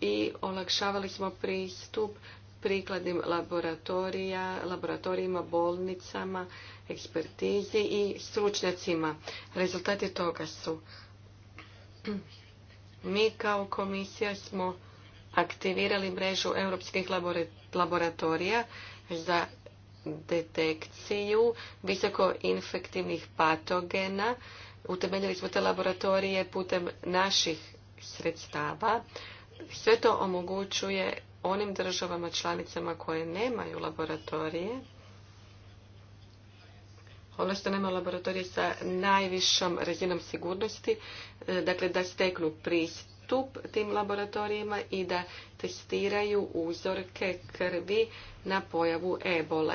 i olakšavali smo pristup prikladnim laboratorija, laboratorijima, bolnicama, ekspertizi i stručnjacima. Rezultati toga su mi kao komisija smo aktivirali mrežu europskih laboratorija za detekciju visoko infektivnih patogena. Utemeljili smo te laboratorije putem naših sredstava. Sve to omogućuje onim državama članicama koje nemaju laboratorije, ono što nema laboratorije sa najvišom razinom sigurnosti, e, dakle da steknu pristup pristup tim laboratorijima i da testiraju uzorke krvi na pojavu ebole.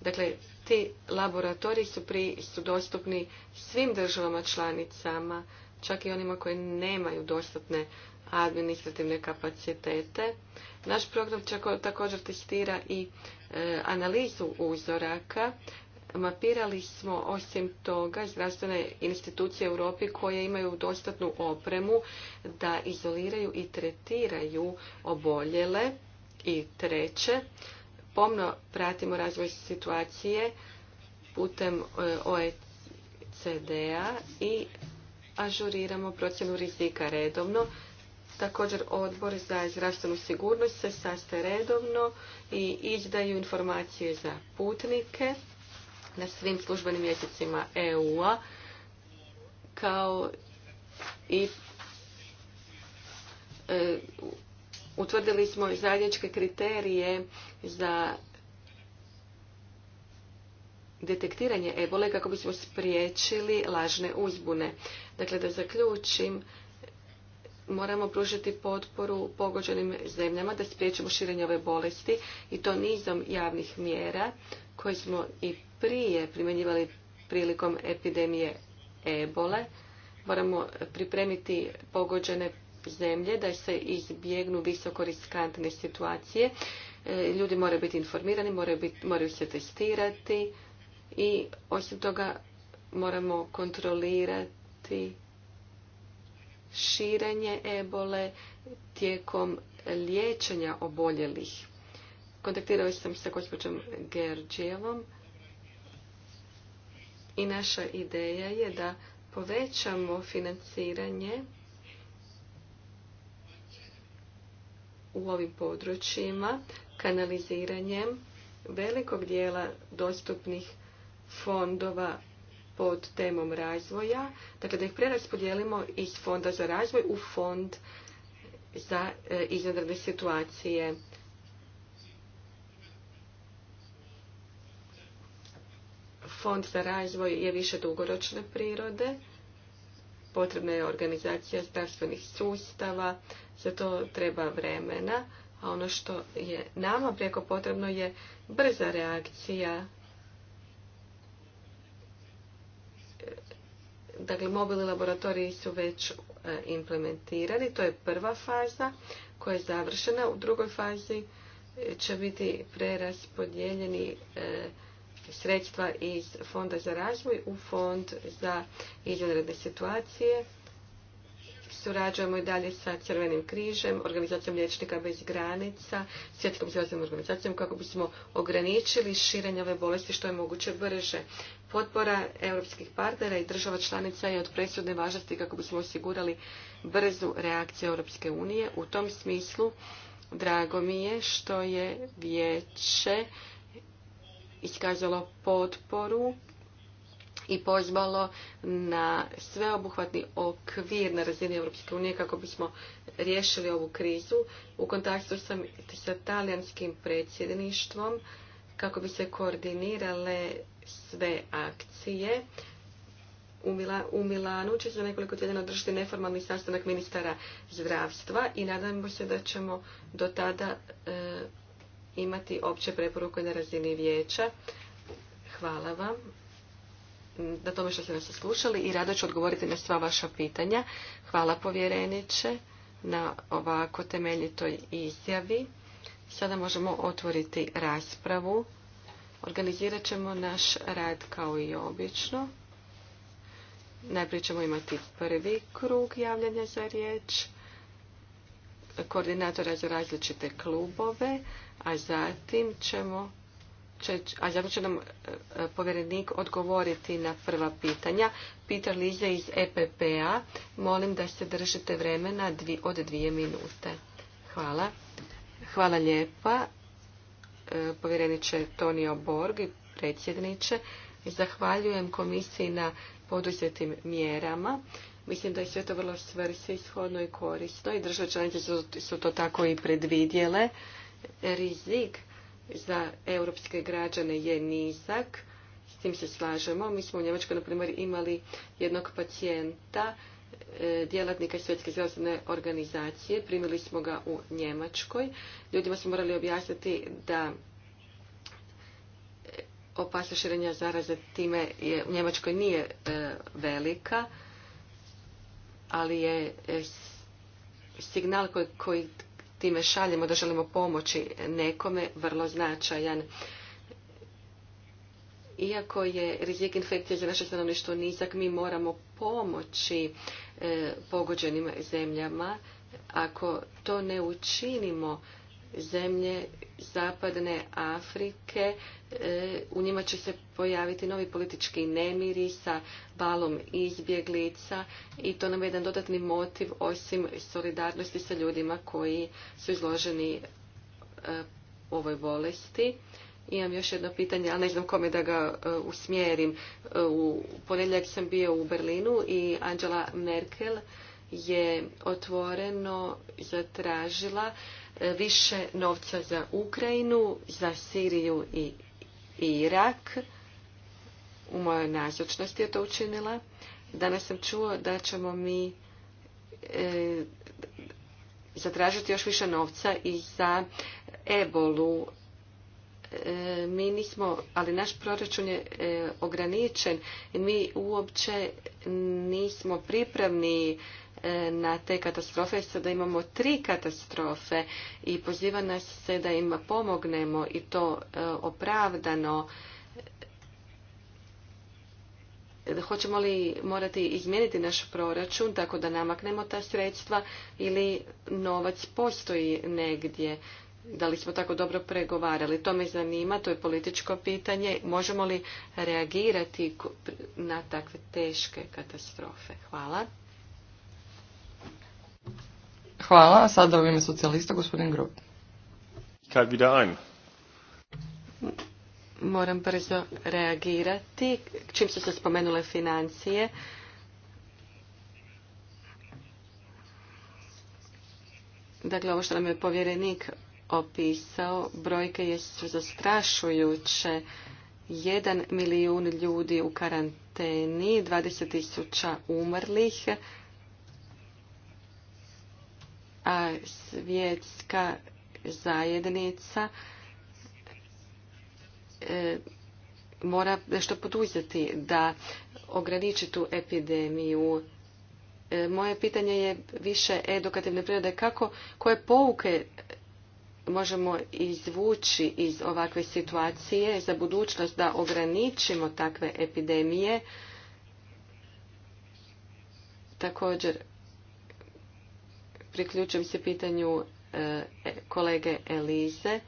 Dakle, ti laboratoriji su, pri, su dostupni svim državama članicama, čak i onima koje nemaju dostatne administrativne kapacitete. Naš program također testira i e, analizu uzoraka Mapirali smo osim toga zdravstvene institucije u Europi koje imaju dostatnu opremu da izoliraju i tretiraju oboljele. I treće, pomno pratimo razvoj situacije putem e, OECD-a i ažuriramo procjenu rizika redovno. Također odbor za zdravstvenu sigurnost se sastaje redovno i izdaju informacije za putnike na svim službenim mjesecima EU-a kao i e, utvrdili smo i zajedničke kriterije za detektiranje ebole kako bismo spriječili lažne uzbune. Dakle, da zaključim, moramo pružiti potporu pogođenim zemljama da spriječimo širenje ove bolesti i to nizom javnih mjera koje smo i prije primjenjivali prilikom epidemije ebole. Moramo pripremiti pogođene zemlje da se izbjegnu visoko situacije. E, ljudi moraju biti informirani, moraju, biti, moraju se testirati i osim toga moramo kontrolirati širenje ebole tijekom liječenja oboljelih. Kontaktirao sam sa gospođom Gerđijevom i naša ideja je da povećamo financiranje u ovim područjima kanaliziranjem velikog dijela dostupnih fondova pod temom razvoja, dakle da ih preraspodijelimo iz fonda za razvoj u fond za e, izvanredne situacije. fond za razvoj je više dugoročne prirode. Potrebna je organizacija zdravstvenih sustava, za to treba vremena, a ono što je nama preko potrebno je brza reakcija dakle mobilni laboratoriji su već e, implementirani, to je prva faza koja je završena, u drugoj fazi e, će biti preraspodijeljeni e, sredstva iz Fonda za razvoj u Fond za izvanredne situacije. Surađujemo i dalje sa Crvenim križem, Organizacijom liječnika bez granica, Svjetskom zdravstvenom organizacijom kako bismo ograničili širenje ove bolesti što je moguće brže. Potpora europskih partnera i država članica je od presudne važnosti kako bismo osigurali brzu reakciju Europske unije. U tom smislu drago mi je što je vijeće iskazalo potporu i pozvalo na sveobuhvatni okvir na razini Europske unije kako bismo riješili ovu krizu. U kontaktu sam sa talijanskim predsjedništvom kako bi se koordinirale sve akcije. U, Milanu će se nekoliko tjedana održati neformalni sastanak ministara zdravstva i nadamo se da ćemo do tada e, imati opće preporuke na razini vijeća. Hvala vam na tome što ste nas slušali i rado ću odgovoriti na sva vaša pitanja. Hvala povjereniče na ovako temeljitoj izjavi. Sada možemo otvoriti raspravu. Organizirat ćemo naš rad kao i obično. Najprije ćemo imati prvi krug javljanja za riječ koordinatora za različite klubove a zatim ćemo a zatim će nam e, povjerenik odgovoriti na prva pitanja. Pita Lize iz EPP-a, molim da se držite vremena od dvije minute. Hvala. Hvala lijepa. E, povjereniče Tonio Borg i predsjedniče. Zahvaljujem komisiji na poduzetim mjerama. Mislim da je sve to vrlo svrsishodno i korisno i države članice su to tako i predvidjele rizik za europske građane je nizak, s tim se slažemo. Mi smo u Njemačkoj, na primjer, imali jednog pacijenta, e, djelatnika Svjetske zdravstvene organizacije. Primili smo ga u Njemačkoj. Ljudima smo morali objasniti da e, opasnost širenja zaraze time u Njemačkoj nije e, velika, ali je signal koji time šaljemo da želimo pomoći nekome vrlo značajan. Iako je rizik infekcije za naše stanovništvo nizak, mi moramo pomoći e, pogođenim zemljama. Ako to ne učinimo, zemlje zapadne Afrike, e, u njima će se pojaviti novi politički nemiri sa balom izbjeglica i to nam je jedan dodatni motiv osim solidarnosti sa ljudima koji su izloženi e, ovoj bolesti. Imam još jedno pitanje, ali ne znam kome da ga e, usmjerim. U ponedjeljak sam bio u Berlinu i Angela Merkel je otvoreno zatražila više novca za Ukrajinu, za Siriju i Irak. U mojoj nazočnosti je to učinila. Danas sam čuo da ćemo mi e, zatražiti još više novca i za ebolu. E, mi nismo, ali naš proračun je e, ograničen mi uopće nismo pripravni E, na te katastrofe, sada imamo tri katastrofe i poziva nas se da im pomognemo i to e, opravdano. E, hoćemo li morati izmijeniti naš proračun tako da namaknemo ta sredstva ili novac postoji negdje? Da li smo tako dobro pregovarali? To me zanima, to je političko pitanje. Možemo li reagirati na takve teške katastrofe? Hvala. Hvala, sada u ime socijalista gospodin Grob. Kad wieder ein. Moram brzo reagirati. Čim su se spomenule financije, Dakle, ovo što nam je povjerenik opisao, brojke su zastrašujuće. Jedan milijun ljudi u karanteni, 20 tisuća umrlih, svjetska zajednica e, mora nešto poduzeti da ograniči tu epidemiju. E, moje pitanje je više edukativne prirode. Kako, koje pouke možemo izvući iz ovakve situacije za budućnost da ograničimo takve epidemije? Također, Priključujem se pitanju e, e, kolege Elize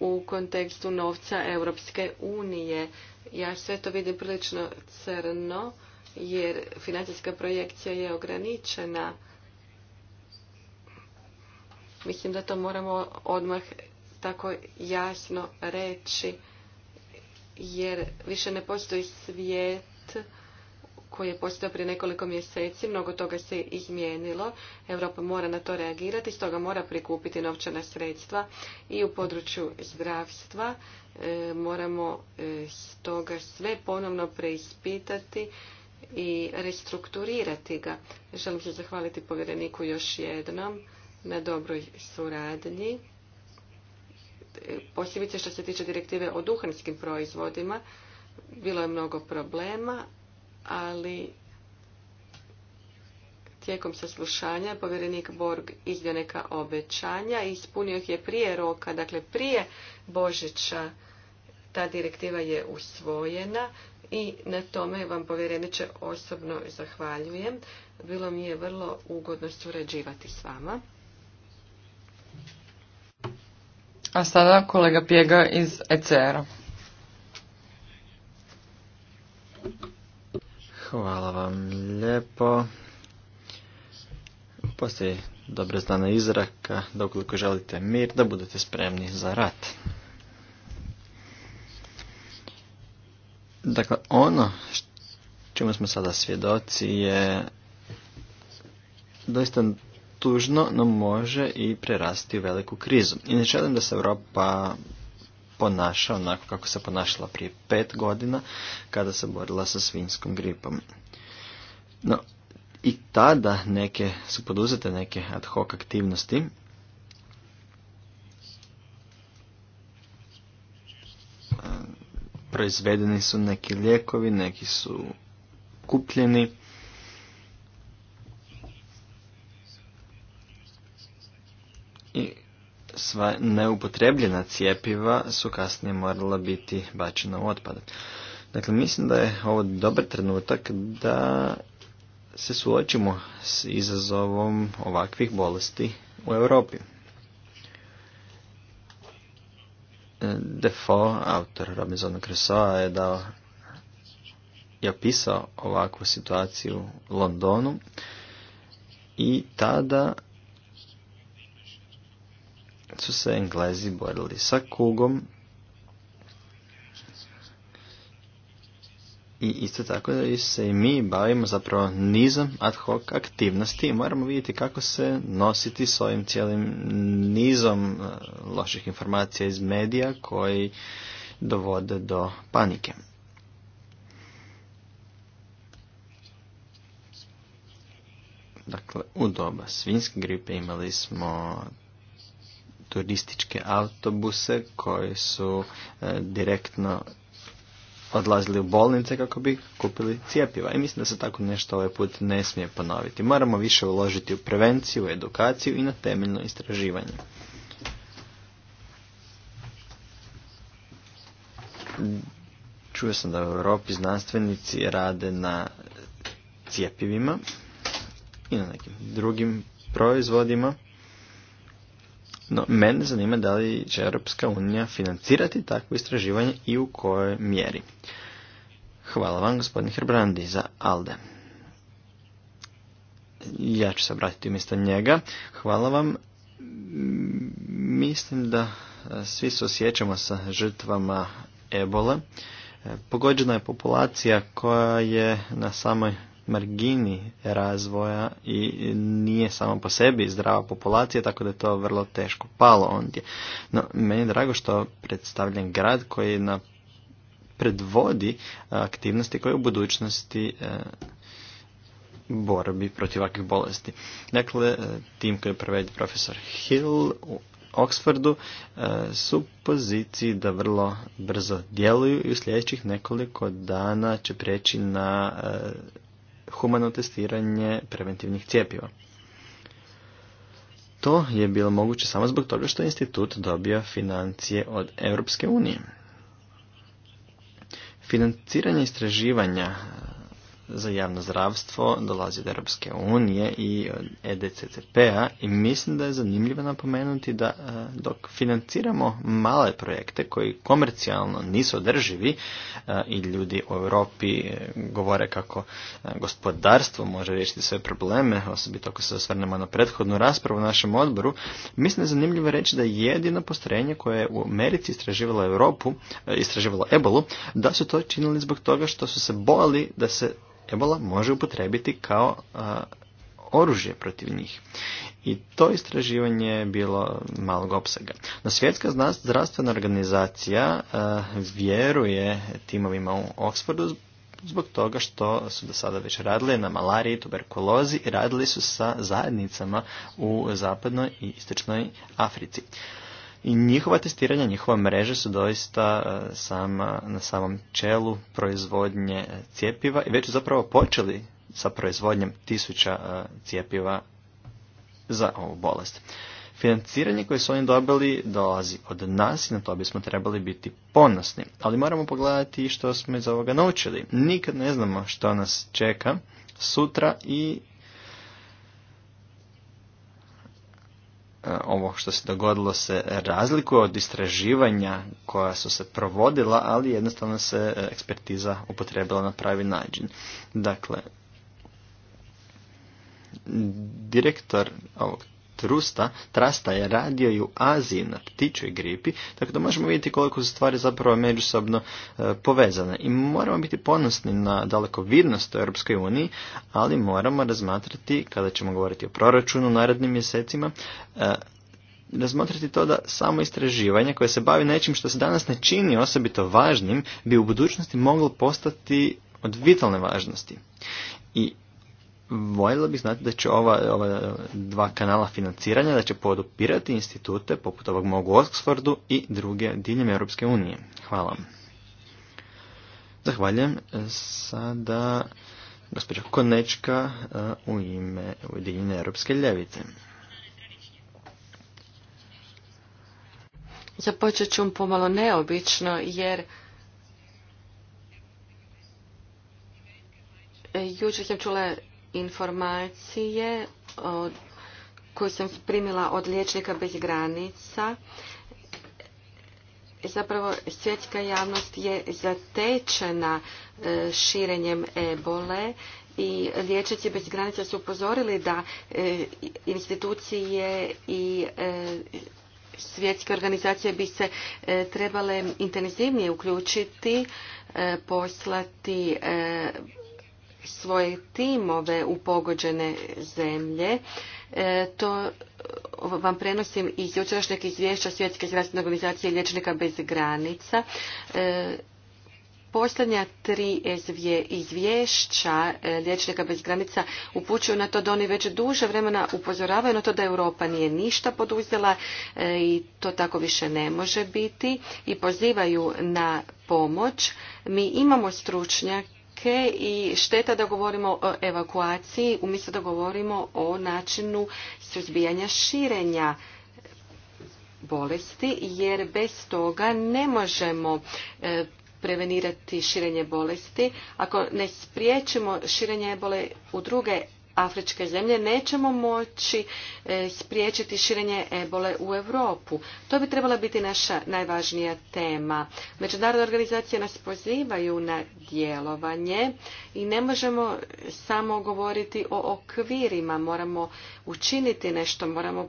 u kontekstu novca Europske unije. Ja sve to vidim prilično crno jer financijska projekcija je ograničena. Mislim da to moramo odmah tako jasno reći jer više ne postoji svijet koji je postao prije nekoliko mjeseci, mnogo toga se izmijenilo. Europa mora na to reagirati, stoga mora prikupiti novčana sredstva i u području zdravstva. E, moramo e, stoga sve ponovno preispitati i restrukturirati ga. Želim se zahvaliti povjereniku još jednom na dobroj suradnji. Posljedice Posebice što se tiče direktive o duhanskim proizvodima, bilo je mnogo problema, ali tijekom saslušanja povjerenik Borg iznio neka obećanja i ispunio ih je prije roka, dakle prije Božića ta direktiva je usvojena i na tome vam povjereniče osobno zahvaljujem. Bilo mi je vrlo ugodno surađivati s vama. A sada kolega Pjega iz ECR-a. Hvala vam lijepo. Postoji dobro znana izraka Dokoliko ukoliko želite mir, da budete spremni za rat. Dakle, ono čemu smo sada svjedoci je doista tužno, no može i prerasti u veliku krizu. I ne želim da se Europa ponaša onako kako se ponašala prije pet godina kada se borila sa svinskom gripom. No, i tada neke, su poduzete neke ad hoc aktivnosti proizvedeni su neki lijekovi, neki su kupljeni sva neupotrebljena cijepiva su kasnije morala biti bačena u otpad. Dakle, mislim da je ovo dobar trenutak da se suočimo s izazovom ovakvih bolesti u Europi. Defoe, autor Robinsona Crusoe, je dao je opisao ovakvu situaciju u Londonu i tada su se Englezi borili sa kugom i isto tako da se i mi bavimo zapravo nizom ad hoc aktivnosti i moramo vidjeti kako se nositi s ovim cijelim nizom e, loših informacija iz medija koji dovode do panike. Dakle, u doba svinjske gripe imali smo turističke autobuse koji su e, direktno odlazili u bolnice kako bi kupili cijepiva. I mislim da se tako nešto ovaj put ne smije ponoviti. Moramo više uložiti u prevenciju, u edukaciju i na temeljno istraživanje. Čuo sam da u Europi znanstvenici rade na cijepivima i na nekim drugim proizvodima no, mene zanima da li će Europska unija financirati takvo istraživanje i u kojoj mjeri. Hvala vam, gospodin Herbrandi, za Alde. Ja ću se obratiti umjesto njega. Hvala vam. Mislim da e, svi se osjećamo sa žrtvama ebole. E, pogođena je populacija koja je na samoj margini razvoja i nije samo po sebi zdrava populacija, tako da je to vrlo teško palo ondje. No, meni je drago što predstavljam grad koji na predvodi e, aktivnosti koje u budućnosti e, borbi protiv ovakvih bolesti. Dakle, e, tim koji prevedi profesor Hill u Oxfordu e, su u poziciji da vrlo brzo djeluju i u sljedećih nekoliko dana će prijeći na humano testiranje preventivnih cijepiva. To je bilo moguće samo zbog toga što je institut dobio financije od Europske unije. Financiranje istraživanja za javno zdravstvo dolazi od Europske unije i od EDCCP-a i mislim da je zanimljivo napomenuti da e, dok financiramo male projekte koji komercijalno nisu održivi e, i ljudi u Europi e, govore kako gospodarstvo može riješiti sve probleme, osobito ako se osvrnemo na prethodnu raspravu u našem odboru, mislim da je zanimljivo reći da jedino postrojenje koje je u Americi istraživalo Europu, istraživalo Ebolu, da su to činili zbog toga što su se bojali da se ebola može upotrebiti kao oružje protiv njih. I to istraživanje je bilo malog opsega. No svjetska zdravstvena organizacija vjeruje timovima u Oxfordu zbog toga što su do sada već radili na malariji, tuberkulozi i radili su sa zajednicama u zapadnoj i istočnoj Africi i njihova testiranja, njihova mreže su doista e, sama, na samom čelu proizvodnje e, cijepiva i već su zapravo počeli sa proizvodnjem tisuća e, cijepiva za ovu bolest. Financiranje koje su oni dobili dolazi od nas i na to bismo trebali biti ponosni. Ali moramo pogledati što smo iz ovoga naučili. Nikad ne znamo što nas čeka sutra i E, ovo što se dogodilo se razlikuje od istraživanja koja su se provodila, ali jednostavno se e, ekspertiza upotrebila na pravi način. Dakle, direktor ovog trusta, trasta je radio i u Aziji na ptičoj gripi, tako da možemo vidjeti koliko su stvari zapravo međusobno e, povezane. I moramo biti ponosni na vidnost u Europskoj uniji, ali moramo razmatrati, kada ćemo govoriti o proračunu u narednim mjesecima, e, razmotriti to da samo istraživanje koje se bavi nečim što se danas ne čini osobito važnim bi u budućnosti moglo postati od vitalne važnosti. I voljela bih znati da će ova, ova dva kanala financiranja da će podupirati institute poput ovog mogu Oxfordu i druge diljem Europske unije. Hvala. Zahvaljujem. Sada gospođa Konečka eh, u ime Ujedinjene Europske ljevice. Započet ću pomalo neobično jer jučer sam čula informacije koje koju sam primila od liječnika bez granica. Zapravo svjetska javnost je zatečena e, širenjem ebole i liječnici bez granica su upozorili da e, institucije i e, svjetske organizacije bi se trebale intenzivnije uključiti, poslati svoje timove u pogođene zemlje. E, to vam prenosim iz jučerašnjeg izvješća Svjetske zdravstvene organizacije Liječnika bez granica. E, posljednja tri izvješća e, Liječnika bez granica upućuju na to da oni već duže vremena upozoravaju na to da Europa nije ništa poduzela i to tako više ne može biti i pozivaju na pomoć. Mi imamo stručnjak i šteta da govorimo o evakuaciji umjesto da govorimo o načinu suzbijanja širenja bolesti jer bez toga ne možemo e, prevenirati širenje bolesti. Ako ne spriječimo širenje bolesti u druge afričke zemlje nećemo moći e, spriječiti širenje ebole u Europu. To bi trebala biti naša najvažnija tema. Međunarodne organizacije nas pozivaju na djelovanje i ne možemo samo govoriti o okvirima, moramo učiniti nešto, moramo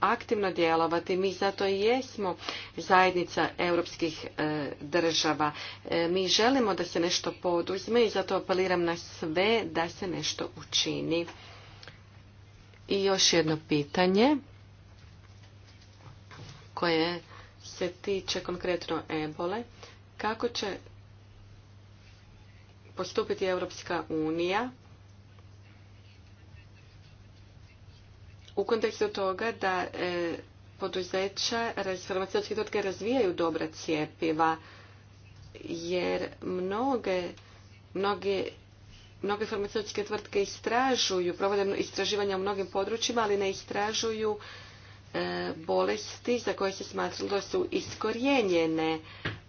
aktivno djelovati. Mi zato i jesmo zajednica europskih e, država. E, mi želimo da se nešto poduzme i zato apeliram na sve da se nešto učini. I još jedno pitanje koje se tiče konkretno ebole. Kako će postupiti Europska unija u kontekstu toga da e, poduzeća farmaceutske tvrtke razvijaju dobra cijepiva jer mnoge mnoge Mnoge farmaceutske tvrtke istražuju, provode istraživanja u mnogim područjima, ali ne istražuju e, bolesti za koje se smatralo da su iskorjenjene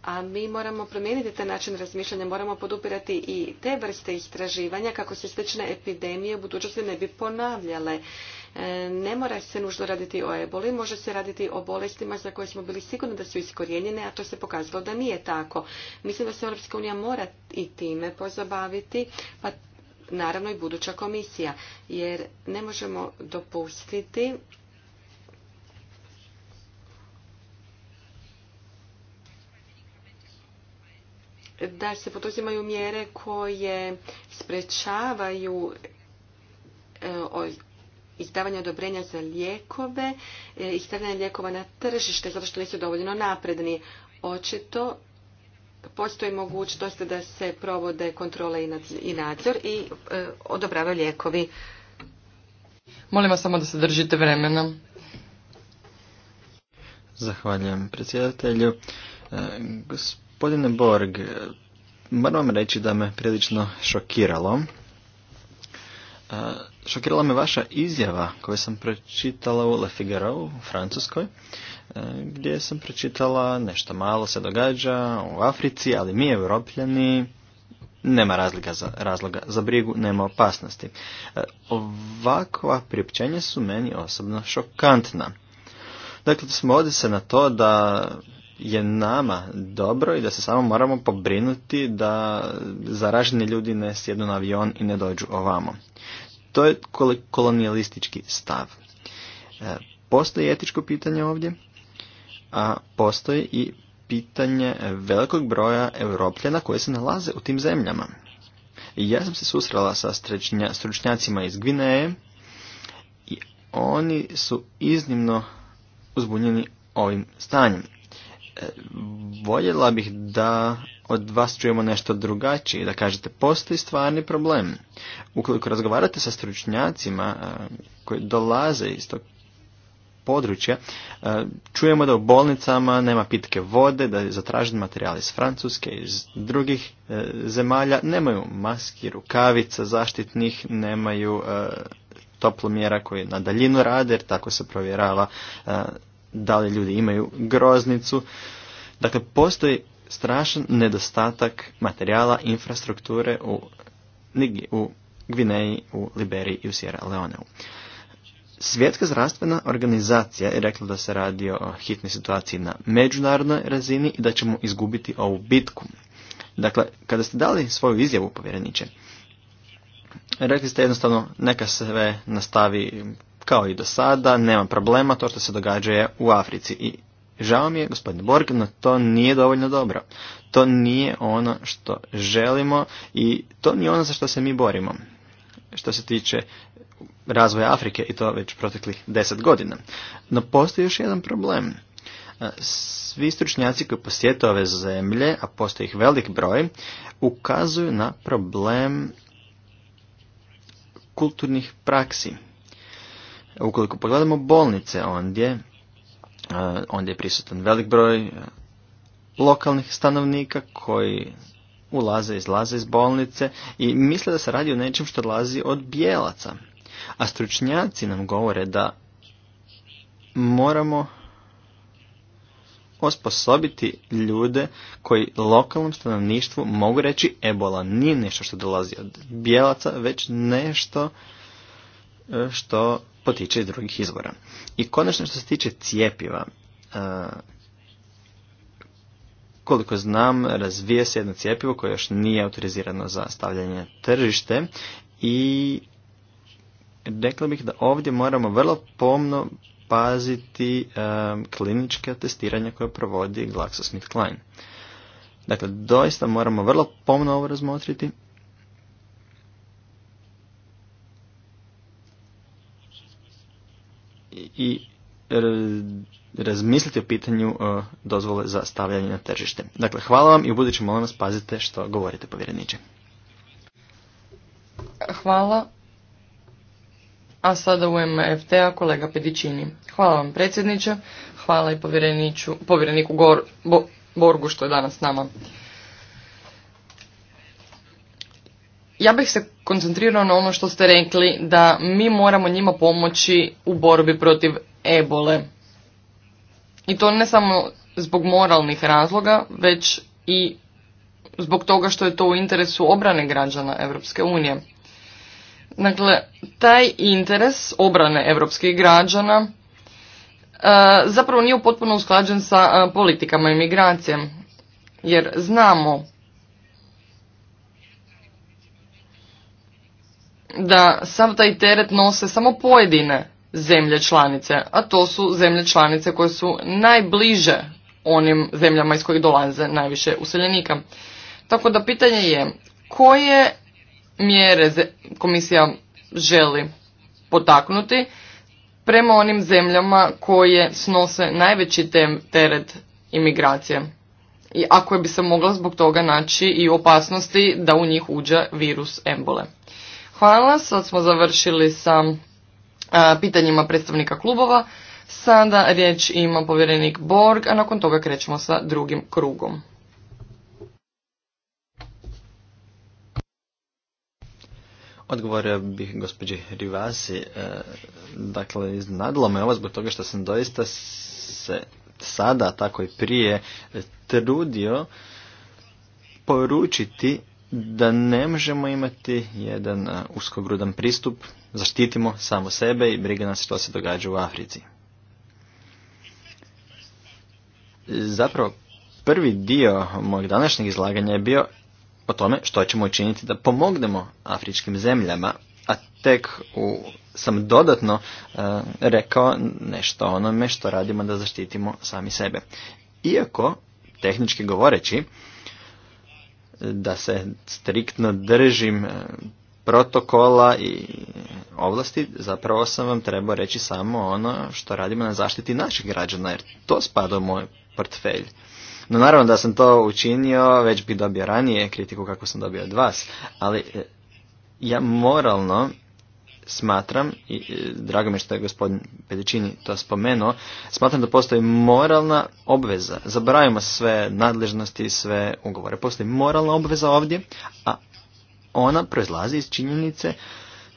a mi moramo promijeniti taj način razmišljanja, moramo podupirati i te vrste istraživanja kako se slične epidemije u budućnosti ne bi ponavljale. E, ne mora se nužno raditi o eboli, može se raditi o bolestima za koje smo bili sigurni da su iskorijenjene, a to se pokazalo da nije tako. Mislim da se Europska unija mora i time pozabaviti, pa naravno i buduća komisija, jer ne možemo dopustiti da se poduzimaju mjere koje sprečavaju e, izdavanje odobrenja za lijekove e, i stavljanje lijekova na tržište zato što nisu dovoljno napredni. Očito postoji mogućnost da se provode kontrole i nadzor i e, odobrave lijekovi. Molim vas samo da se držite vremena. Zahvaljujem predsjedatelju. Gospodine Borg, moram vam reći da me prilično šokiralo. E, šokirala me vaša izjava koju sam pročitala u Le Figaro u Francuskoj, e, gdje sam pročitala nešto malo se događa u Africi, ali mi europljani nema razlika za, razloga za brigu, nema opasnosti. E, ovakva priopćenja su meni osobno šokantna. Dakle, smo ovdje se na to da je nama dobro i da se samo moramo pobrinuti da zaraženi ljudi ne sjednu na avion i ne dođu ovamo. To je kolonijalistički stav. E, postoji etičko pitanje ovdje, a postoji i pitanje velikog broja europljana koje se nalaze u tim zemljama. Ja sam se susrela sa stručnjacima iz Gvineje i oni su iznimno uzbunjeni ovim stanjem voljela bih da od vas čujemo nešto drugačije, da kažete postoji stvarni problem. Ukoliko razgovarate sa stručnjacima koji dolaze iz tog područja, čujemo da u bolnicama nema pitke vode, da je zatražen materijal iz Francuske, iz drugih e, zemalja, nemaju maski, rukavica zaštitnih, nemaju e, toplomjera koji na daljinu rade, jer tako se provjerava da li ljudi imaju groznicu. Dakle, postoji strašan nedostatak materijala, infrastrukture u, u Gvineji, u Liberiji i u Sierra Leoneu. Svjetska zdravstvena organizacija je rekla da se radi o hitnoj situaciji na međunarodnoj razini i da ćemo izgubiti ovu bitku. Dakle, kada ste dali svoju izjavu, povjereniče, rekli ste jednostavno neka se sve nastavi kao i do sada, nema problema, to što se događa je u Africi. I žao mi je, gospodin Borg, no to nije dovoljno dobro. To nije ono što želimo i to nije ono za što se mi borimo. Što se tiče razvoja Afrike i to već proteklih deset godina. No postoji još jedan problem. Svi stručnjaci koji posjete ove zemlje, a postoji ih velik broj, ukazuju na problem kulturnih praksi Ukoliko pogledamo bolnice ondje, e, ondje je prisutan velik broj e, lokalnih stanovnika koji ulaze, izlaze iz bolnice i misle da se radi o nečem što dolazi od bijelaca. A stručnjaci nam govore da moramo osposobiti ljude koji lokalnom stanovništvu mogu reći ebola nije nešto što dolazi od bijelaca, već nešto e, što potiče iz drugih izvora. I konačno što se tiče cijepiva, e, koliko znam, razvije se jedno cijepivo koje još nije autorizirano za stavljanje tržište i rekla bih da ovdje moramo vrlo pomno paziti e, klinička kliničke testiranja koje provodi GlaxoSmithKline. Dakle, doista moramo vrlo pomno ovo razmotriti i razmisliti o pitanju e, dozvole za stavljanje na tržište. Dakle, hvala vam i u budućem molim vas pazite što govorite povjereniče. Hvala. A sada u ime kolega Pedicini. Hvala vam predsjedniče, hvala i povjereniku Borgu što je danas s nama. ja bih se koncentrirao na ono što ste rekli da mi moramo njima pomoći u borbi protiv ebole. I to ne samo zbog moralnih razloga, već i zbog toga što je to u interesu obrane građana Europske unije. Dakle, taj interes obrane europskih građana e, zapravo nije potpuno usklađen sa e, politikama imigracije. Jer znamo da sav taj teret nose samo pojedine zemlje članice, a to su zemlje članice koje su najbliže onim zemljama iz kojih dolaze najviše useljenika. Tako da pitanje je koje mjere komisija želi potaknuti prema onim zemljama koje snose najveći teret imigracije. I ako bi se mogla zbog toga naći i opasnosti da u njih uđe virus embole. Hvala, sad smo završili sa pitanjima predstavnika klubova. Sada riječ ima povjerenik Borg, a nakon toga krećemo sa drugim krugom. Odgovorio bih gospođi Rivasi, e, dakle iznadilo me ovo zbog toga što sam doista se sada, tako i prije, trudio poručiti da ne možemo imati jedan uskogrudan pristup, zaštitimo samo sebe i briga nas što se događa u Africi. Zapravo, prvi dio mojeg današnjeg izlaganja je bio o tome što ćemo učiniti da pomognemo afričkim zemljama, a tek u, sam dodatno rekao nešto onome što radimo da zaštitimo sami sebe. Iako, tehnički govoreći, da se striktno držim e, protokola i ovlasti, zapravo sam vam trebao reći samo ono što radimo na zaštiti naših građana, jer to spada u moj portfelj. No naravno da sam to učinio, već bi dobio ranije kritiku kako sam dobio od vas, ali e, ja moralno smatram, i drago mi je što je gospodin Pedičini to spomenuo, smatram da postoji moralna obveza. Zaboravimo sve nadležnosti i sve ugovore. Postoji moralna obveza ovdje, a ona proizlazi iz činjenice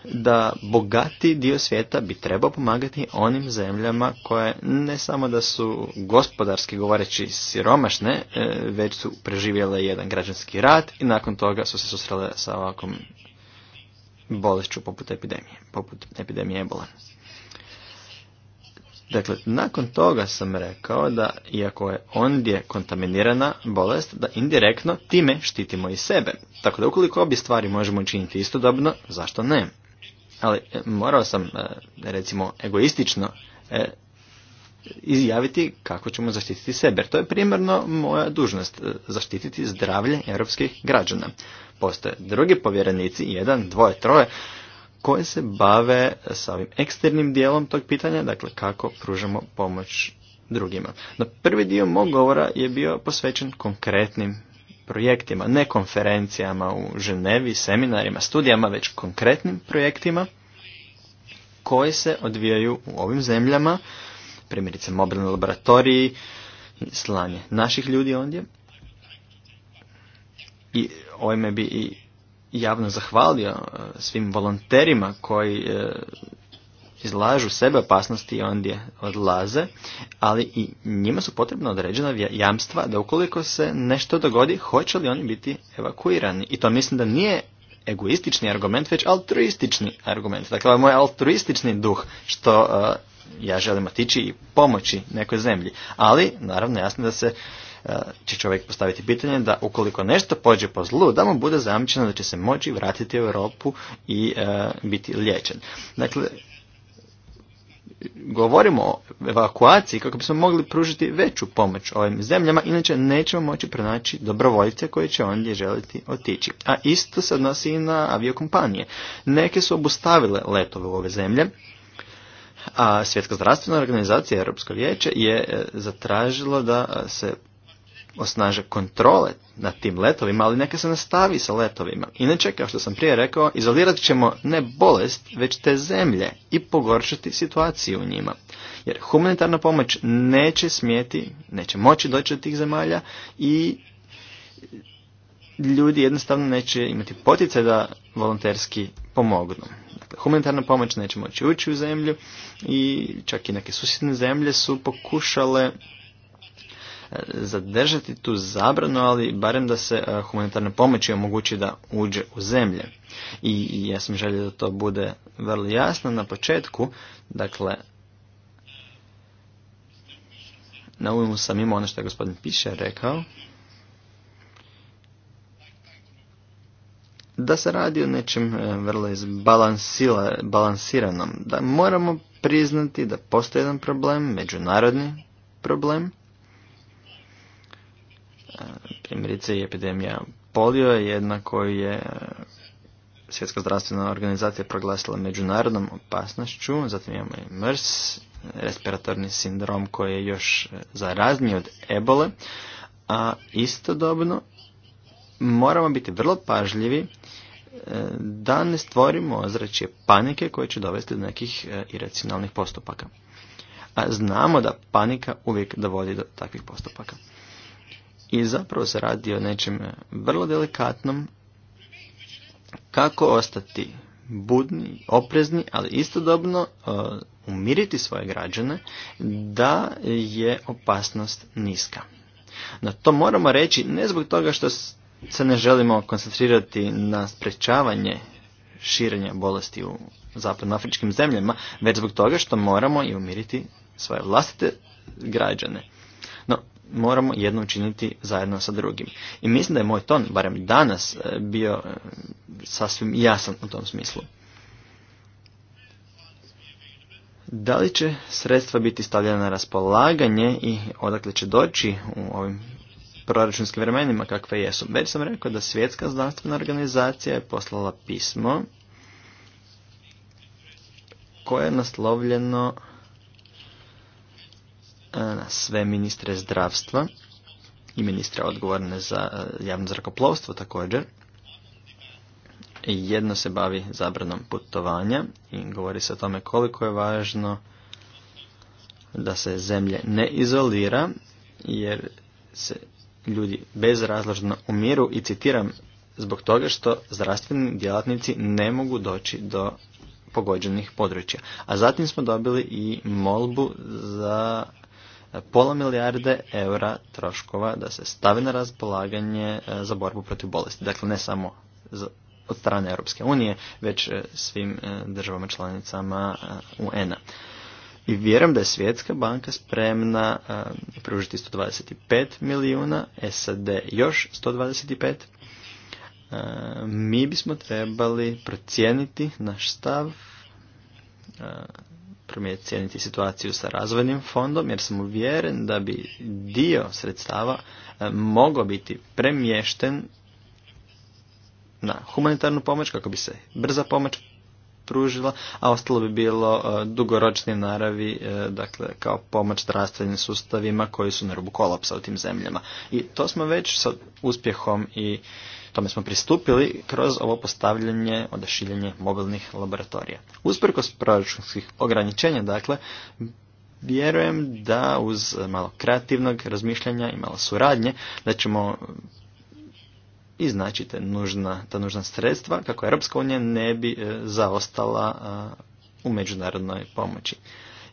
da bogati dio svijeta bi trebao pomagati onim zemljama koje ne samo da su gospodarski govoreći siromašne, e, već su preživjele jedan građanski rat i nakon toga su se susrele sa ovakvom bolešću poput epidemije, poput epidemije ebola. Dakle, nakon toga sam rekao da, iako je ondje kontaminirana bolest, da indirektno time štitimo i sebe. Tako da ukoliko obje stvari možemo učiniti istodobno, zašto ne? Ali e, morao sam, e, recimo, egoistično e, izjaviti kako ćemo zaštititi sebe. Jer to je primarno moja dužnost, zaštititi zdravlje europskih građana postoje drugi povjerenici, jedan, dvoje, troje, koji se bave sa ovim eksternim dijelom tog pitanja, dakle kako pružamo pomoć drugima. No prvi dio mog govora je bio posvećen konkretnim projektima, ne konferencijama u Ženevi, seminarima, studijama, već konkretnim projektima koji se odvijaju u ovim zemljama, primjerice mobilni laboratoriji, slanje naših ljudi ondje, i ovime ovaj bi i javno zahvalio e, svim volonterima koji e, izlažu sebe opasnosti i ondje odlaze, ali i njima su potrebna određena jamstva da ukoliko se nešto dogodi, hoće li oni biti evakuirani. I to mislim da nije egoistični argument, već altruistični argument. Dakle, ovo je moj altruistični duh, što uh, ja želim otići i pomoći nekoj zemlji. Ali, naravno, jasno da se E, će čovjek postaviti pitanje da ukoliko nešto pođe po zlu, da mu bude zamčeno da će se moći vratiti u Europu i e, biti liječen. Dakle, govorimo o evakuaciji kako bismo mogli pružiti veću pomoć ovim zemljama, inače nećemo moći pronaći dobrovoljce koje će ondje želiti otići. A isto se odnosi i na aviokompanije. Neke su obustavile letove u ove zemlje, a Svjetska zdravstvena organizacija Europsko vijeće je e, zatražilo da se osnaže kontrole nad tim letovima, ali neka se nastavi sa letovima. Inače, kao što sam prije rekao, izolirat ćemo ne bolest, već te zemlje i pogoršati situaciju u njima. Jer humanitarna pomoć neće smijeti, neće moći doći do tih zemalja i ljudi jednostavno neće imati potice da volonterski pomognu. Dakle, humanitarna pomoć neće moći ući u zemlju i čak i neke susjedne zemlje su pokušale zadržati tu zabranu, ali barem da se e, humanitarne pomoći omogući da uđe u zemlje. I ja sam želio da to bude vrlo jasno na početku, dakle, na umu sam imao ono što je gospodin Piše rekao, da se radi o nečem e, vrlo izbalansiranom, da moramo priznati da postoji jedan problem, međunarodni problem, primjerice i epidemija polio je jedna koju je e, Svjetska zdravstvena organizacija proglasila međunarodnom opasnošću, zatim imamo i mrs, respiratorni sindrom koji je još e, zarazniji od ebole, a istodobno moramo biti vrlo pažljivi e, da ne stvorimo ozračje panike koje će dovesti do nekih iracionalnih postupaka. A znamo da panika uvijek dovodi do takvih postupaka. I zapravo se radi o nečem vrlo delikatnom. Kako ostati budni, oprezni, ali istodobno e, umiriti svoje građane da je opasnost niska. No to moramo reći ne zbog toga što se ne želimo koncentrirati na sprečavanje širenja bolesti u zapadnoafričkim zemljama, već zbog toga što moramo i umiriti svoje vlastite građane moramo jedno učiniti zajedno sa drugim. I mislim da je moj ton, barem danas, e, bio e, sasvim jasan u tom smislu. Da li će sredstva biti stavljena na raspolaganje i odakle će doći u ovim proračunskim vremenima kakve jesu? Već sam rekao da svjetska znanstvena organizacija je poslala pismo koje je naslovljeno sve ministre zdravstva i ministra odgovorne za javno zrakoplovstvo također. Jedno se bavi zabranom putovanja i govori se o tome koliko je važno da se zemlje ne izolira jer se ljudi bezrazložno umiru i citiram zbog toga što zdravstveni djelatnici ne mogu doći do pogođenih područja. A zatim smo dobili i molbu za pola milijarde eura troškova da se stavi na raspolaganje e, za borbu protiv bolesti. Dakle, ne samo od strane Europske unije, već e, svim e, državama članicama UN-a. I vjerujem da je Svjetska banka spremna pružiti 125 milijuna, SAD još 125 mi bismo trebali procijeniti naš stav promijeniti situaciju sa razvojnim fondom jer sam uvjeren da bi dio sredstava e, mogao biti premješten na humanitarnu pomoć kako bi se brza pomoć pružila, a ostalo bi bilo e, dugoročni naravi, e, dakle kao pomoć zdravstvenim sustavima koji su na rubu kolapsa u tim zemljama. I to smo već sa uspjehom i Tome smo pristupili kroz ovo postavljanje, odašiljanje mobilnih laboratorija. Usprkos proračunskih ograničenja, dakle, vjerujem da uz malo kreativnog razmišljanja i malo suradnje, da ćemo i znači nužna, ta nužna sredstva kako Europska unija ne bi e, zaostala e, u međunarodnoj pomoći.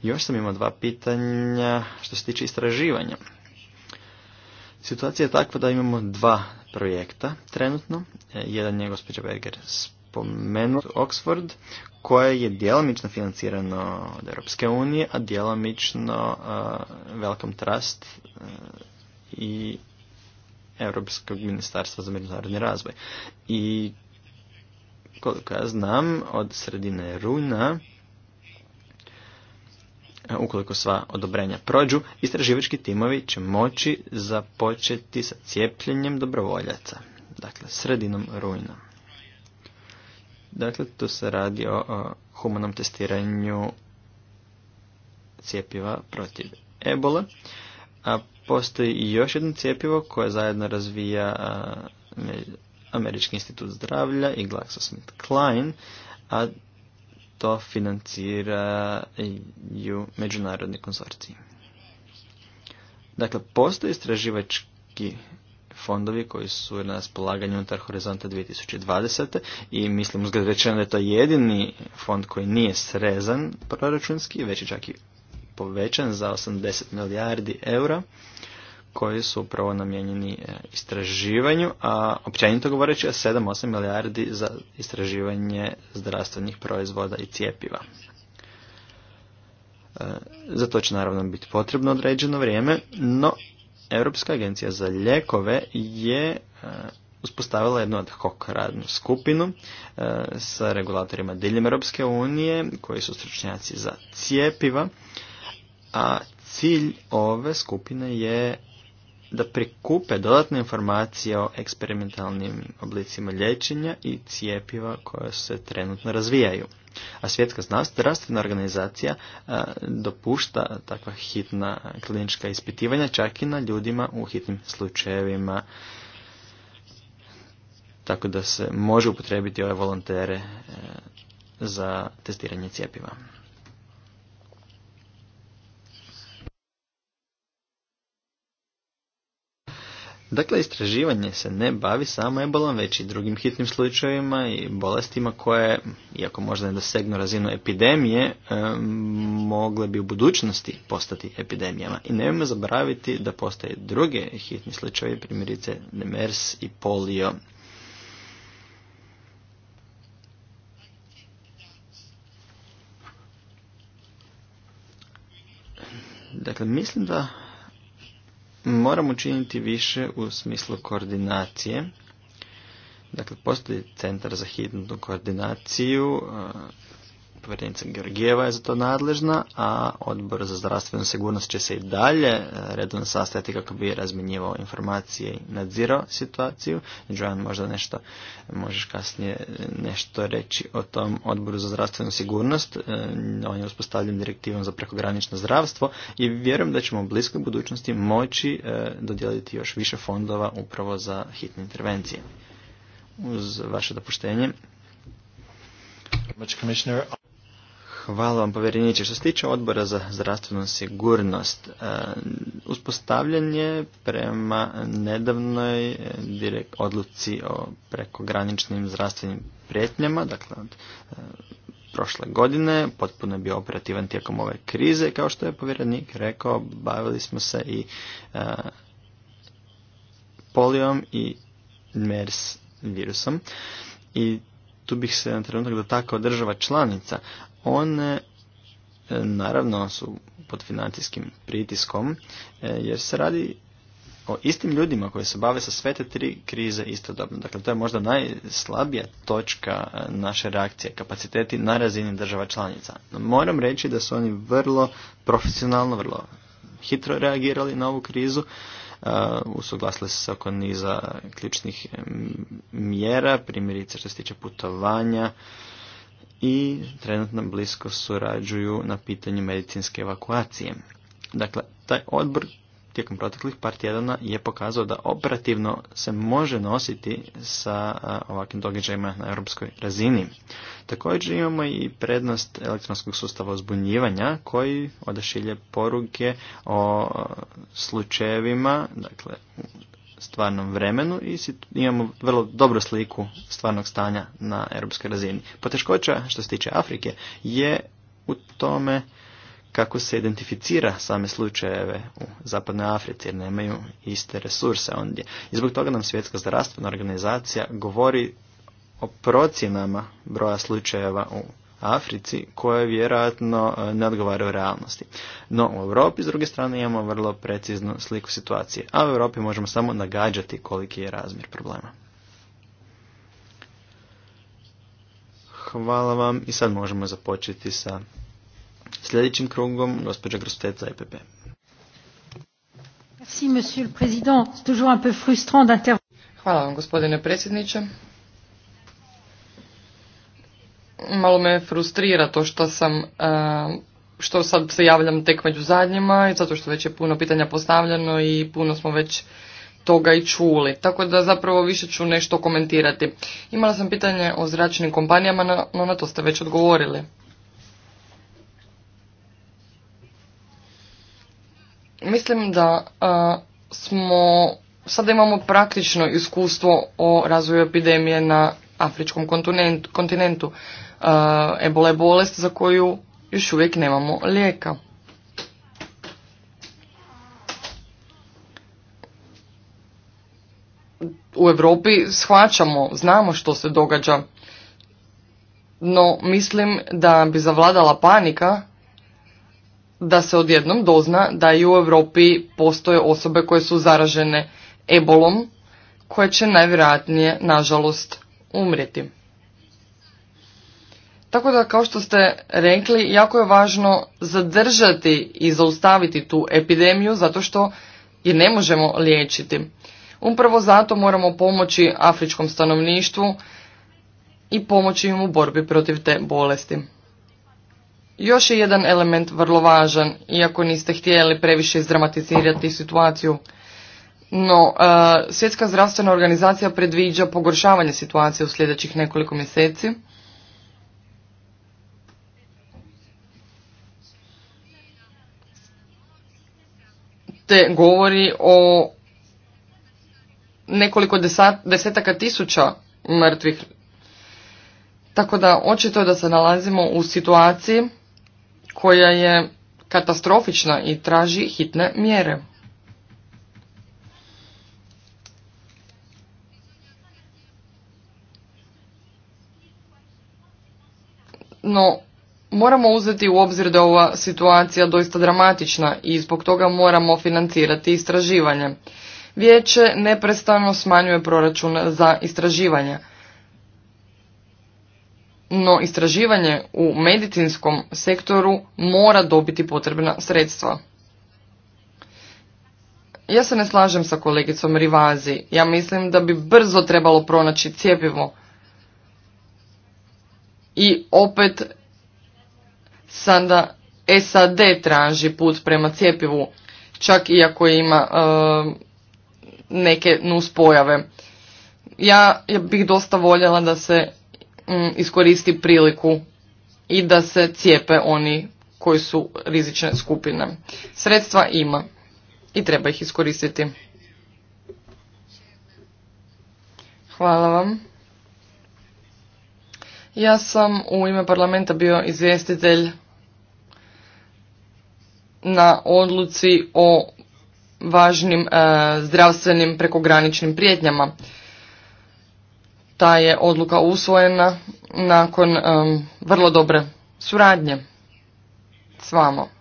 Još sam imao dva pitanja što se tiče istraživanja. Situacija je takva da imamo dva projekta trenutno. E, jedan je gospođa Berger spomenut Oxford, koje je djelomično financirano od Europske unije, a djelomično uh, Welcome Trust i Europskog ministarstva za međunarodni razvoj. I koliko ja znam, od sredine rujna, ukoliko sva odobrenja prođu, istraživački timovi će moći započeti sa cijepljenjem dobrovoljaca. Dakle, sredinom rujna. Dakle, tu se radi o, humanom testiranju cijepiva protiv Ebola. A postoji i još jedno cjepivo koje zajedno razvija Američki institut zdravlja i GlaxoSmithKline, a to financira međunarodni konzorciji. Dakle, postoje istraživački fondovi koji su na raspolaganju unutar Horizonta 2020. i mislim uzgled rečeno da je to jedini fond koji nije srezan proračunski, već je čak i povećan za 80 milijardi eura koji su upravo namijenjeni e, istraživanju, a općenito govoreći o 7-8 milijardi za istraživanje zdravstvenih proizvoda i cijepiva. E, za to će naravno biti potrebno određeno vrijeme, no Europska agencija za ljekove je e, uspostavila jednu ad hoc radnu skupinu sa regulatorima diljem Europske unije koji su stručnjaci za cijepiva a cilj ove skupine je da prikupe dodatne informacije o eksperimentalnim oblicima liječenja i cijepiva koje se trenutno razvijaju. A svjetska zdravstvena organizacija e, dopušta takva hitna klinička ispitivanja čak i na ljudima u hitnim slučajevima tako da se može upotrebiti ove volontere e, za testiranje cijepiva. Dakle, istraživanje se ne bavi samo ebolom, već i drugim hitnim slučajevima i bolestima koje, iako možda ne dosegnu razinu epidemije, mogle bi u budućnosti postati epidemijama. I nemojmo zaboraviti da postoje druge hitni slučajevi, primjerice MERS i polio. Dakle, mislim da moramo učiniti više u smislu koordinacije. Dakle, postoji centar za hitnu koordinaciju Povjerenica Georgijeva je za to nadležna, a odbor za zdravstvenu sigurnost će se i dalje e, redovno sastajati kako bi razmjenjivao informacije i nadzirao situaciju. Joan, možda nešto, možeš kasnije e, nešto reći o tom odboru za zdravstvenu sigurnost. E, on je uspostavljen direktivom za prekogranično zdravstvo i vjerujem da ćemo u bliskoj budućnosti moći dodijeliti još više fondova upravo za hitne intervencije. Uz vaše dopuštenje, Hvala vam povjereniče. Što se tiče odbora za zdravstvenu sigurnost, e, uspostavljen prema nedavnoj e, odluci o prekograničnim zdravstvenim prijetnjama, dakle od e, prošle godine, potpuno je bio operativan tijekom ove krize, kao što je povjerenik rekao, bavili smo se i polijom i MERS virusom i tu bih se na trenutak dotakao država članica, one e, naravno su pod financijskim pritiskom e, jer se radi o istim ljudima koji se bave sa sve te tri krize istodobno. Dakle, to je možda najslabija točka e, naše reakcije, kapaciteti na razini država članica. No, moram reći da su oni vrlo profesionalno, vrlo hitro reagirali na ovu krizu. Uh, su se oko niza ključnih mjera, primjerice što se tiče putovanja, i trenutno blisko surađuju na pitanju medicinske evakuacije. Dakle, taj odbor tijekom proteklih par tjedana je pokazao da operativno se može nositi sa ovakvim događajima na europskoj razini. Također imamo i prednost elektronskog sustava zbunjivanja koji odašilje poruke o slučajevima, dakle stvarnom vremenu i imamo vrlo dobru sliku stvarnog stanja na europskoj razini. Poteškoća što se tiče Afrike je u tome kako se identificira same slučajeve u Zapadnoj Africi jer nemaju iste resurse ondje. I zbog toga nam Svjetska zdravstvena organizacija govori o procjenama broja slučajeva u Africi koja vjerojatno e, ne u realnosti. No u Europi s druge strane imamo vrlo preciznu sliku situacije, a u Europi možemo samo nagađati koliki je razmjer problema. Hvala vam i sad možemo započeti sa sljedećim krugom, gospođa peu frustrant Hvala vam gospodine predsjedniče malo me frustrira to što sam, e, što sad se javljam tek među zadnjima i zato što već je puno pitanja postavljeno i puno smo već toga i čuli. Tako da zapravo više ću nešto komentirati. Imala sam pitanje o zračnim kompanijama, no na to ste već odgovorili. Mislim da e, smo, sada imamo praktično iskustvo o razvoju epidemije na afričkom kontinentu. Eh, ebola je bolest za koju još uvijek nemamo lijeka. U Europi shvaćamo, znamo što se događa, no mislim da bi zavladala panika da se odjednom dozna da i u Europi postoje osobe koje su zaražene ebolom, koje će najvjerojatnije, nažalost, umrijeti. Tako da, kao što ste rekli, jako je važno zadržati i zaustaviti tu epidemiju zato što je ne možemo liječiti. Upravo zato moramo pomoći afričkom stanovništvu i pomoći im u borbi protiv te bolesti. Još je jedan element vrlo važan, iako niste htjeli previše izdramatizirati situaciju. No, e, Svjetska zdravstvena organizacija predviđa pogoršavanje situacije u sljedećih nekoliko mjeseci te govori o nekoliko desetaka tisuća mrtvih. Tako da očito je da se nalazimo u situaciji koja je katastrofična i traži hitne mjere. No, Moramo uzeti u obzir da ova situacija doista dramatična i zbog toga moramo financirati istraživanje. Vijeće neprestano smanjuje proračun za istraživanje. No istraživanje u medicinskom sektoru mora dobiti potrebna sredstva. Ja se ne slažem sa kolegicom Rivazi. Ja mislim da bi brzo trebalo pronaći cjepivo. I opet sada SAD traži put prema cjepivu, čak ako ima e, neke nuspojave. Ja, ja bih dosta voljela da se mm, iskoristi priliku i da se cijepe oni koji su rizične skupine. Sredstva ima i treba ih iskoristiti. Hvala vam. Ja sam u ime parlamenta bio izvjestitelj na odluci o važnim e, zdravstvenim prekograničnim prijetnjama. Ta je odluka usvojena nakon vrlo dobre suradnje s vama.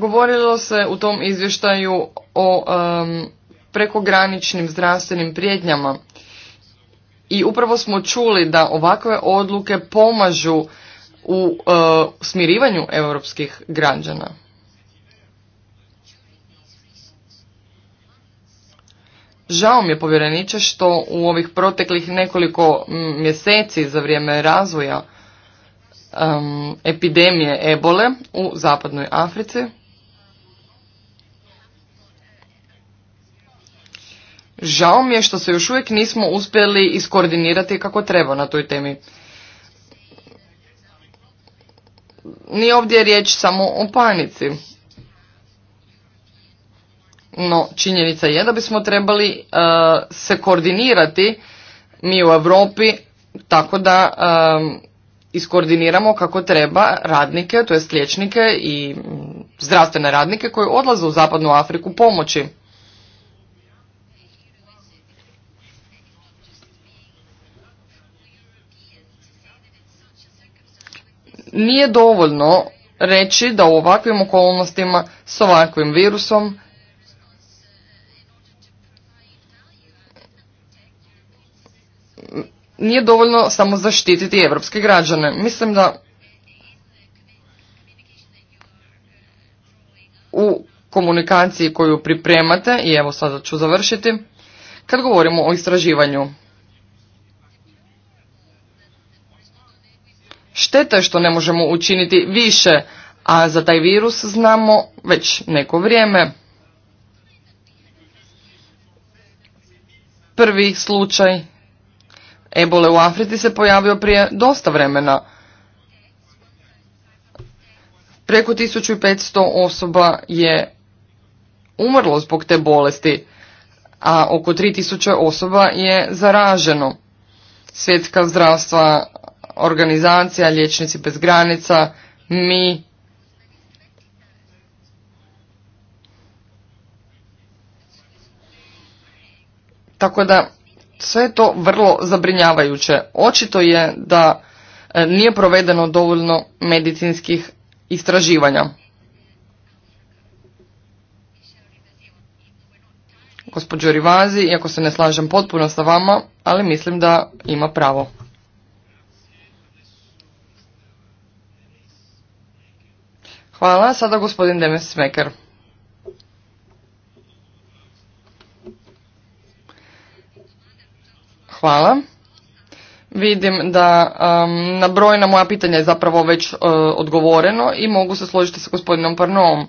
Govorilo se u tom izvještaju o prekograničnim zdravstvenim prijetnjama i upravo smo čuli da ovakve odluke pomažu u uh, smirivanju europskih građana. Žao mi je povjereniče što u ovih proteklih nekoliko mjeseci za vrijeme razvoja epidemije ebole u zapadnoj Africi Žao mi je što se još uvijek nismo uspjeli iskoordinirati kako treba na toj temi. Nije ovdje riječ samo o panici. No, činjenica je da bismo trebali e, se koordinirati mi u Europi tako da e, iskoordiniramo kako treba radnike, to jest liječnike i zdravstvene radnike koji odlaze u zapadnu Afriku pomoći. nije dovoljno reći da u ovakvim okolnostima s ovakvim virusom nije dovoljno samo zaštititi evropske građane. Mislim da u komunikaciji koju pripremate, i evo sada ću završiti, kad govorimo o istraživanju, Šteta je što ne možemo učiniti više, a za taj virus znamo već neko vrijeme. Prvi slučaj ebole u Africi se pojavio prije dosta vremena. Preko 1500 osoba je umrlo zbog te bolesti, a oko 3000 osoba je zaraženo. Svjetska zdravstva organizacija Liječnici bez granica, mi, Tako da sve je to vrlo zabrinjavajuće. Očito je da e, nije provedeno dovoljno medicinskih istraživanja. Gospođo Rivazi, iako se ne slažem potpuno sa vama, ali mislim da ima pravo. Hvala. Sada gospodin Demes Smekar. Hvala. Vidim da um, na brojna moja pitanja je zapravo već uh, odgovoreno i mogu se složiti sa gospodinom Parnovom.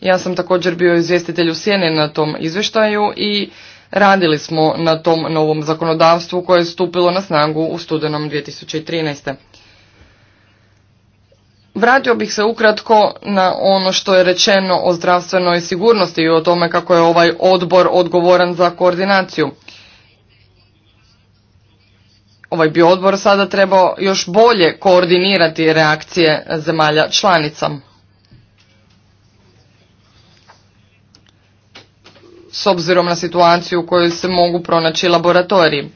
Ja sam također bio izvjestitelj u Sjene na tom izvještaju i radili smo na tom novom zakonodavstvu koje je stupilo na snagu u studenom 2013. Vratio bih se ukratko na ono što je rečeno o zdravstvenoj sigurnosti i o tome kako je ovaj odbor odgovoran za koordinaciju. Ovaj bi odbor sada trebao još bolje koordinirati reakcije zemalja članica. S obzirom na situaciju u kojoj se mogu pronaći laboratoriji.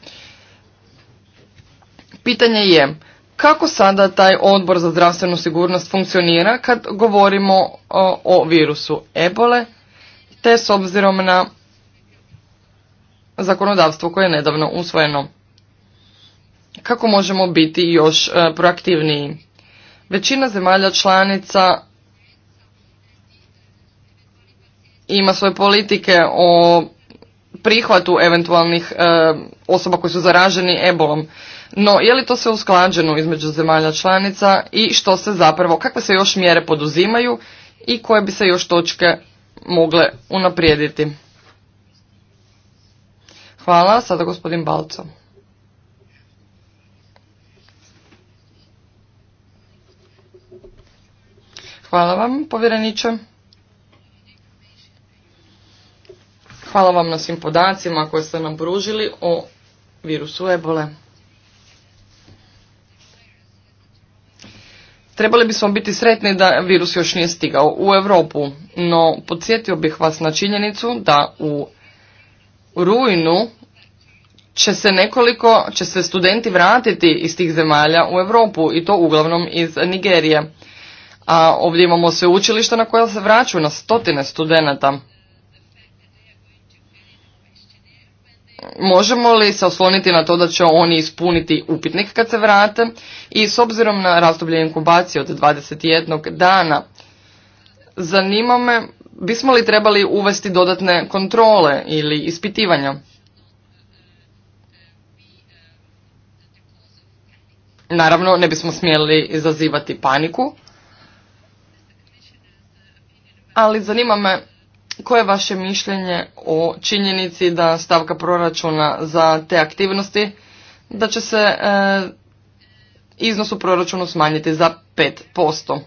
Pitanje je, kako sada taj odbor za zdravstvenu sigurnost funkcionira kad govorimo o, virusu ebole te s obzirom na zakonodavstvo koje je nedavno usvojeno? Kako možemo biti još e, proaktivniji? Većina zemalja članica ima svoje politike o prihvatu eventualnih e, osoba koji su zaraženi ebolom. No, je li to sve usklađeno između zemalja članica i što se zapravo, kakve se još mjere poduzimaju i koje bi se još točke mogle unaprijediti? Hvala, sada gospodin Balco. Hvala vam, povjereniče. Hvala vam na svim podacima koje ste nam pružili o virusu ebole. Trebali bismo biti sretni da virus još nije stigao u Europu, no podsjetio bih vas na činjenicu da u rujnu će se nekoliko, će se studenti vratiti iz tih zemalja u Europu i to uglavnom iz Nigerije. A ovdje imamo sveučilišta na koja se vraćaju na stotine studenata. možemo li se osloniti na to da će oni ispuniti upitnik kad se vrate i s obzirom na razdoblje inkubacije od 21 dana, zanima me bismo li trebali uvesti dodatne kontrole ili ispitivanja? Naravno, ne bismo smjeli izazivati paniku, ali zanima me koje je vaše mišljenje o činjenici da stavka proračuna za te aktivnosti, da će se e, iznos u proračunu smanjiti za 5%?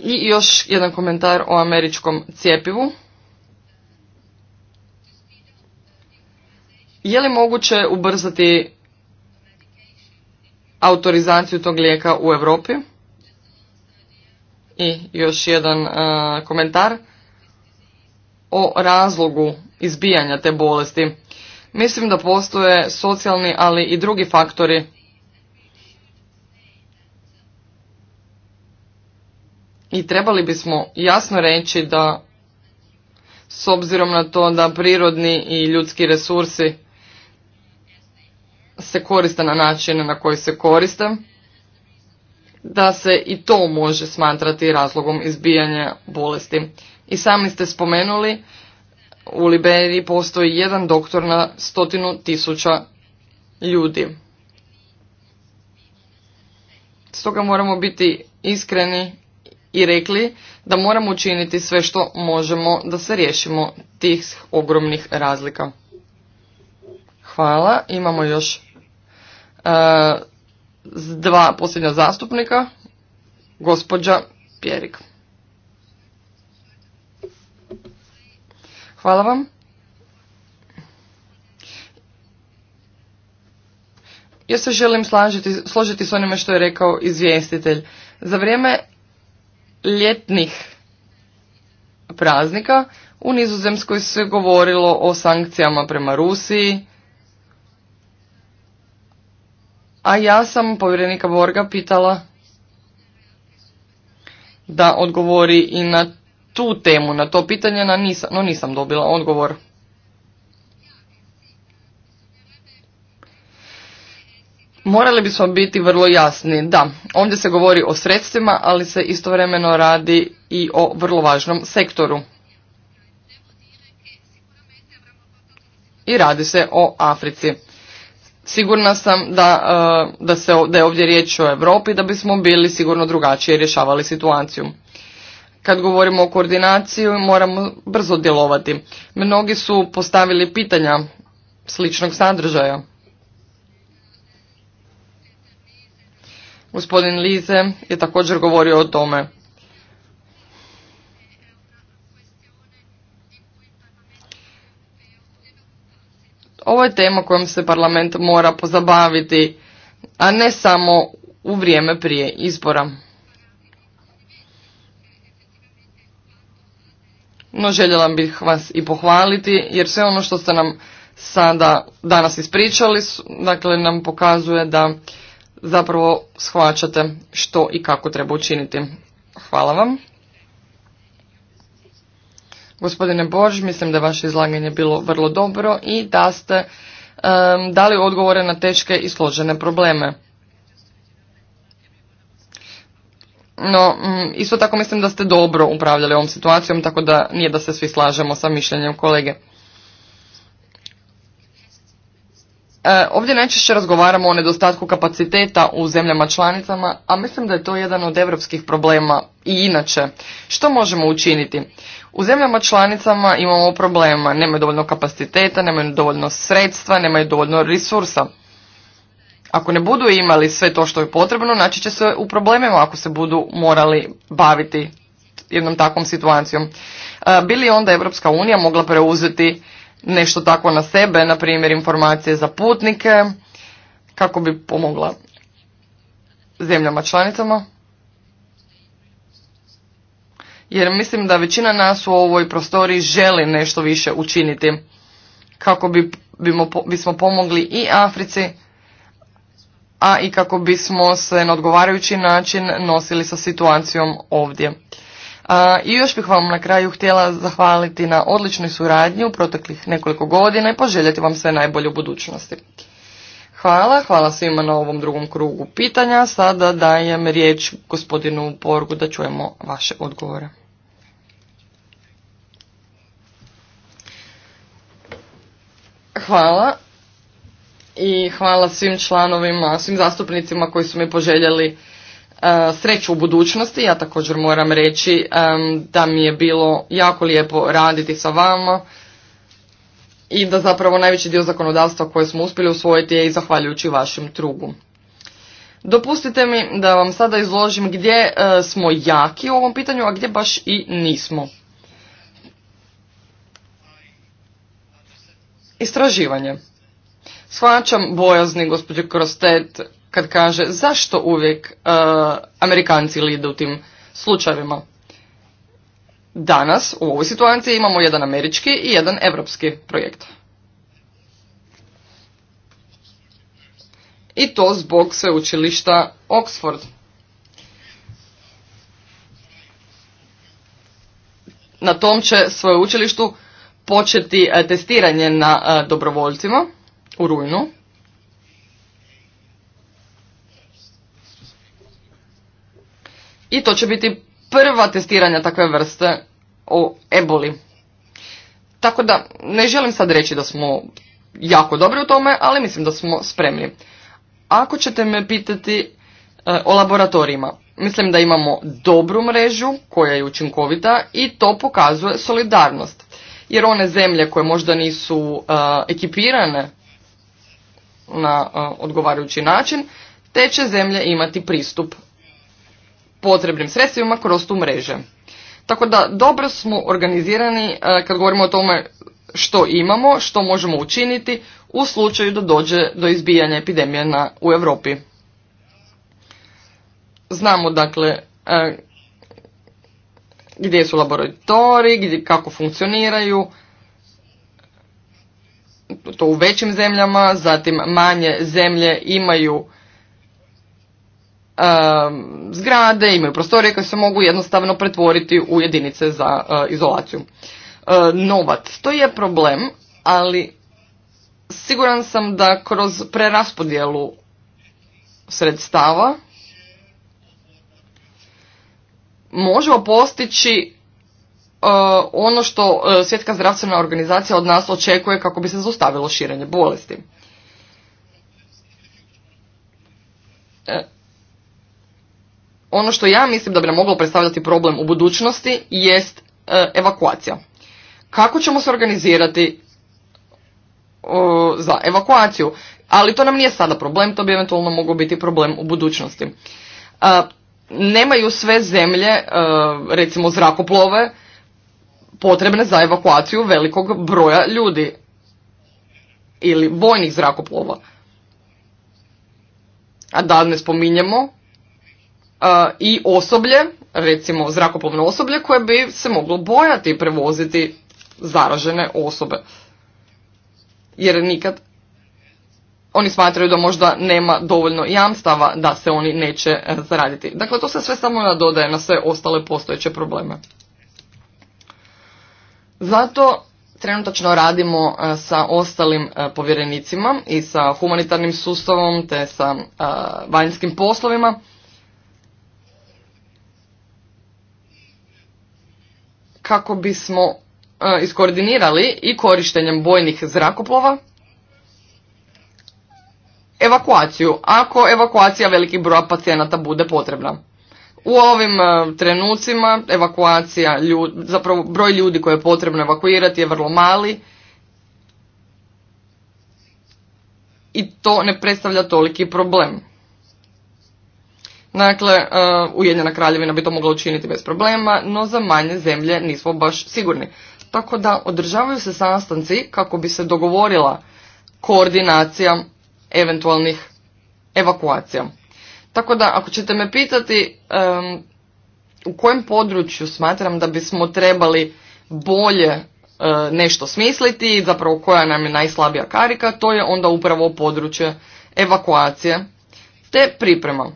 I još jedan komentar o američkom cijepivu. Je li moguće ubrzati autorizaciju tog lijeka u Europi? I još jedan e, komentar o razlogu izbijanja te bolesti. Mislim da postoje socijalni, ali i drugi faktori i trebali bismo jasno reći da s obzirom na to da prirodni i ljudski resursi se koriste na način na koji se koriste, da se i to može smatrati razlogom izbijanja bolesti. I sami ste spomenuli, u Liberiji postoji jedan doktor na stotinu tisuća ljudi. Stoga moramo biti iskreni i rekli da moramo učiniti sve što možemo da se riješimo tih ogromnih razlika. Hvala. Imamo još e, dva posljednja zastupnika. Gospođa Pjerik. Hvala vam. Ja se želim složiti s onime što je rekao izvjestitelj. Za vrijeme ljetnih praznika u Nizozemskoj se govorilo o sankcijama prema Rusiji, a ja sam povjerenika Borga pitala da odgovori i na tu temu, na to pitanje, na nisam, no nisam dobila odgovor. Morali bismo biti vrlo jasni, da, ovdje se govori o sredstvima, ali se istovremeno radi i o vrlo važnom sektoru. I radi se o Africi. Sigurna sam da, e, se, da je ovdje riječ o Europi da bismo bili sigurno drugačije rješavali situaciju. Kad govorimo o koordinaciji, moramo brzo djelovati. Mnogi su postavili pitanja sličnog sadržaja. Gospodin Lize je također govorio o tome. Ovo je tema kojom se parlament mora pozabaviti, a ne samo u vrijeme prije izbora. no željela bih vas i pohvaliti jer sve ono što ste nam sada danas ispričali dakle nam pokazuje da zapravo shvaćate što i kako treba učiniti. Hvala vam. Gospodine Bož, mislim da je vaše izlaganje bilo vrlo dobro i da ste dali odgovore na teške i složene probleme. No, mm, isto tako mislim da ste dobro upravljali ovom situacijom, tako da nije da se svi slažemo sa mišljenjem kolege. E, ovdje najčešće razgovaramo o nedostatku kapaciteta u zemljama članicama, a mislim da je to jedan od europskih problema i inače. Što možemo učiniti? U zemljama članicama imamo problema, nemaju dovoljno kapaciteta, nemaju dovoljno sredstva, nemaju dovoljno resursa. Ako ne budu imali sve to što je potrebno, naći će se u problemima ako se budu morali baviti jednom takvom situacijom. E, bi li onda Europska unija mogla preuzeti nešto tako na sebe, na primjer informacije za putnike, kako bi pomogla zemljama članicama? Jer mislim da većina nas u ovoj prostoriji želi nešto više učiniti kako bi, bismo pomogli i Africi, a i kako bismo se na odgovarajući način nosili sa situacijom ovdje. I još bih vam na kraju htjela zahvaliti na odličnoj suradnji u proteklih nekoliko godina i poželjeti vam sve najbolje u budućnosti. Hvala, hvala svima na ovom drugom krugu pitanja. Sada dajem riječ gospodinu Porgu da čujemo vaše odgovore. Hvala i hvala svim članovima, svim zastupnicima koji su mi poželjeli e, sreću u budućnosti. Ja također moram reći e, da mi je bilo jako lijepo raditi sa vama i da zapravo najveći dio zakonodavstva koje smo uspjeli usvojiti je i zahvaljujući vašem trugu. Dopustite mi da vam sada izložim gdje e, smo jaki u ovom pitanju, a gdje baš i nismo. Istraživanje. Svačam bojazni gospođe Krostet kad kaže zašto uvijek e, Amerikanci lide u tim slučajevima. Danas u ovoj situaciji imamo jedan američki i jedan evropski projekt. I to zbog sveučilišta Oxford. Na tom će sveučilištu početi e, testiranje na e, dobrovoljcima u rujnu. I to će biti prva testiranja takve vrste o eboli. Tako da ne želim sad reći da smo jako dobri u tome, ali mislim da smo spremni. Ako ćete me pitati e, o laboratorijima, mislim da imamo dobru mrežu koja je učinkovita i to pokazuje solidarnost. Jer one zemlje koje možda nisu e, ekipirane na odgovarajući način, te će zemlje imati pristup potrebnim sredstvima kroz tu mreže. Tako da dobro smo organizirani kad govorimo o tome što imamo, što možemo učiniti u slučaju da dođe do izbijanja epidemije na, u Europi. Znamo dakle gdje su laboratori, gdje, kako funkcioniraju, to u većim zemljama, zatim manje zemlje imaju um, zgrade, imaju prostorije koje se mogu jednostavno pretvoriti u jedinice za uh, izolaciju. Uh, novac, to je problem, ali siguran sam da kroz preraspodjelu sredstava možemo postići E, ono što e, Svjetska zdravstvena organizacija od nas očekuje kako bi se zaustavilo širenje bolesti. E, ono što ja mislim da bi nam moglo predstavljati problem u budućnosti jest evakuacija. Kako ćemo se organizirati za evakuaciju? Ali to nam nije sada problem, to bi eventualno mogao biti problem u budućnosti. Nemaju sve zemlje, recimo zrakoplove, potrebne za evakuaciju velikog broja ljudi ili vojnih zrakoplova. A da ne spominjemo e, i osoblje, recimo zrakoplovno osoblje koje bi se moglo bojati i prevoziti zaražene osobe. Jer nikad oni smatraju da možda nema dovoljno jamstava da se oni neće e, zaraditi. Dakle, to se sve samo nadodaje na sve ostale postojeće probleme. Zato trenutačno radimo e, sa ostalim e, povjerenicima i sa humanitarnim sustavom te sa e, vanjskim poslovima. kako bismo iskoordinirali i korištenjem bojnih zrakoplova evakuaciju, ako evakuacija velikih broja pacijenata bude potrebna. U ovim e, trenucima evakuacija zapravo broj ljudi koje je potrebno evakuirati je vrlo mali i to ne predstavlja toliki problem. Dakle, e, Ujedinjena kraljevina bi to mogla učiniti bez problema, no za manje zemlje nismo baš sigurni. Tako da održavaju se sastanci kako bi se dogovorila koordinacija eventualnih evakuacija. Tako da, ako ćete me pitati u kojem području smatram da bismo trebali bolje e, nešto smisliti zapravo koja nam je najslabija karika, to je onda upravo područje evakuacije te priprema.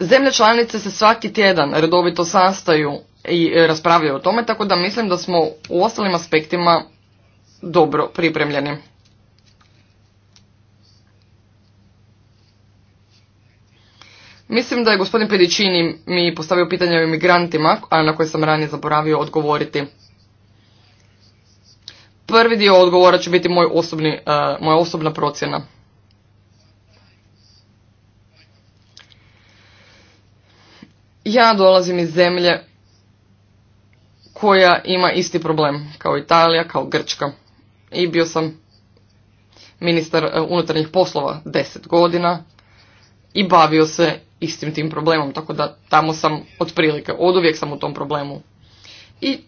Zemlje članice se svaki tjedan redovito sastaju i raspravljaju o tome, tako da mislim da smo u ostalim aspektima dobro pripremljeni. Mislim da je gospodin Pedicini mi postavio pitanje o imigrantima, a na koje sam ranije zaboravio odgovoriti. Prvi dio odgovora će biti moj osobni, e, moja osobna procjena. Ja dolazim iz zemlje koja ima isti problem kao Italija, kao Grčka. I bio sam ministar e, unutarnjih poslova deset godina i bavio se istim tim problemom, tako da tamo sam otprilike, od uvijek sam u tom problemu. I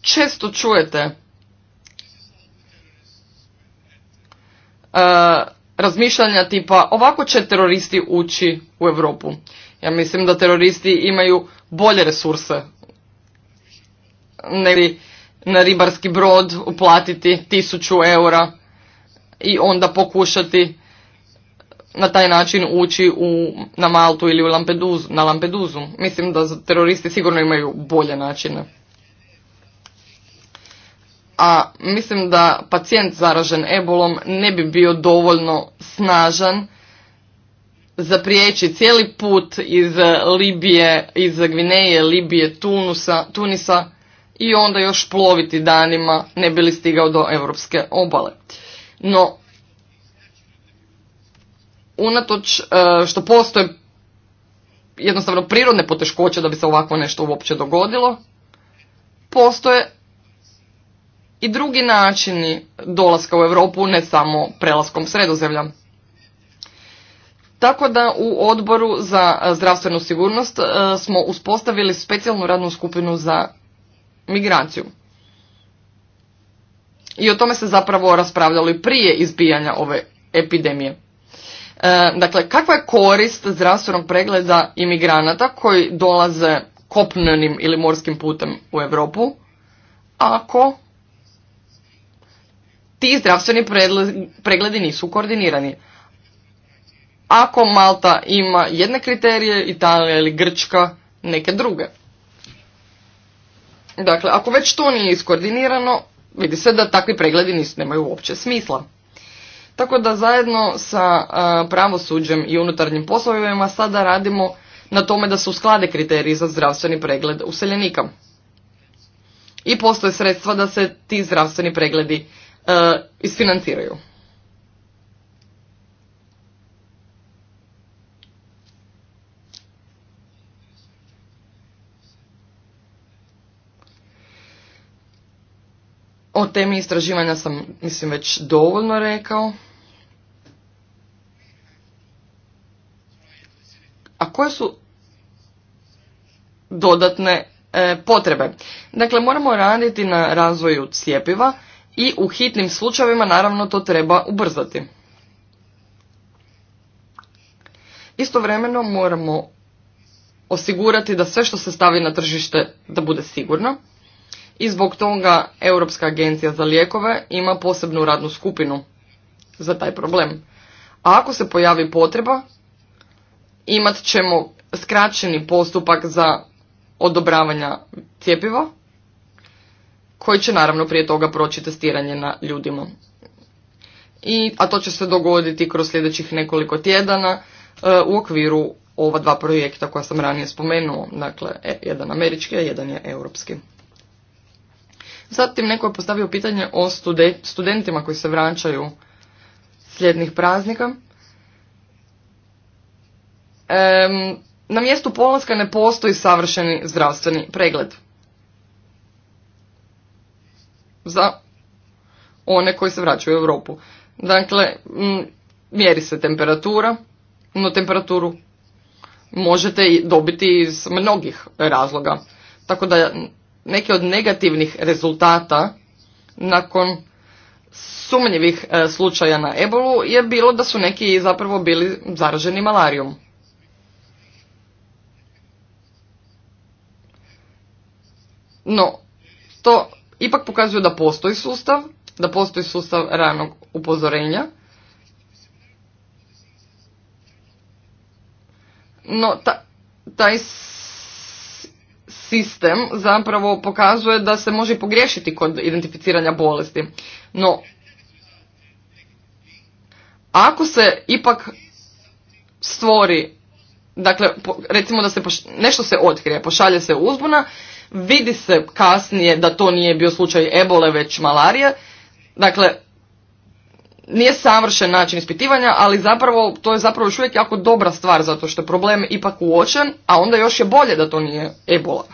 često čujete uh, razmišljanja tipa ovako će teroristi ući u Europu. Ja mislim da teroristi imaju bolje resurse ne na ribarski brod uplatiti tisuću eura i onda pokušati na taj način ući u, na Maltu ili u Lampeduzu, na Lampeduzu. Mislim da teroristi sigurno imaju bolje načine. A mislim da pacijent zaražen ebolom ne bi bio dovoljno snažan za prijeći cijeli put iz Libije, iz Gvineje, Libije, Tunusa, Tunisa i onda još ploviti danima ne bi li stigao do europske obale. No, unatoč e, što postoje jednostavno prirodne poteškoće da bi se ovako nešto uopće dogodilo, postoje i drugi načini dolaska u Europu, ne samo prelaskom sredozemlja. Tako da u odboru za zdravstvenu sigurnost e, smo uspostavili specijalnu radnu skupinu za migraciju. I o tome se zapravo raspravljalo i prije izbijanja ove epidemije. E, dakle, kakva je korist zdravstvenog pregleda imigranata koji dolaze kopnenim ili morskim putem u Europu ako ti zdravstveni pregledi nisu koordinirani? Ako Malta ima jedne kriterije, Italija ili Grčka neke druge. Dakle, ako već to nije iskoordinirano, vidi se da takvi pregledi nemaju uopće smisla. Tako da zajedno sa e, pravosuđem i unutarnjim poslovima sada radimo na tome da se usklade kriteriji za zdravstveni pregled useljenika. I postoje sredstva da se ti zdravstveni pregledi e, isfinanciraju. O temi istraživanja sam, mislim, već dovoljno rekao. koje su dodatne e, potrebe. Dakle, moramo raditi na razvoju cijepiva i u hitnim slučajevima naravno to treba ubrzati. Istovremeno moramo osigurati da sve što se stavi na tržište da bude sigurno i zbog toga Europska agencija za lijekove ima posebnu radnu skupinu za taj problem. A ako se pojavi potreba, imat ćemo skraćeni postupak za odobravanja cjepiva koji će naravno prije toga proći testiranje na ljudima. I, a to će se dogoditi kroz sljedećih nekoliko tjedana e, u okviru ova dva projekta koja sam ranije spomenuo, dakle e, jedan američki, a jedan je europski. Zatim neko je postavio pitanje o studentima koji se vraćaju slijednih praznika na mjestu polaska ne postoji savršeni zdravstveni pregled. Za one koji se vraćaju u Europu. Dakle, mjeri se temperatura, no temperaturu možete dobiti iz mnogih razloga. Tako da neke od negativnih rezultata nakon sumnjivih e, slučaja na ebolu je bilo da su neki zapravo bili zaraženi malarijom. No, to ipak pokazuje da postoji sustav, da postoji sustav ranog upozorenja. No, taj sistem zapravo pokazuje da se može pogriješiti kod identificiranja bolesti. No, ako se ipak stvori, dakle, recimo da se nešto se otkrije, pošalje se uzbuna, Vidi se kasnije da to nije bio slučaj ebole, već malarije. Dakle, nije savršen način ispitivanja, ali zapravo to je zapravo još uvijek jako dobra stvar, zato što je problem ipak uočen, a onda još je bolje da to nije ebola.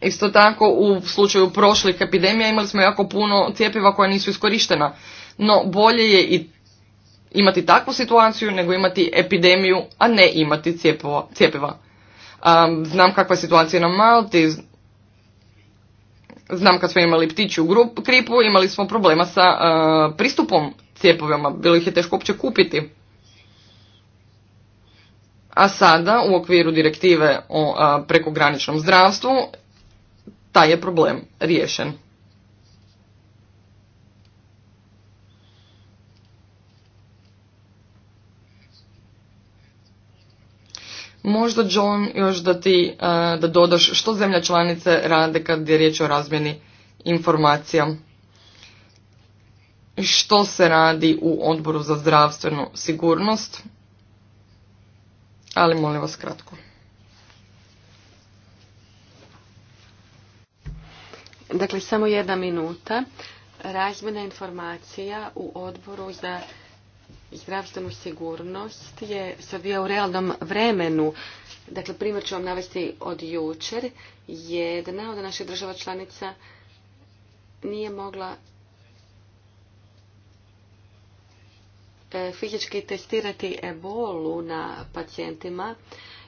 Isto tako u slučaju prošlih epidemija imali smo jako puno cijepiva koja nisu iskorištena, no bolje je i imati takvu situaciju nego imati epidemiju, a ne imati cijepova, cijepiva. znam kakva je situacija na Malti, znam kad smo imali ptiću grup, kripu, imali smo problema sa pristupom cijepovima, bilo ih je teško uopće kupiti. A sada u okviru direktive o prekograničnom zdravstvu taj je problem riješen. Možda, John, još da ti e, da dodaš što zemlja članice rade kad je riječ o razmjeni informacija. Što se radi u odboru za zdravstvenu sigurnost. Ali molim vas kratko. Dakle, samo jedna minuta. Razmjena informacija u odboru za zdravstvenu sigurnost je bio u realnom vremenu. Dakle, primjer ću vam navesti od jučer. Jedna od naših država članica nije mogla e, fizički testirati ebolu na pacijentima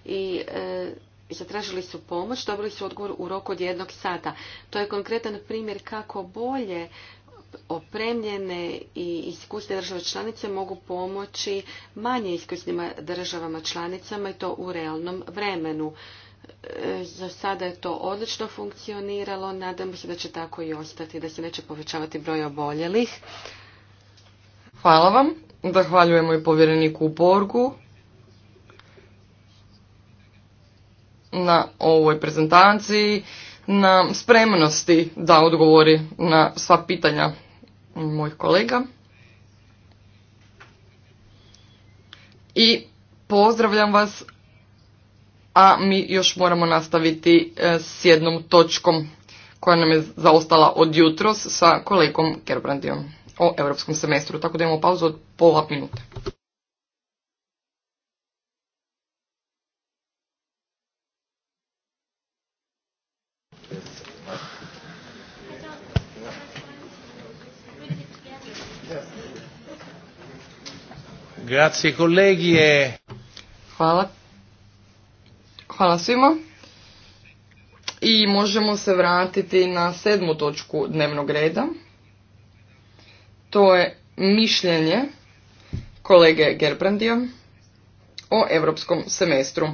i e, zatražili su pomoć, dobili su odgovor u roku od jednog sata. To je konkretan primjer kako bolje opremljene i iskusne države članice mogu pomoći manje iskusnima državama članicama i to u realnom vremenu. E, za sada je to odlično funkcioniralo, nadam se da će tako i ostati, da se neće povećavati broj oboljelih. Hvala vam, zahvaljujemo i povjereniku Borgu na ovoj prezentaciji na spremnosti da odgovori na sva pitanja mojih kolega. I pozdravljam vas, a mi još moramo nastaviti e, s jednom točkom koja nam je zaostala od jutros sa kolegom Gerbrandijom o europskom semestru, tako da imamo pauzu od pola minute. Grazie e... Hvala. Hvala svima. I možemo se vratiti na sedmu točku dnevnog reda. To je mišljenje kolege Gerbrandija o europskom semestru.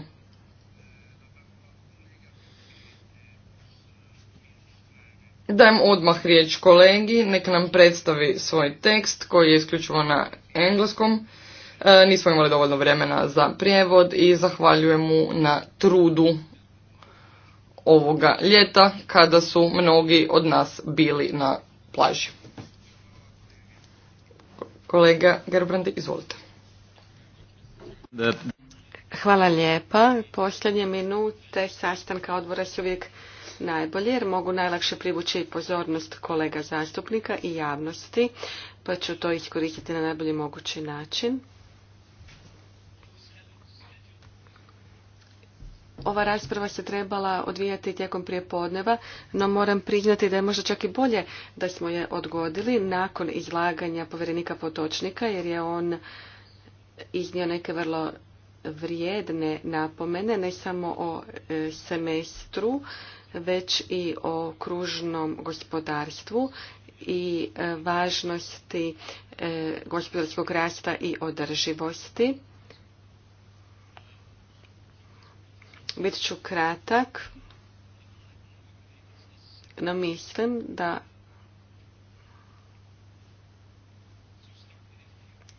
Dajem odmah riječ kolegi, nek nam predstavi svoj tekst koji je isključivo na engleskom. E, nismo imali dovoljno vremena za prijevod i zahvaljujem mu na trudu ovoga ljeta kada su mnogi od nas bili na plaži. Kolega Gerbrandi, izvolite. Hvala lijepa. Posljednje minute sastanka odbora su uvijek najbolje jer mogu najlakše privući pozornost kolega zastupnika i javnosti, pa ću to iskoristiti na najbolji mogući način. ova rasprava se trebala odvijati tijekom prijepodneva, no moram priznati da je možda čak i bolje da smo je odgodili nakon izlaganja povjerenika Potočnika, jer je on iznio neke vrlo vrijedne napomene, ne samo o e, semestru, već i o kružnom gospodarstvu i e, važnosti e, gospodarskog rasta i održivosti. Bit ću kratak, no mislim da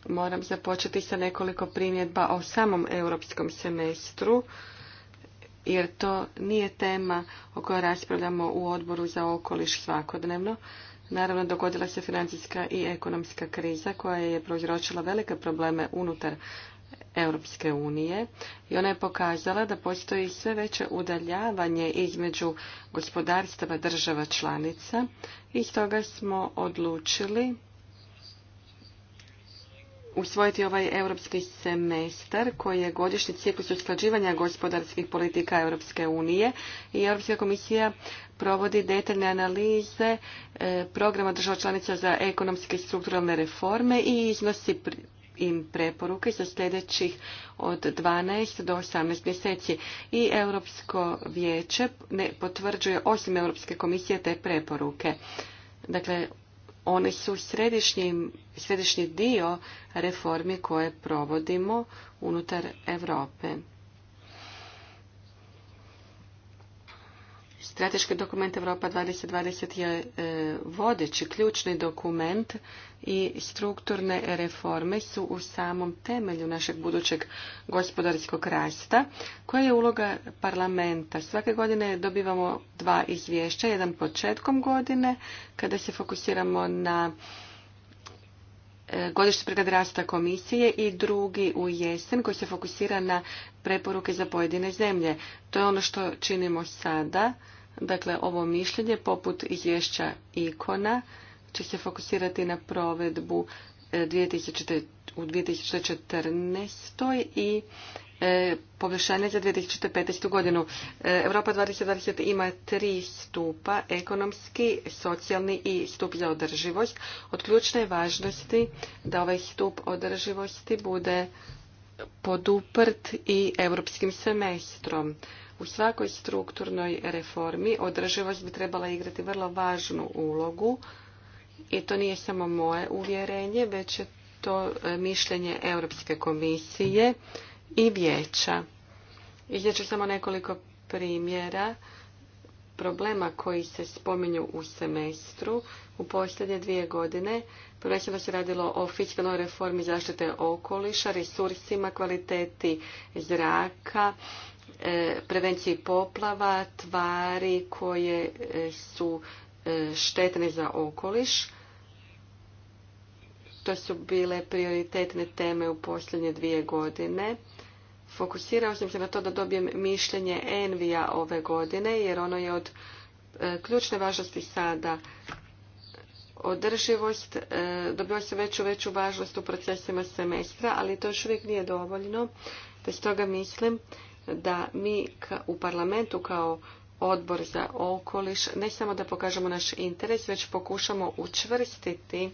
moram započeti sa nekoliko primjedba o samom europskom semestru, jer to nije tema o kojoj raspravljamo u odboru za okoliš svakodnevno. Naravno, dogodila se financijska i ekonomska kriza koja je prozročila velike probleme unutar Europske unije i ona je pokazala da postoji sve veće udaljavanje između gospodarstava država članica i stoga smo odlučili usvojiti ovaj europski semestar koji je godišnji ciklus usklađivanja gospodarskih politika Europske unije i Europska komisija provodi detaljne analize eh, programa država članica za ekonomske i strukturalne reforme i iznosi im preporuke za sljedećih od 12 do 18 mjeseci i Europsko vijeće ne potvrđuje osim Europske komisije te preporuke. Dakle, one su središnji, središnji dio reformi koje provodimo unutar Europe. Strateški dokument Europa 2020 je e, vodeći ključni dokument i strukturne reforme su u samom temelju našeg budućeg gospodarskog rasta. Koja je uloga parlamenta? Svake godine dobivamo dva izvješća, jedan početkom godine kada se fokusiramo na e, godišnji pregled rasta komisije i drugi u jesen koji se fokusira na preporuke za pojedine zemlje. To je ono što činimo sada Dakle, ovo mišljenje, poput izvješća ikona, će se fokusirati na provedbu e, u 2014. i e, poboljšanje za 2015. godinu. E, Europa 2020 ima tri stupa, ekonomski, socijalni i stup za održivost. Od ključne važnosti da ovaj stup održivosti bude poduprt i europskim semestrom. U svakoj strukturnoj reformi održivost bi trebala igrati vrlo važnu ulogu i to nije samo moje uvjerenje, već je to e, mišljenje Europske komisije i vijeća. ću samo nekoliko primjera problema koji se spominju u semestru u posljednje dvije godine. Prvenstveno se radilo o fiskalnoj reformi zaštite okoliša, resursima, kvaliteti zraka, e, prevenciji poplava, tvari koje e, su e, štetne za okoliš. To su bile prioritetne teme u posljednje dvije godine. Fokusirao sam se na to da dobijem mišljenje Envija ove godine, jer ono je od e, ključne važnosti sada održivost, e, dobiva se veću veću važnost u procesima semestra, ali to još uvijek nije dovoljno. Bez toga mislim da mi u parlamentu kao odbor za okoliš ne samo da pokažemo naš interes, već pokušamo učvrstiti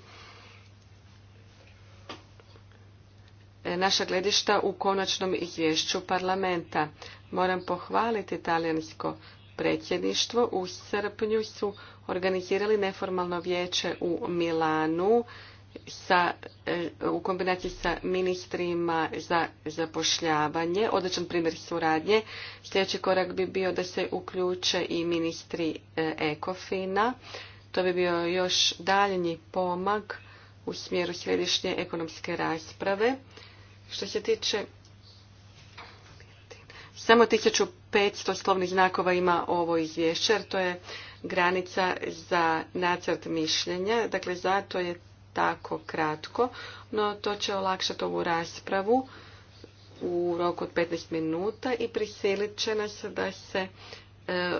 naša gledišta u konačnom izvješću parlamenta. Moram pohvaliti talijansko predsjedništvo. U srpnju su organizirali neformalno vijeće u Milanu sa, e, u kombinaciji sa ministrima za zapošljavanje, odličan primjer suradnje. Sljedeći korak bi bio da se uključe i ministri e, Ekofina. To bi bio još daljnji pomak u smjeru središnje ekonomske rasprave. Što se tiče samo 1500 slovnih znakova ima ovo izvješće, jer to je granica za nacrt mišljenja, dakle zato je tako kratko, no to će olakšati ovu raspravu u roku od 15 minuta i prisilit će nas da se e,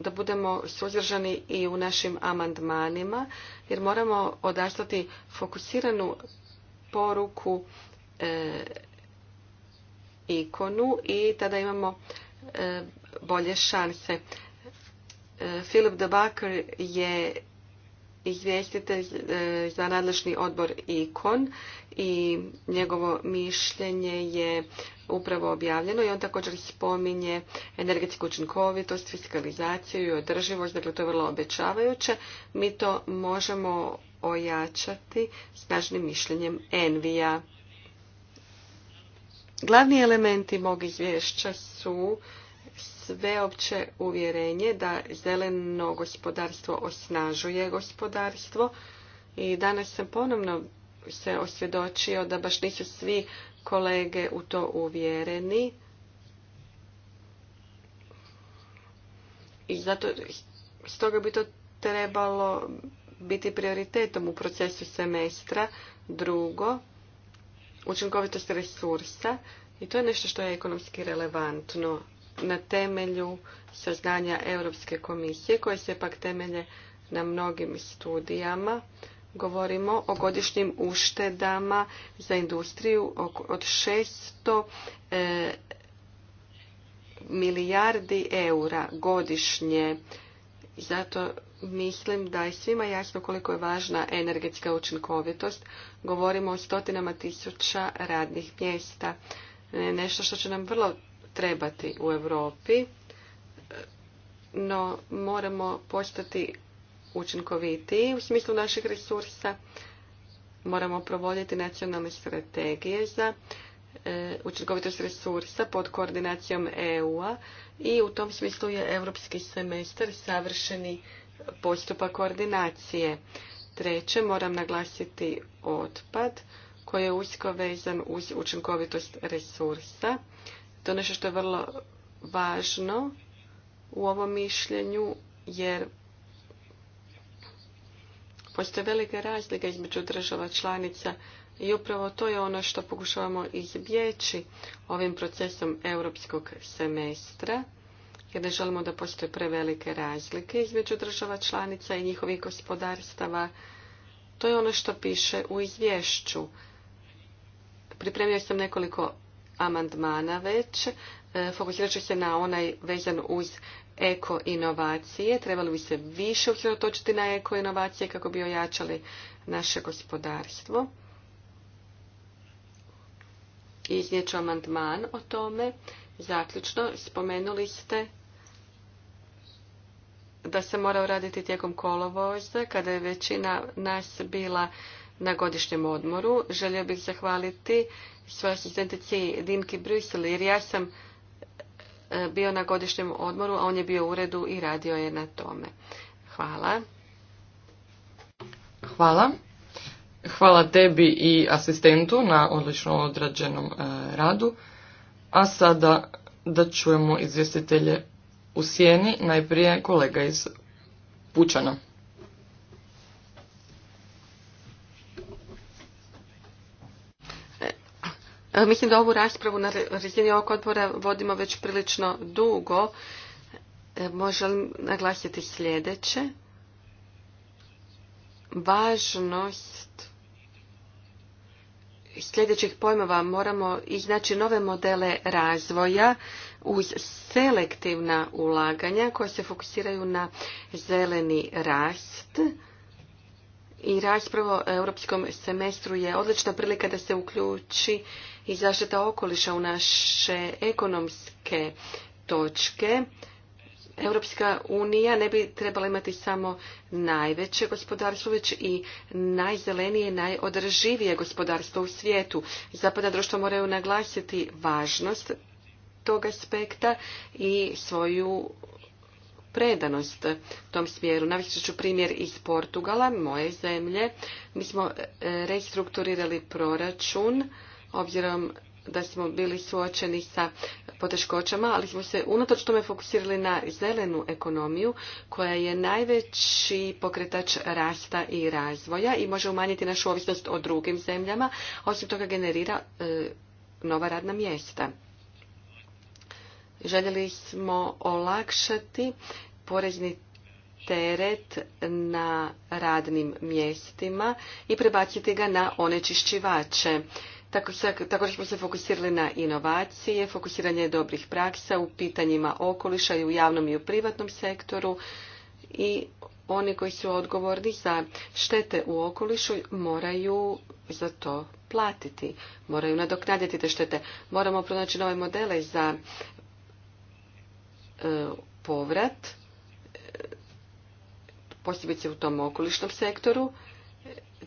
da budemo suzdržani i u našim amandmanima, jer moramo odaslati fokusiranu poruku E, ikonu i tada imamo e, bolje šanse. E, Philip de Bakker je izvjestitelj za nadležni odbor ikon i njegovo mišljenje je upravo objavljeno i on također spominje energetsku učinkovitost, fiskalizaciju i održivost, dakle to je vrlo obećavajuće. Mi to možemo ojačati snažnim mišljenjem Envija. Glavni elementi mog izvješća su sveopće uvjerenje da zeleno gospodarstvo osnažuje gospodarstvo i danas sam ponovno se osvjedočio da baš nisu svi kolege u to uvjereni. I zato stoga bi to trebalo biti prioritetom u procesu semestra. Drugo, učinkovitost resursa i to je nešto što je ekonomski relevantno na temelju saznanja Europske komisije koje se pak temelje na mnogim studijama. Govorimo o godišnjim uštedama za industriju od 600 e, milijardi eura godišnje zato mislim da je svima jasno koliko je važna energetska učinkovitost. Govorimo o stotinama tisuća radnih mjesta. Nešto što će nam vrlo trebati u Europi, no moramo postati učinkovitiji u smislu naših resursa. Moramo provoditi nacionalne strategije za E, učinkovitost resursa pod koordinacijom EU-a i u tom smislu je europski semestar savršeni postupak koordinacije. Treće, moram naglasiti otpad koji je usko vezan uz učinkovitost resursa. To je nešto što je vrlo važno u ovom mišljenju jer postoje velike razlike između država članica i upravo to je ono što pokušavamo izbjeći ovim procesom europskog semestra, jer ne želimo da postoje prevelike razlike između država članica i njihovih gospodarstava. To je ono što piše u izvješću. Pripremio sam nekoliko amandmana već. E, fokusirat ću se na onaj vezan uz eko inovacije. Trebali bi se više usredotočiti na eko inovacije kako bi ojačali naše gospodarstvo iznijeću amandman o tome. Zaključno, spomenuli ste da se morao raditi tijekom kolovoza, kada je većina nas bila na godišnjem odmoru. Želio bih zahvaliti svojoj asistentici Dinki Brusel, jer ja sam e, bio na godišnjem odmoru, a on je bio u uredu i radio je na tome. Hvala. Hvala. Hvala tebi i asistentu na odlično odrađenom e, radu. A sada da čujemo izvjestitelje u sjeni, najprije kolega iz Pučana. E, e, mislim da ovu raspravu na razini ovog odbora vodimo već prilično dugo. E, možem naglasiti sljedeće. Važnost sljedećih pojmova moramo iznaći nove modele razvoja uz selektivna ulaganja koja se fokusiraju na zeleni rast. I raspravo o europskom semestru je odlična prilika da se uključi i zaštita okoliša u naše ekonomske točke. Europska unija ne bi trebala imati samo najveće gospodarstvo, već i najzelenije i najodrživije gospodarstvo u svijetu. Zapada društva moraju naglasiti važnost tog aspekta i svoju predanost tom smjeru. Navješću ću primjer iz Portugala, moje zemlje. Mi smo e, restrukturirali proračun obzirom da smo bili suočeni sa poteškoćama, ali smo se unatoč tome fokusirali na zelenu ekonomiju koja je najveći pokretač rasta i razvoja i može umanjiti našu ovisnost o drugim zemljama, osim toga generira e, nova radna mjesta. Željeli smo olakšati porezni teret na radnim mjestima i prebaciti ga na onečišćivače. Također smo se fokusirali na inovacije, fokusiranje dobrih praksa u pitanjima okoliša i u javnom i u privatnom sektoru i oni koji su odgovorni za štete u okolišu moraju za to platiti, moraju nadoknaditi te štete. Moramo pronaći nove modele za e, povrat, e, posebice u tom okolišnom sektoru.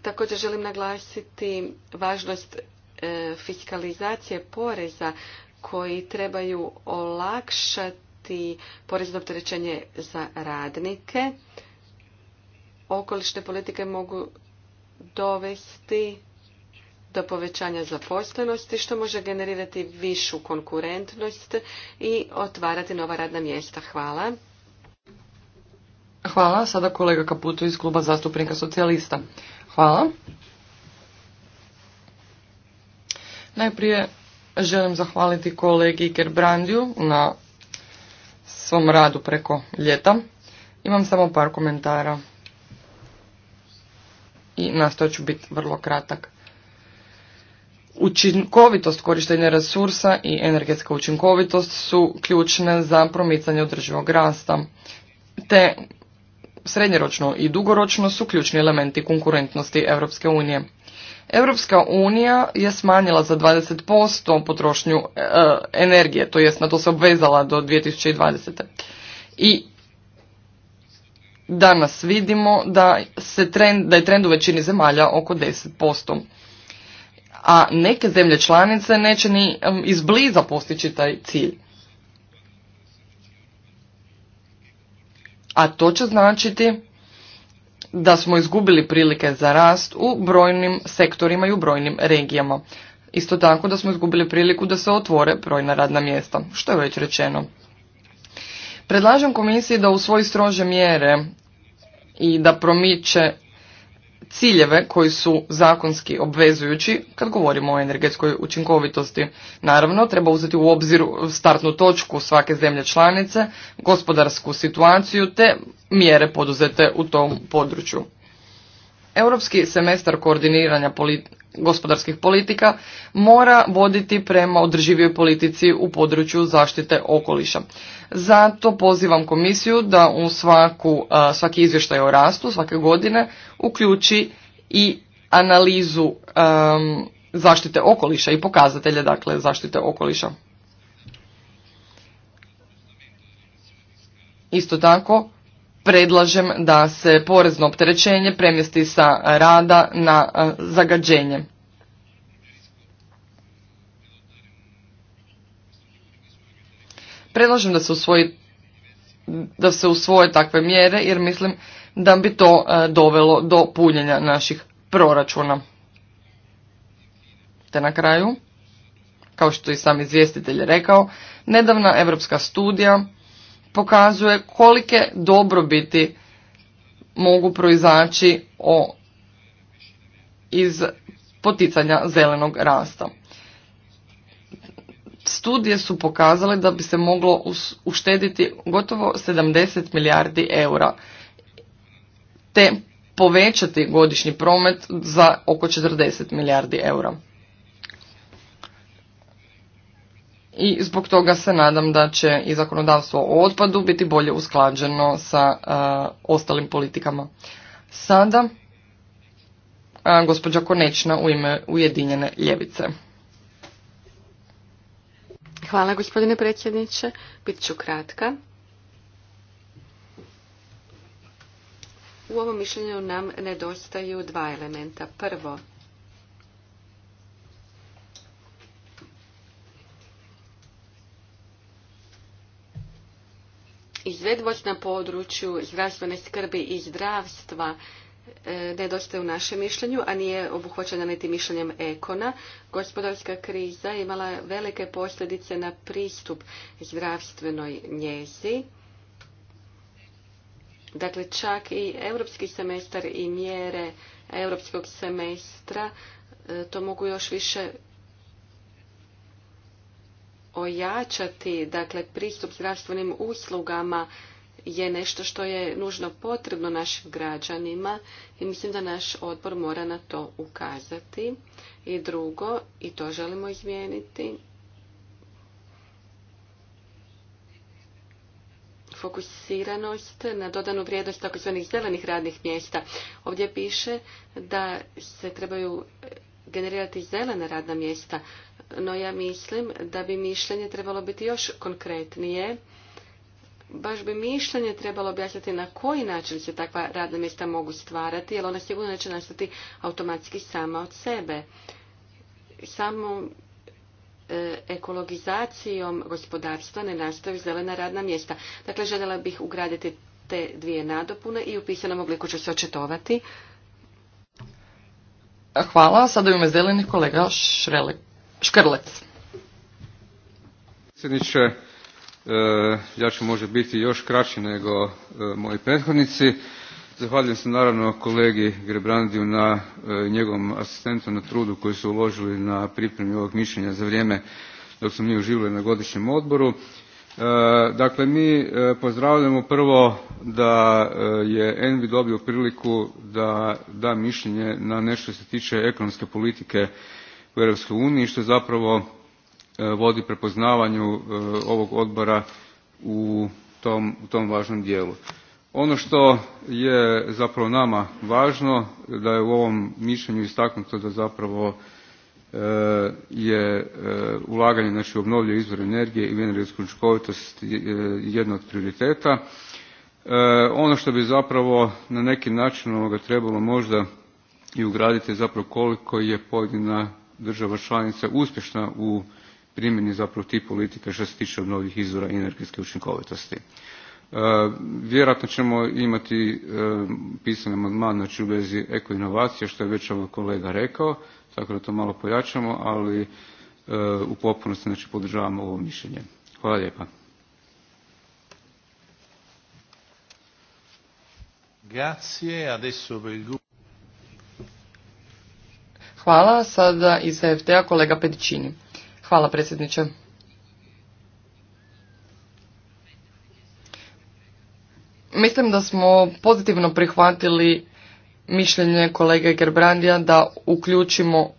Također želim naglasiti važnost E, fiskalizacije poreza koji trebaju olakšati porezno opterećenje za radnike. Okolišne politike mogu dovesti do povećanja zaposlenosti što može generirati višu konkurentnost i otvarati nova radna mjesta. Hvala. Hvala. Sada kolega Kaputo iz kluba zastupnika socijalista. Hvala. Najprije želim zahvaliti kolegi Gerbrandiju na svom radu preko ljeta. Imam samo par komentara i nastoj ću biti vrlo kratak. Učinkovitost korištenja resursa i energetska učinkovitost su ključne za promicanje održivog rasta, te srednjeročno i dugoročno su ključni elementi konkurentnosti Europske unije. Europska unija je smanjila za 20% potrošnju e, energije, to jest na to se obvezala do 2020. I danas vidimo da, se trend, da je trend u većini zemalja oko 10%. A neke zemlje članice neće ni izbliza postići taj cilj. A to će značiti da smo izgubili prilike za rast u brojnim sektorima i u brojnim regijama. Isto tako da smo izgubili priliku da se otvore brojna radna mjesta, što je već rečeno. Predlažem komisiji da usvoji strože mjere i da promiče ciljeve koji su zakonski obvezujući kad govorimo o energetskoj učinkovitosti. Naravno, treba uzeti u obzir startnu točku svake zemlje članice, gospodarsku situaciju te mjere poduzete u tom području. Europski semestar koordiniranja gospodarskih politika mora voditi prema održivijoj politici u području zaštite okoliša. Zato pozivam komisiju da u svaku, svaki izvještaj o rastu svake godine uključi i analizu zaštite okoliša i pokazatelje dakle zaštite okoliša. Isto tako predlažem da se porezno opterećenje premjesti sa rada na zagađenje. Predlažem da se usvoji da se usvoje takve mjere jer mislim da bi to e, dovelo do punjenja naših proračuna. Te na kraju, kao što i sam izvjestitelj rekao, nedavna europska studija pokazuje kolike dobrobiti mogu proizaći o, iz poticanja zelenog rasta studije su pokazale da bi se moglo uštediti gotovo 70 milijardi eura te povećati godišnji promet za oko 40 milijardi eura. I zbog toga se nadam da će i zakonodavstvo o otpadu biti bolje usklađeno sa ostalim politikama. Sada gospođa Konečna u ime Ujedinjene ljevice. Hvala gospodine predsjedniče. Bit ću kratka. U ovom mišljenju nam nedostaju dva elementa. Prvo, izvedvost na području zdravstvene skrbi i zdravstva E, nedostaje u našem mišljenju, a nije obuhvaćena niti mišljenjem ekona. Gospodarska kriza imala velike posljedice na pristup zdravstvenoj njezi. Dakle, čak i europski semestar i mjere europskog semestra e, to mogu još više ojačati, dakle, pristup zdravstvenim uslugama je nešto što je nužno potrebno našim građanima i mislim da naš odbor mora na to ukazati. I drugo, i to želimo izmijeniti, fokusiranost na dodanu vrijednost tzv. zelenih radnih mjesta. Ovdje piše da se trebaju generirati zelena radna mjesta, no ja mislim da bi mišljenje trebalo biti još konkretnije baš bi mišljenje trebalo objasniti na koji način se takva radna mjesta mogu stvarati, jer ona sigurno neće nastati automatski sama od sebe. Samo e, ekologizacijom gospodarstva ne nastavi zelena radna mjesta. Dakle, željela bih ugraditi te dvije nadopune i u pisanom obliku ću se očetovati. Hvala. Sada ime kolega Škrlec. E, ja ću možda biti još kraći nego e, moji prethodnici. Zahvaljujem se naravno kolegi Grebrandiju na e, njegovom asistentu na trudu koji su uložili na pripremi ovog mišljenja za vrijeme dok smo mi uživali na godišnjem odboru. Dakle, mi pozdravljamo prvo da je Envi dobio priliku da da mišljenje na nešto što se tiče ekonomske politike u Europskoj uniji što je zapravo E, vodi prepoznavanju e, ovog odbora u tom, u tom važnom dijelu. Ono što je zapravo nama važno da je u ovom mišljenju istaknuto da zapravo e, je ulaganje znači u obnovljive izvore energije i energetsku učinkovitost jedna od prioriteta. Ono što bi zapravo na neki način ovoga trebalo možda i ugraditi zapravo koliko je pojedina država članica uspješna u primjeni zapravo tih politika što se tiče obnovljivih izvora i energetske učinkovitosti. E, vjerojatno ćemo imati e, pisani amandman znači u vezi eko-inovacije, što je već ovaj kolega rekao, tako da to malo pojačamo, ali e, u potpunosti znači podržavamo ovo mišljenje. Hvala lijepa. Hvala, sada iz EFTA kolega Pedicini. Hvala predsjedniče. Mislim da smo pozitivno prihvatili mišljenje kolege Gerbrandija da uključimo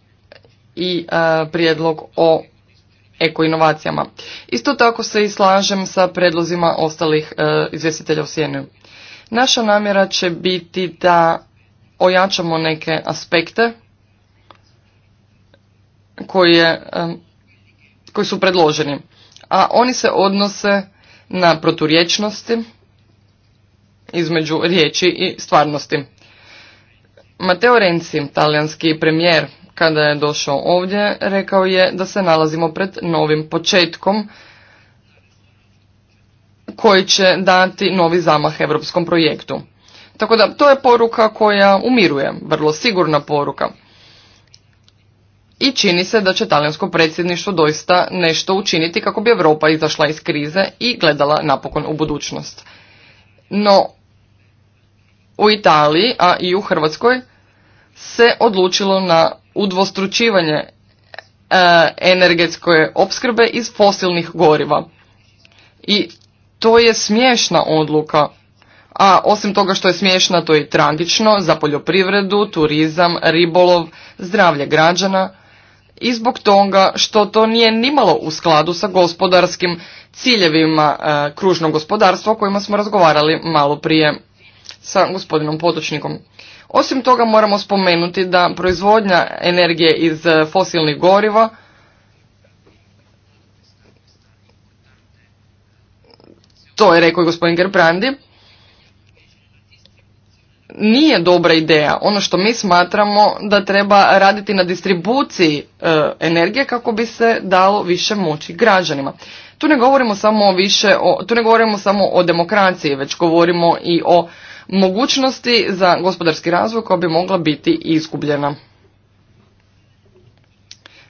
i e, prijedlog o ekoinovacijama. Isto tako se i slažem sa predlozima ostalih e, izvjestitelja u Sjenu. Naša namjera će biti da ojačamo neke aspekte koje e, koji su predloženi, a oni se odnose na proturječnosti između riječi i stvarnosti. Mateo Renzi, talijanski premijer, kada je došao ovdje, rekao je da se nalazimo pred novim početkom koji će dati novi zamah europskom projektu. Tako da to je poruka koja umiruje, vrlo sigurna poruka i čini se da će talijansko predsjedništvo doista nešto učiniti kako bi Europa izašla iz krize i gledala napokon u budućnost. No, u Italiji, a i u Hrvatskoj, se odlučilo na udvostručivanje e, energetske opskrbe iz fosilnih goriva. I to je smiješna odluka. A osim toga što je smiješna, to je i tragično za poljoprivredu, turizam, ribolov, zdravlje građana, i zbog toga što to nije nimalo u skladu sa gospodarskim ciljevima e, kružnog gospodarstva o kojima smo razgovarali malo prije sa gospodinom Potočnikom. Osim toga moramo spomenuti da proizvodnja energije iz e, fosilnih goriva to je rekao i gospodin Gerbrandi, nije dobra ideja. Ono što mi smatramo da treba raditi na distribuciji e, energije kako bi se dalo više moći građanima. Tu ne govorimo samo više o, tu ne govorimo samo o demokraciji, već govorimo i o mogućnosti za gospodarski razvoj koja bi mogla biti izgubljena.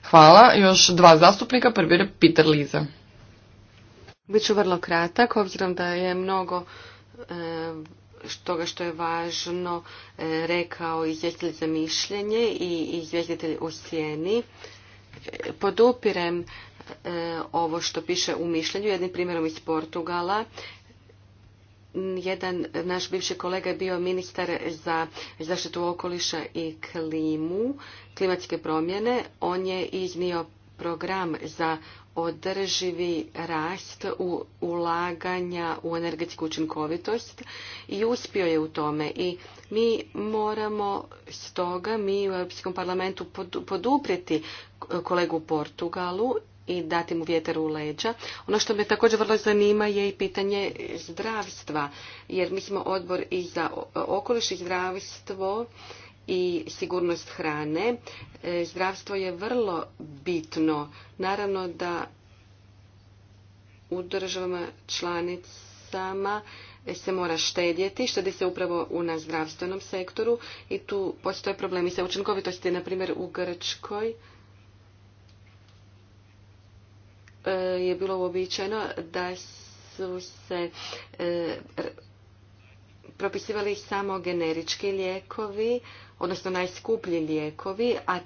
Hvala. Još dva zastupnika. Prvi je Peter Lize. Biću vrlo kratak, obzirom da je mnogo e, toga što je važno e, rekao izvjestitelj za mišljenje i izvjestitelj u sjeni. E, podupirem e, ovo što piše u mišljenju, jednim primjerom iz Portugala. Jedan naš bivši kolega je bio ministar za zaštitu okoliša i klimu, klimatske promjene. On je iznio program za održivi rast u ulaganja u energetsku učinkovitost i uspio je u tome i mi moramo stoga mi u Europskom parlamentu poduprijeti kolegu Portugalu i dati mu vjetar u leđa. Ono što me također vrlo zanima je i pitanje zdravstva, jer mi smo odbor i za okoliš i zdravstvo i sigurnost hrane. E, zdravstvo je vrlo bitno. Naravno da u državama članicama se mora štedjeti, štedi se upravo u na zdravstvenom sektoru i tu postoje problemi sa učinkovitosti, na primjer u Grčkoj e, je bilo uobičajeno da su se e, propisivali samo generički lijekovi, odnosno najskuplji lijekovi, a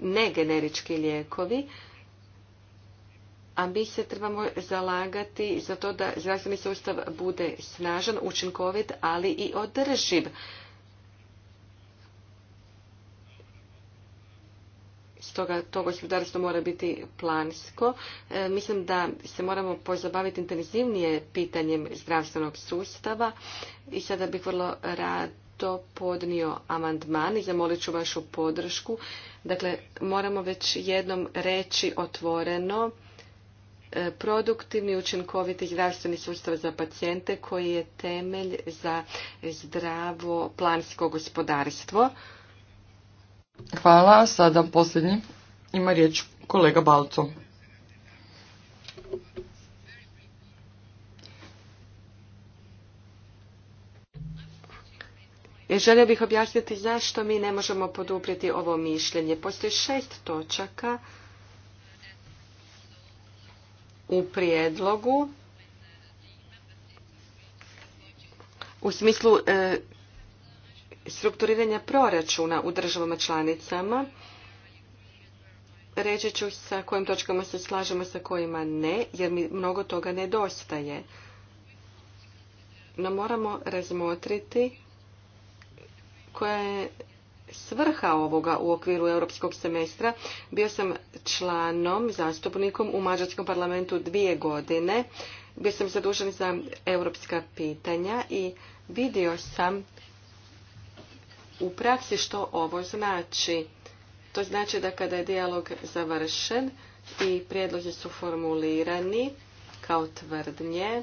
ne generički lijekovi, a mi se trebamo zalagati za to da zdravstveni sustav bude snažan, učinkovit, ali i održiv. Stoga to gospodarstvo mora biti plansko. E, mislim da se moramo pozabaviti intenzivnije pitanjem zdravstvenog sustava i sada bih vrlo rad to podnio amandman i zamolit ću vašu podršku. Dakle, moramo već jednom reći otvoreno e, produktivni, učinkoviti zdravstveni sustav za pacijente koji je temelj za zdravo plansko gospodarstvo. Hvala. Sada posljednji ima riječ kolega Balco. Želio bih objasniti zašto mi ne možemo poduprijeti ovo mišljenje. Postoji šest točaka u prijedlogu u smislu e, strukturiranja proračuna u državama članicama. Reći ću sa kojim točkama se slažemo, sa kojima ne, jer mi mnogo toga nedostaje. No moramo razmotriti koja je svrha ovoga u okviru europskog semestra. Bio sam članom, zastupnikom u Mađarskom parlamentu dvije godine. Bio sam zadužen za europska pitanja i vidio sam u praksi što ovo znači. To znači da kada je dijalog završen i prijedlozi su formulirani kao tvrdnje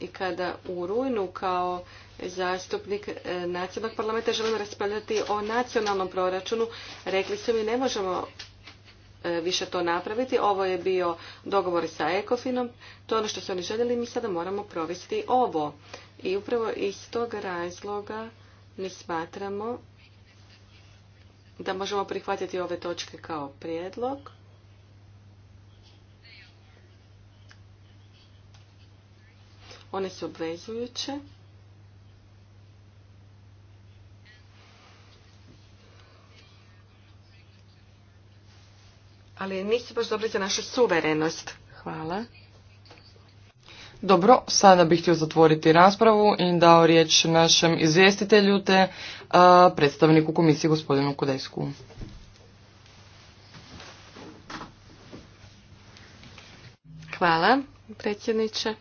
i kada u rujnu kao zastupnik e, nacionalnog parlamenta, želim raspravljati o nacionalnom proračunu. Rekli su mi ne možemo e, više to napraviti. Ovo je bio dogovor sa Ekofinom. To je ono što su oni željeli. Mi sada moramo provesti ovo. I upravo iz tog razloga mi smatramo da možemo prihvatiti ove točke kao prijedlog. One su obvezujuće. ali nisu baš dobri za našu suverenost. Hvala. Dobro, sada bih htio zatvoriti raspravu i dao riječ našem izvjestitelju te predstavniku komisije gospodinu Kudesku. Hvala, predsjedniče.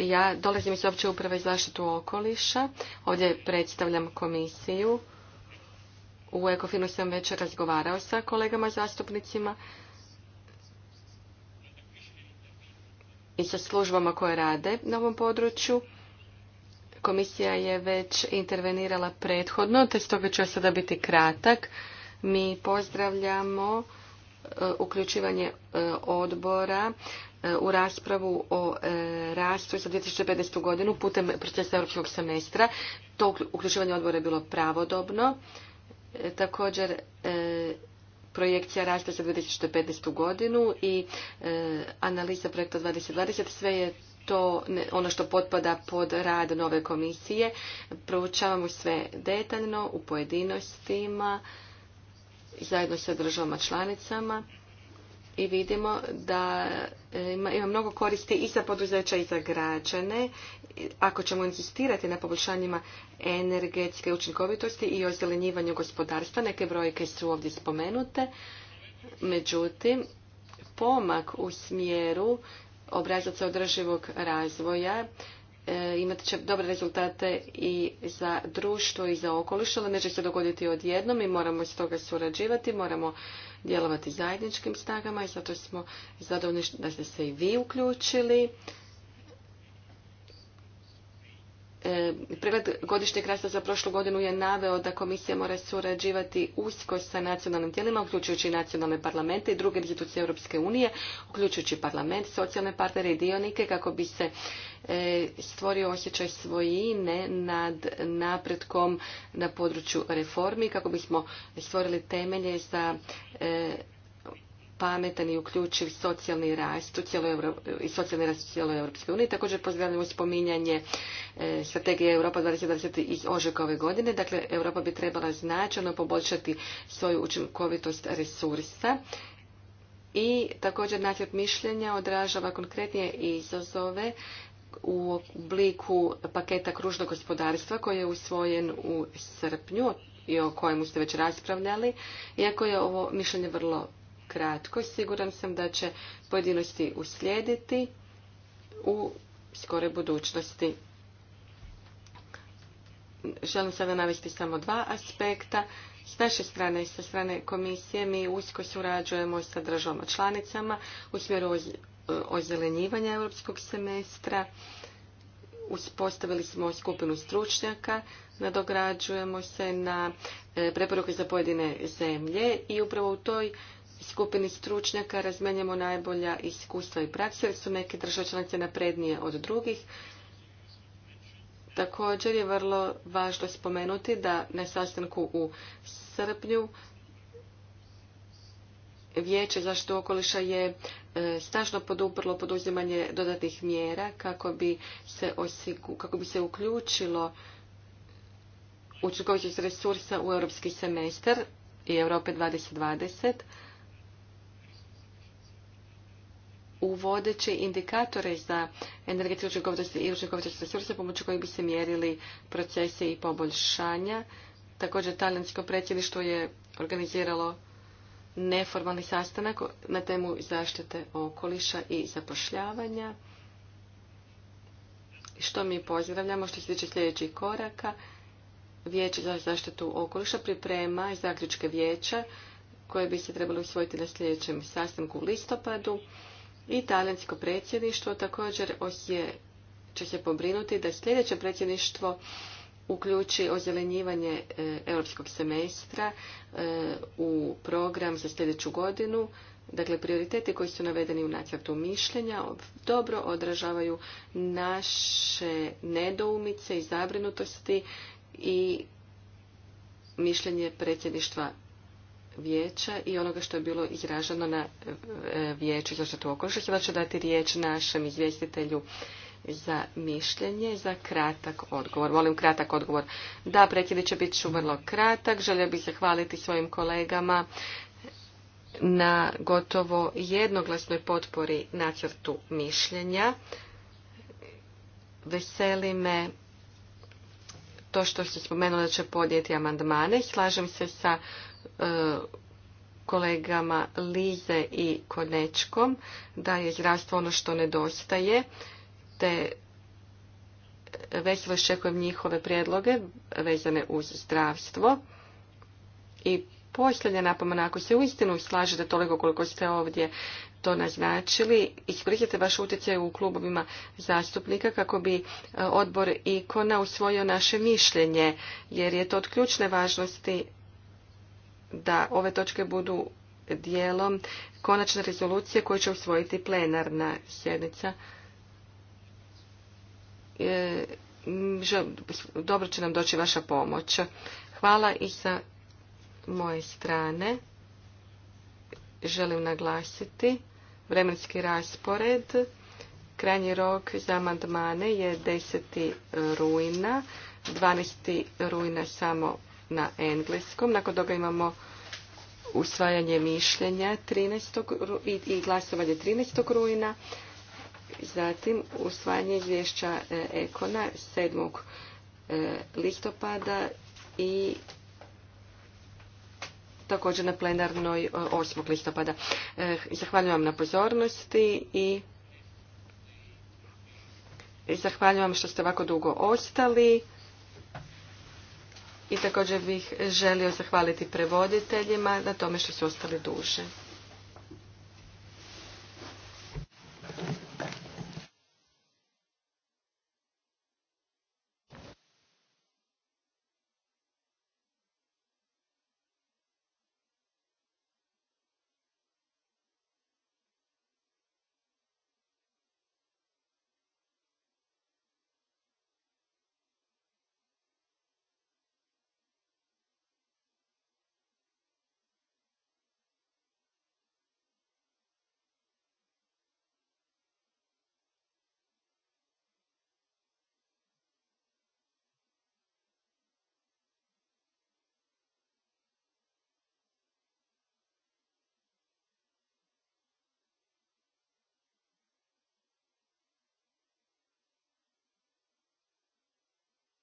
Ja dolazim iz opće uprave i zaštitu okoliša. Ovdje predstavljam komisiju. U Ekofinu sam već razgovarao sa kolegama zastupnicima i sa službama koje rade na ovom području. Komisija je već intervenirala prethodno, te stoga ću ja sada biti kratak. Mi pozdravljamo e, uključivanje e, odbora e, u raspravu o rastu za 2015. godinu putem procesa europskog semestra. To uključivanje odbora je bilo pravodobno također e, projekcija rasta za 2015. godinu i e, analiza projekta 2020. Sve je to ono što potpada pod rad nove komisije. Proučavamo sve detaljno u pojedinostima zajedno sa državama članicama i vidimo da e, ima, ima mnogo koristi i za poduzeća i za građane. Ako ćemo insistirati na poboljšanjima energetske učinkovitosti i ozelenjivanju gospodarstva, neke brojke su ovdje spomenute, međutim, pomak u smjeru obrazaca održivog razvoja E, imat će dobre rezultate i za društvo i za okoliš, ali neće se dogoditi odjednom i moramo s toga surađivati, moramo djelovati zajedničkim snagama i zato smo zadovoljni da ste se i vi uključili E, pregled godišnjeg rasta za prošlu godinu je naveo da komisija mora surađivati usko sa nacionalnim tijelima, uključujući nacionalne parlamente i druge institucije Europske unije, uključujući parlament, socijalne partnere i dionike kako bi se e, stvorio osjećaj svojine nad napretkom na području reformi, kako bismo stvorili temelje za e, pametan i uključiv socijalni rast u cijeloj i socijalni rast u cijeloj Europskoj uniji. Također pozdravljamo spominjanje e, strategije Europa 2020 iz ožujka ove godine. Dakle, Europa bi trebala značajno poboljšati svoju učinkovitost resursa i također nacrt mišljenja odražava konkretnije izazove u obliku paketa kružnog gospodarstva koji je usvojen u srpnju i o kojemu ste već raspravljali. Iako je ovo mišljenje vrlo kratko. Siguran sam da će pojedinosti uslijediti u skore budućnosti. Želim sada navesti samo dva aspekta. S naše strane i sa strane komisije mi usko surađujemo sa državama članicama u smjeru e, ozelenjivanja europskog semestra. Uspostavili smo skupinu stručnjaka, nadograđujemo se na e, preporuke za pojedine zemlje i upravo u toj skupini stručnjaka razmenjamo najbolja iskustva i prakse, jer su neke države članice naprednije od drugih. Također je vrlo važno spomenuti da na sastanku u srpnju Vijeće zaštitu okoliša je e, snažno poduprlo poduzimanje dodatnih mjera kako bi se, kako bi se uključilo učinkovitost resursa u europski semestar i Europe 2020 uvodeći indikatore za energetsku učinkovitost i učinkovitost resursa pomoću kojih bi se mjerili procesi i poboljšanja. Također, talijansko predsjedništvo je organiziralo neformalni sastanak na temu zaštite okoliša i zapošljavanja. Što mi pozdravljamo što se tiče sljedećih koraka, Vijeće za zaštitu okoliša priprema zaključke vijeća koje bi se trebalo usvojiti na sljedećem sastanku u listopadu. I talijansko predsjedništvo također oh je, će se pobrinuti da sljedeće predsjedništvo uključi ozelenjivanje e, europskog semestra e, u program za sljedeću godinu. Dakle, prioriteti koji su navedeni u nacrtu mišljenja dobro odražavaju naše nedoumice i zabrinutosti i mišljenje predsjedništva vijeća i onoga što je bilo izraženo na e, vijeću zaštitu okoliša. Sada ću dati riječ našem izvjestitelju za mišljenje, za kratak odgovor. Molim kratak odgovor. Da, će bit ću vrlo kratak. Želio bih zahvaliti svojim kolegama na gotovo jednoglasnoj potpori nacrtu mišljenja. Veseli me to što ste spomenuli da će podnijeti amandmane. Slažem se sa kolegama Lize i Konečkom da je zdravstvo ono što nedostaje te veselo iščekujem njihove prijedloge vezane uz zdravstvo. I posljednja napomena, ako se uistinu slažete toliko koliko ste ovdje to naznačili, iskoristite vaš utjecaj u klubovima zastupnika kako bi e, odbor ikona usvojio naše mišljenje, jer je to od ključne važnosti da ove točke budu dijelom konačne rezolucije koje će usvojiti plenarna sjednica. E, dobro će nam doći vaša pomoć. Hvala i sa moje strane. Želim naglasiti vremenski raspored. Krajnji rok za amandmane je 10. rujna. 12. rujna samo na engleskom. Nakon toga imamo usvajanje mišljenja 13. i glasovanje 13. rujna. Zatim usvajanje izvješća e, Ekona 7. E, listopada i također na plenarnoj 8. E, listopada. Zahvaljujem vam na pozornosti i zahvaljujem vam što ste ovako dugo ostali i također bih želio zahvaliti prevoditeljima na tome što su ostali duže.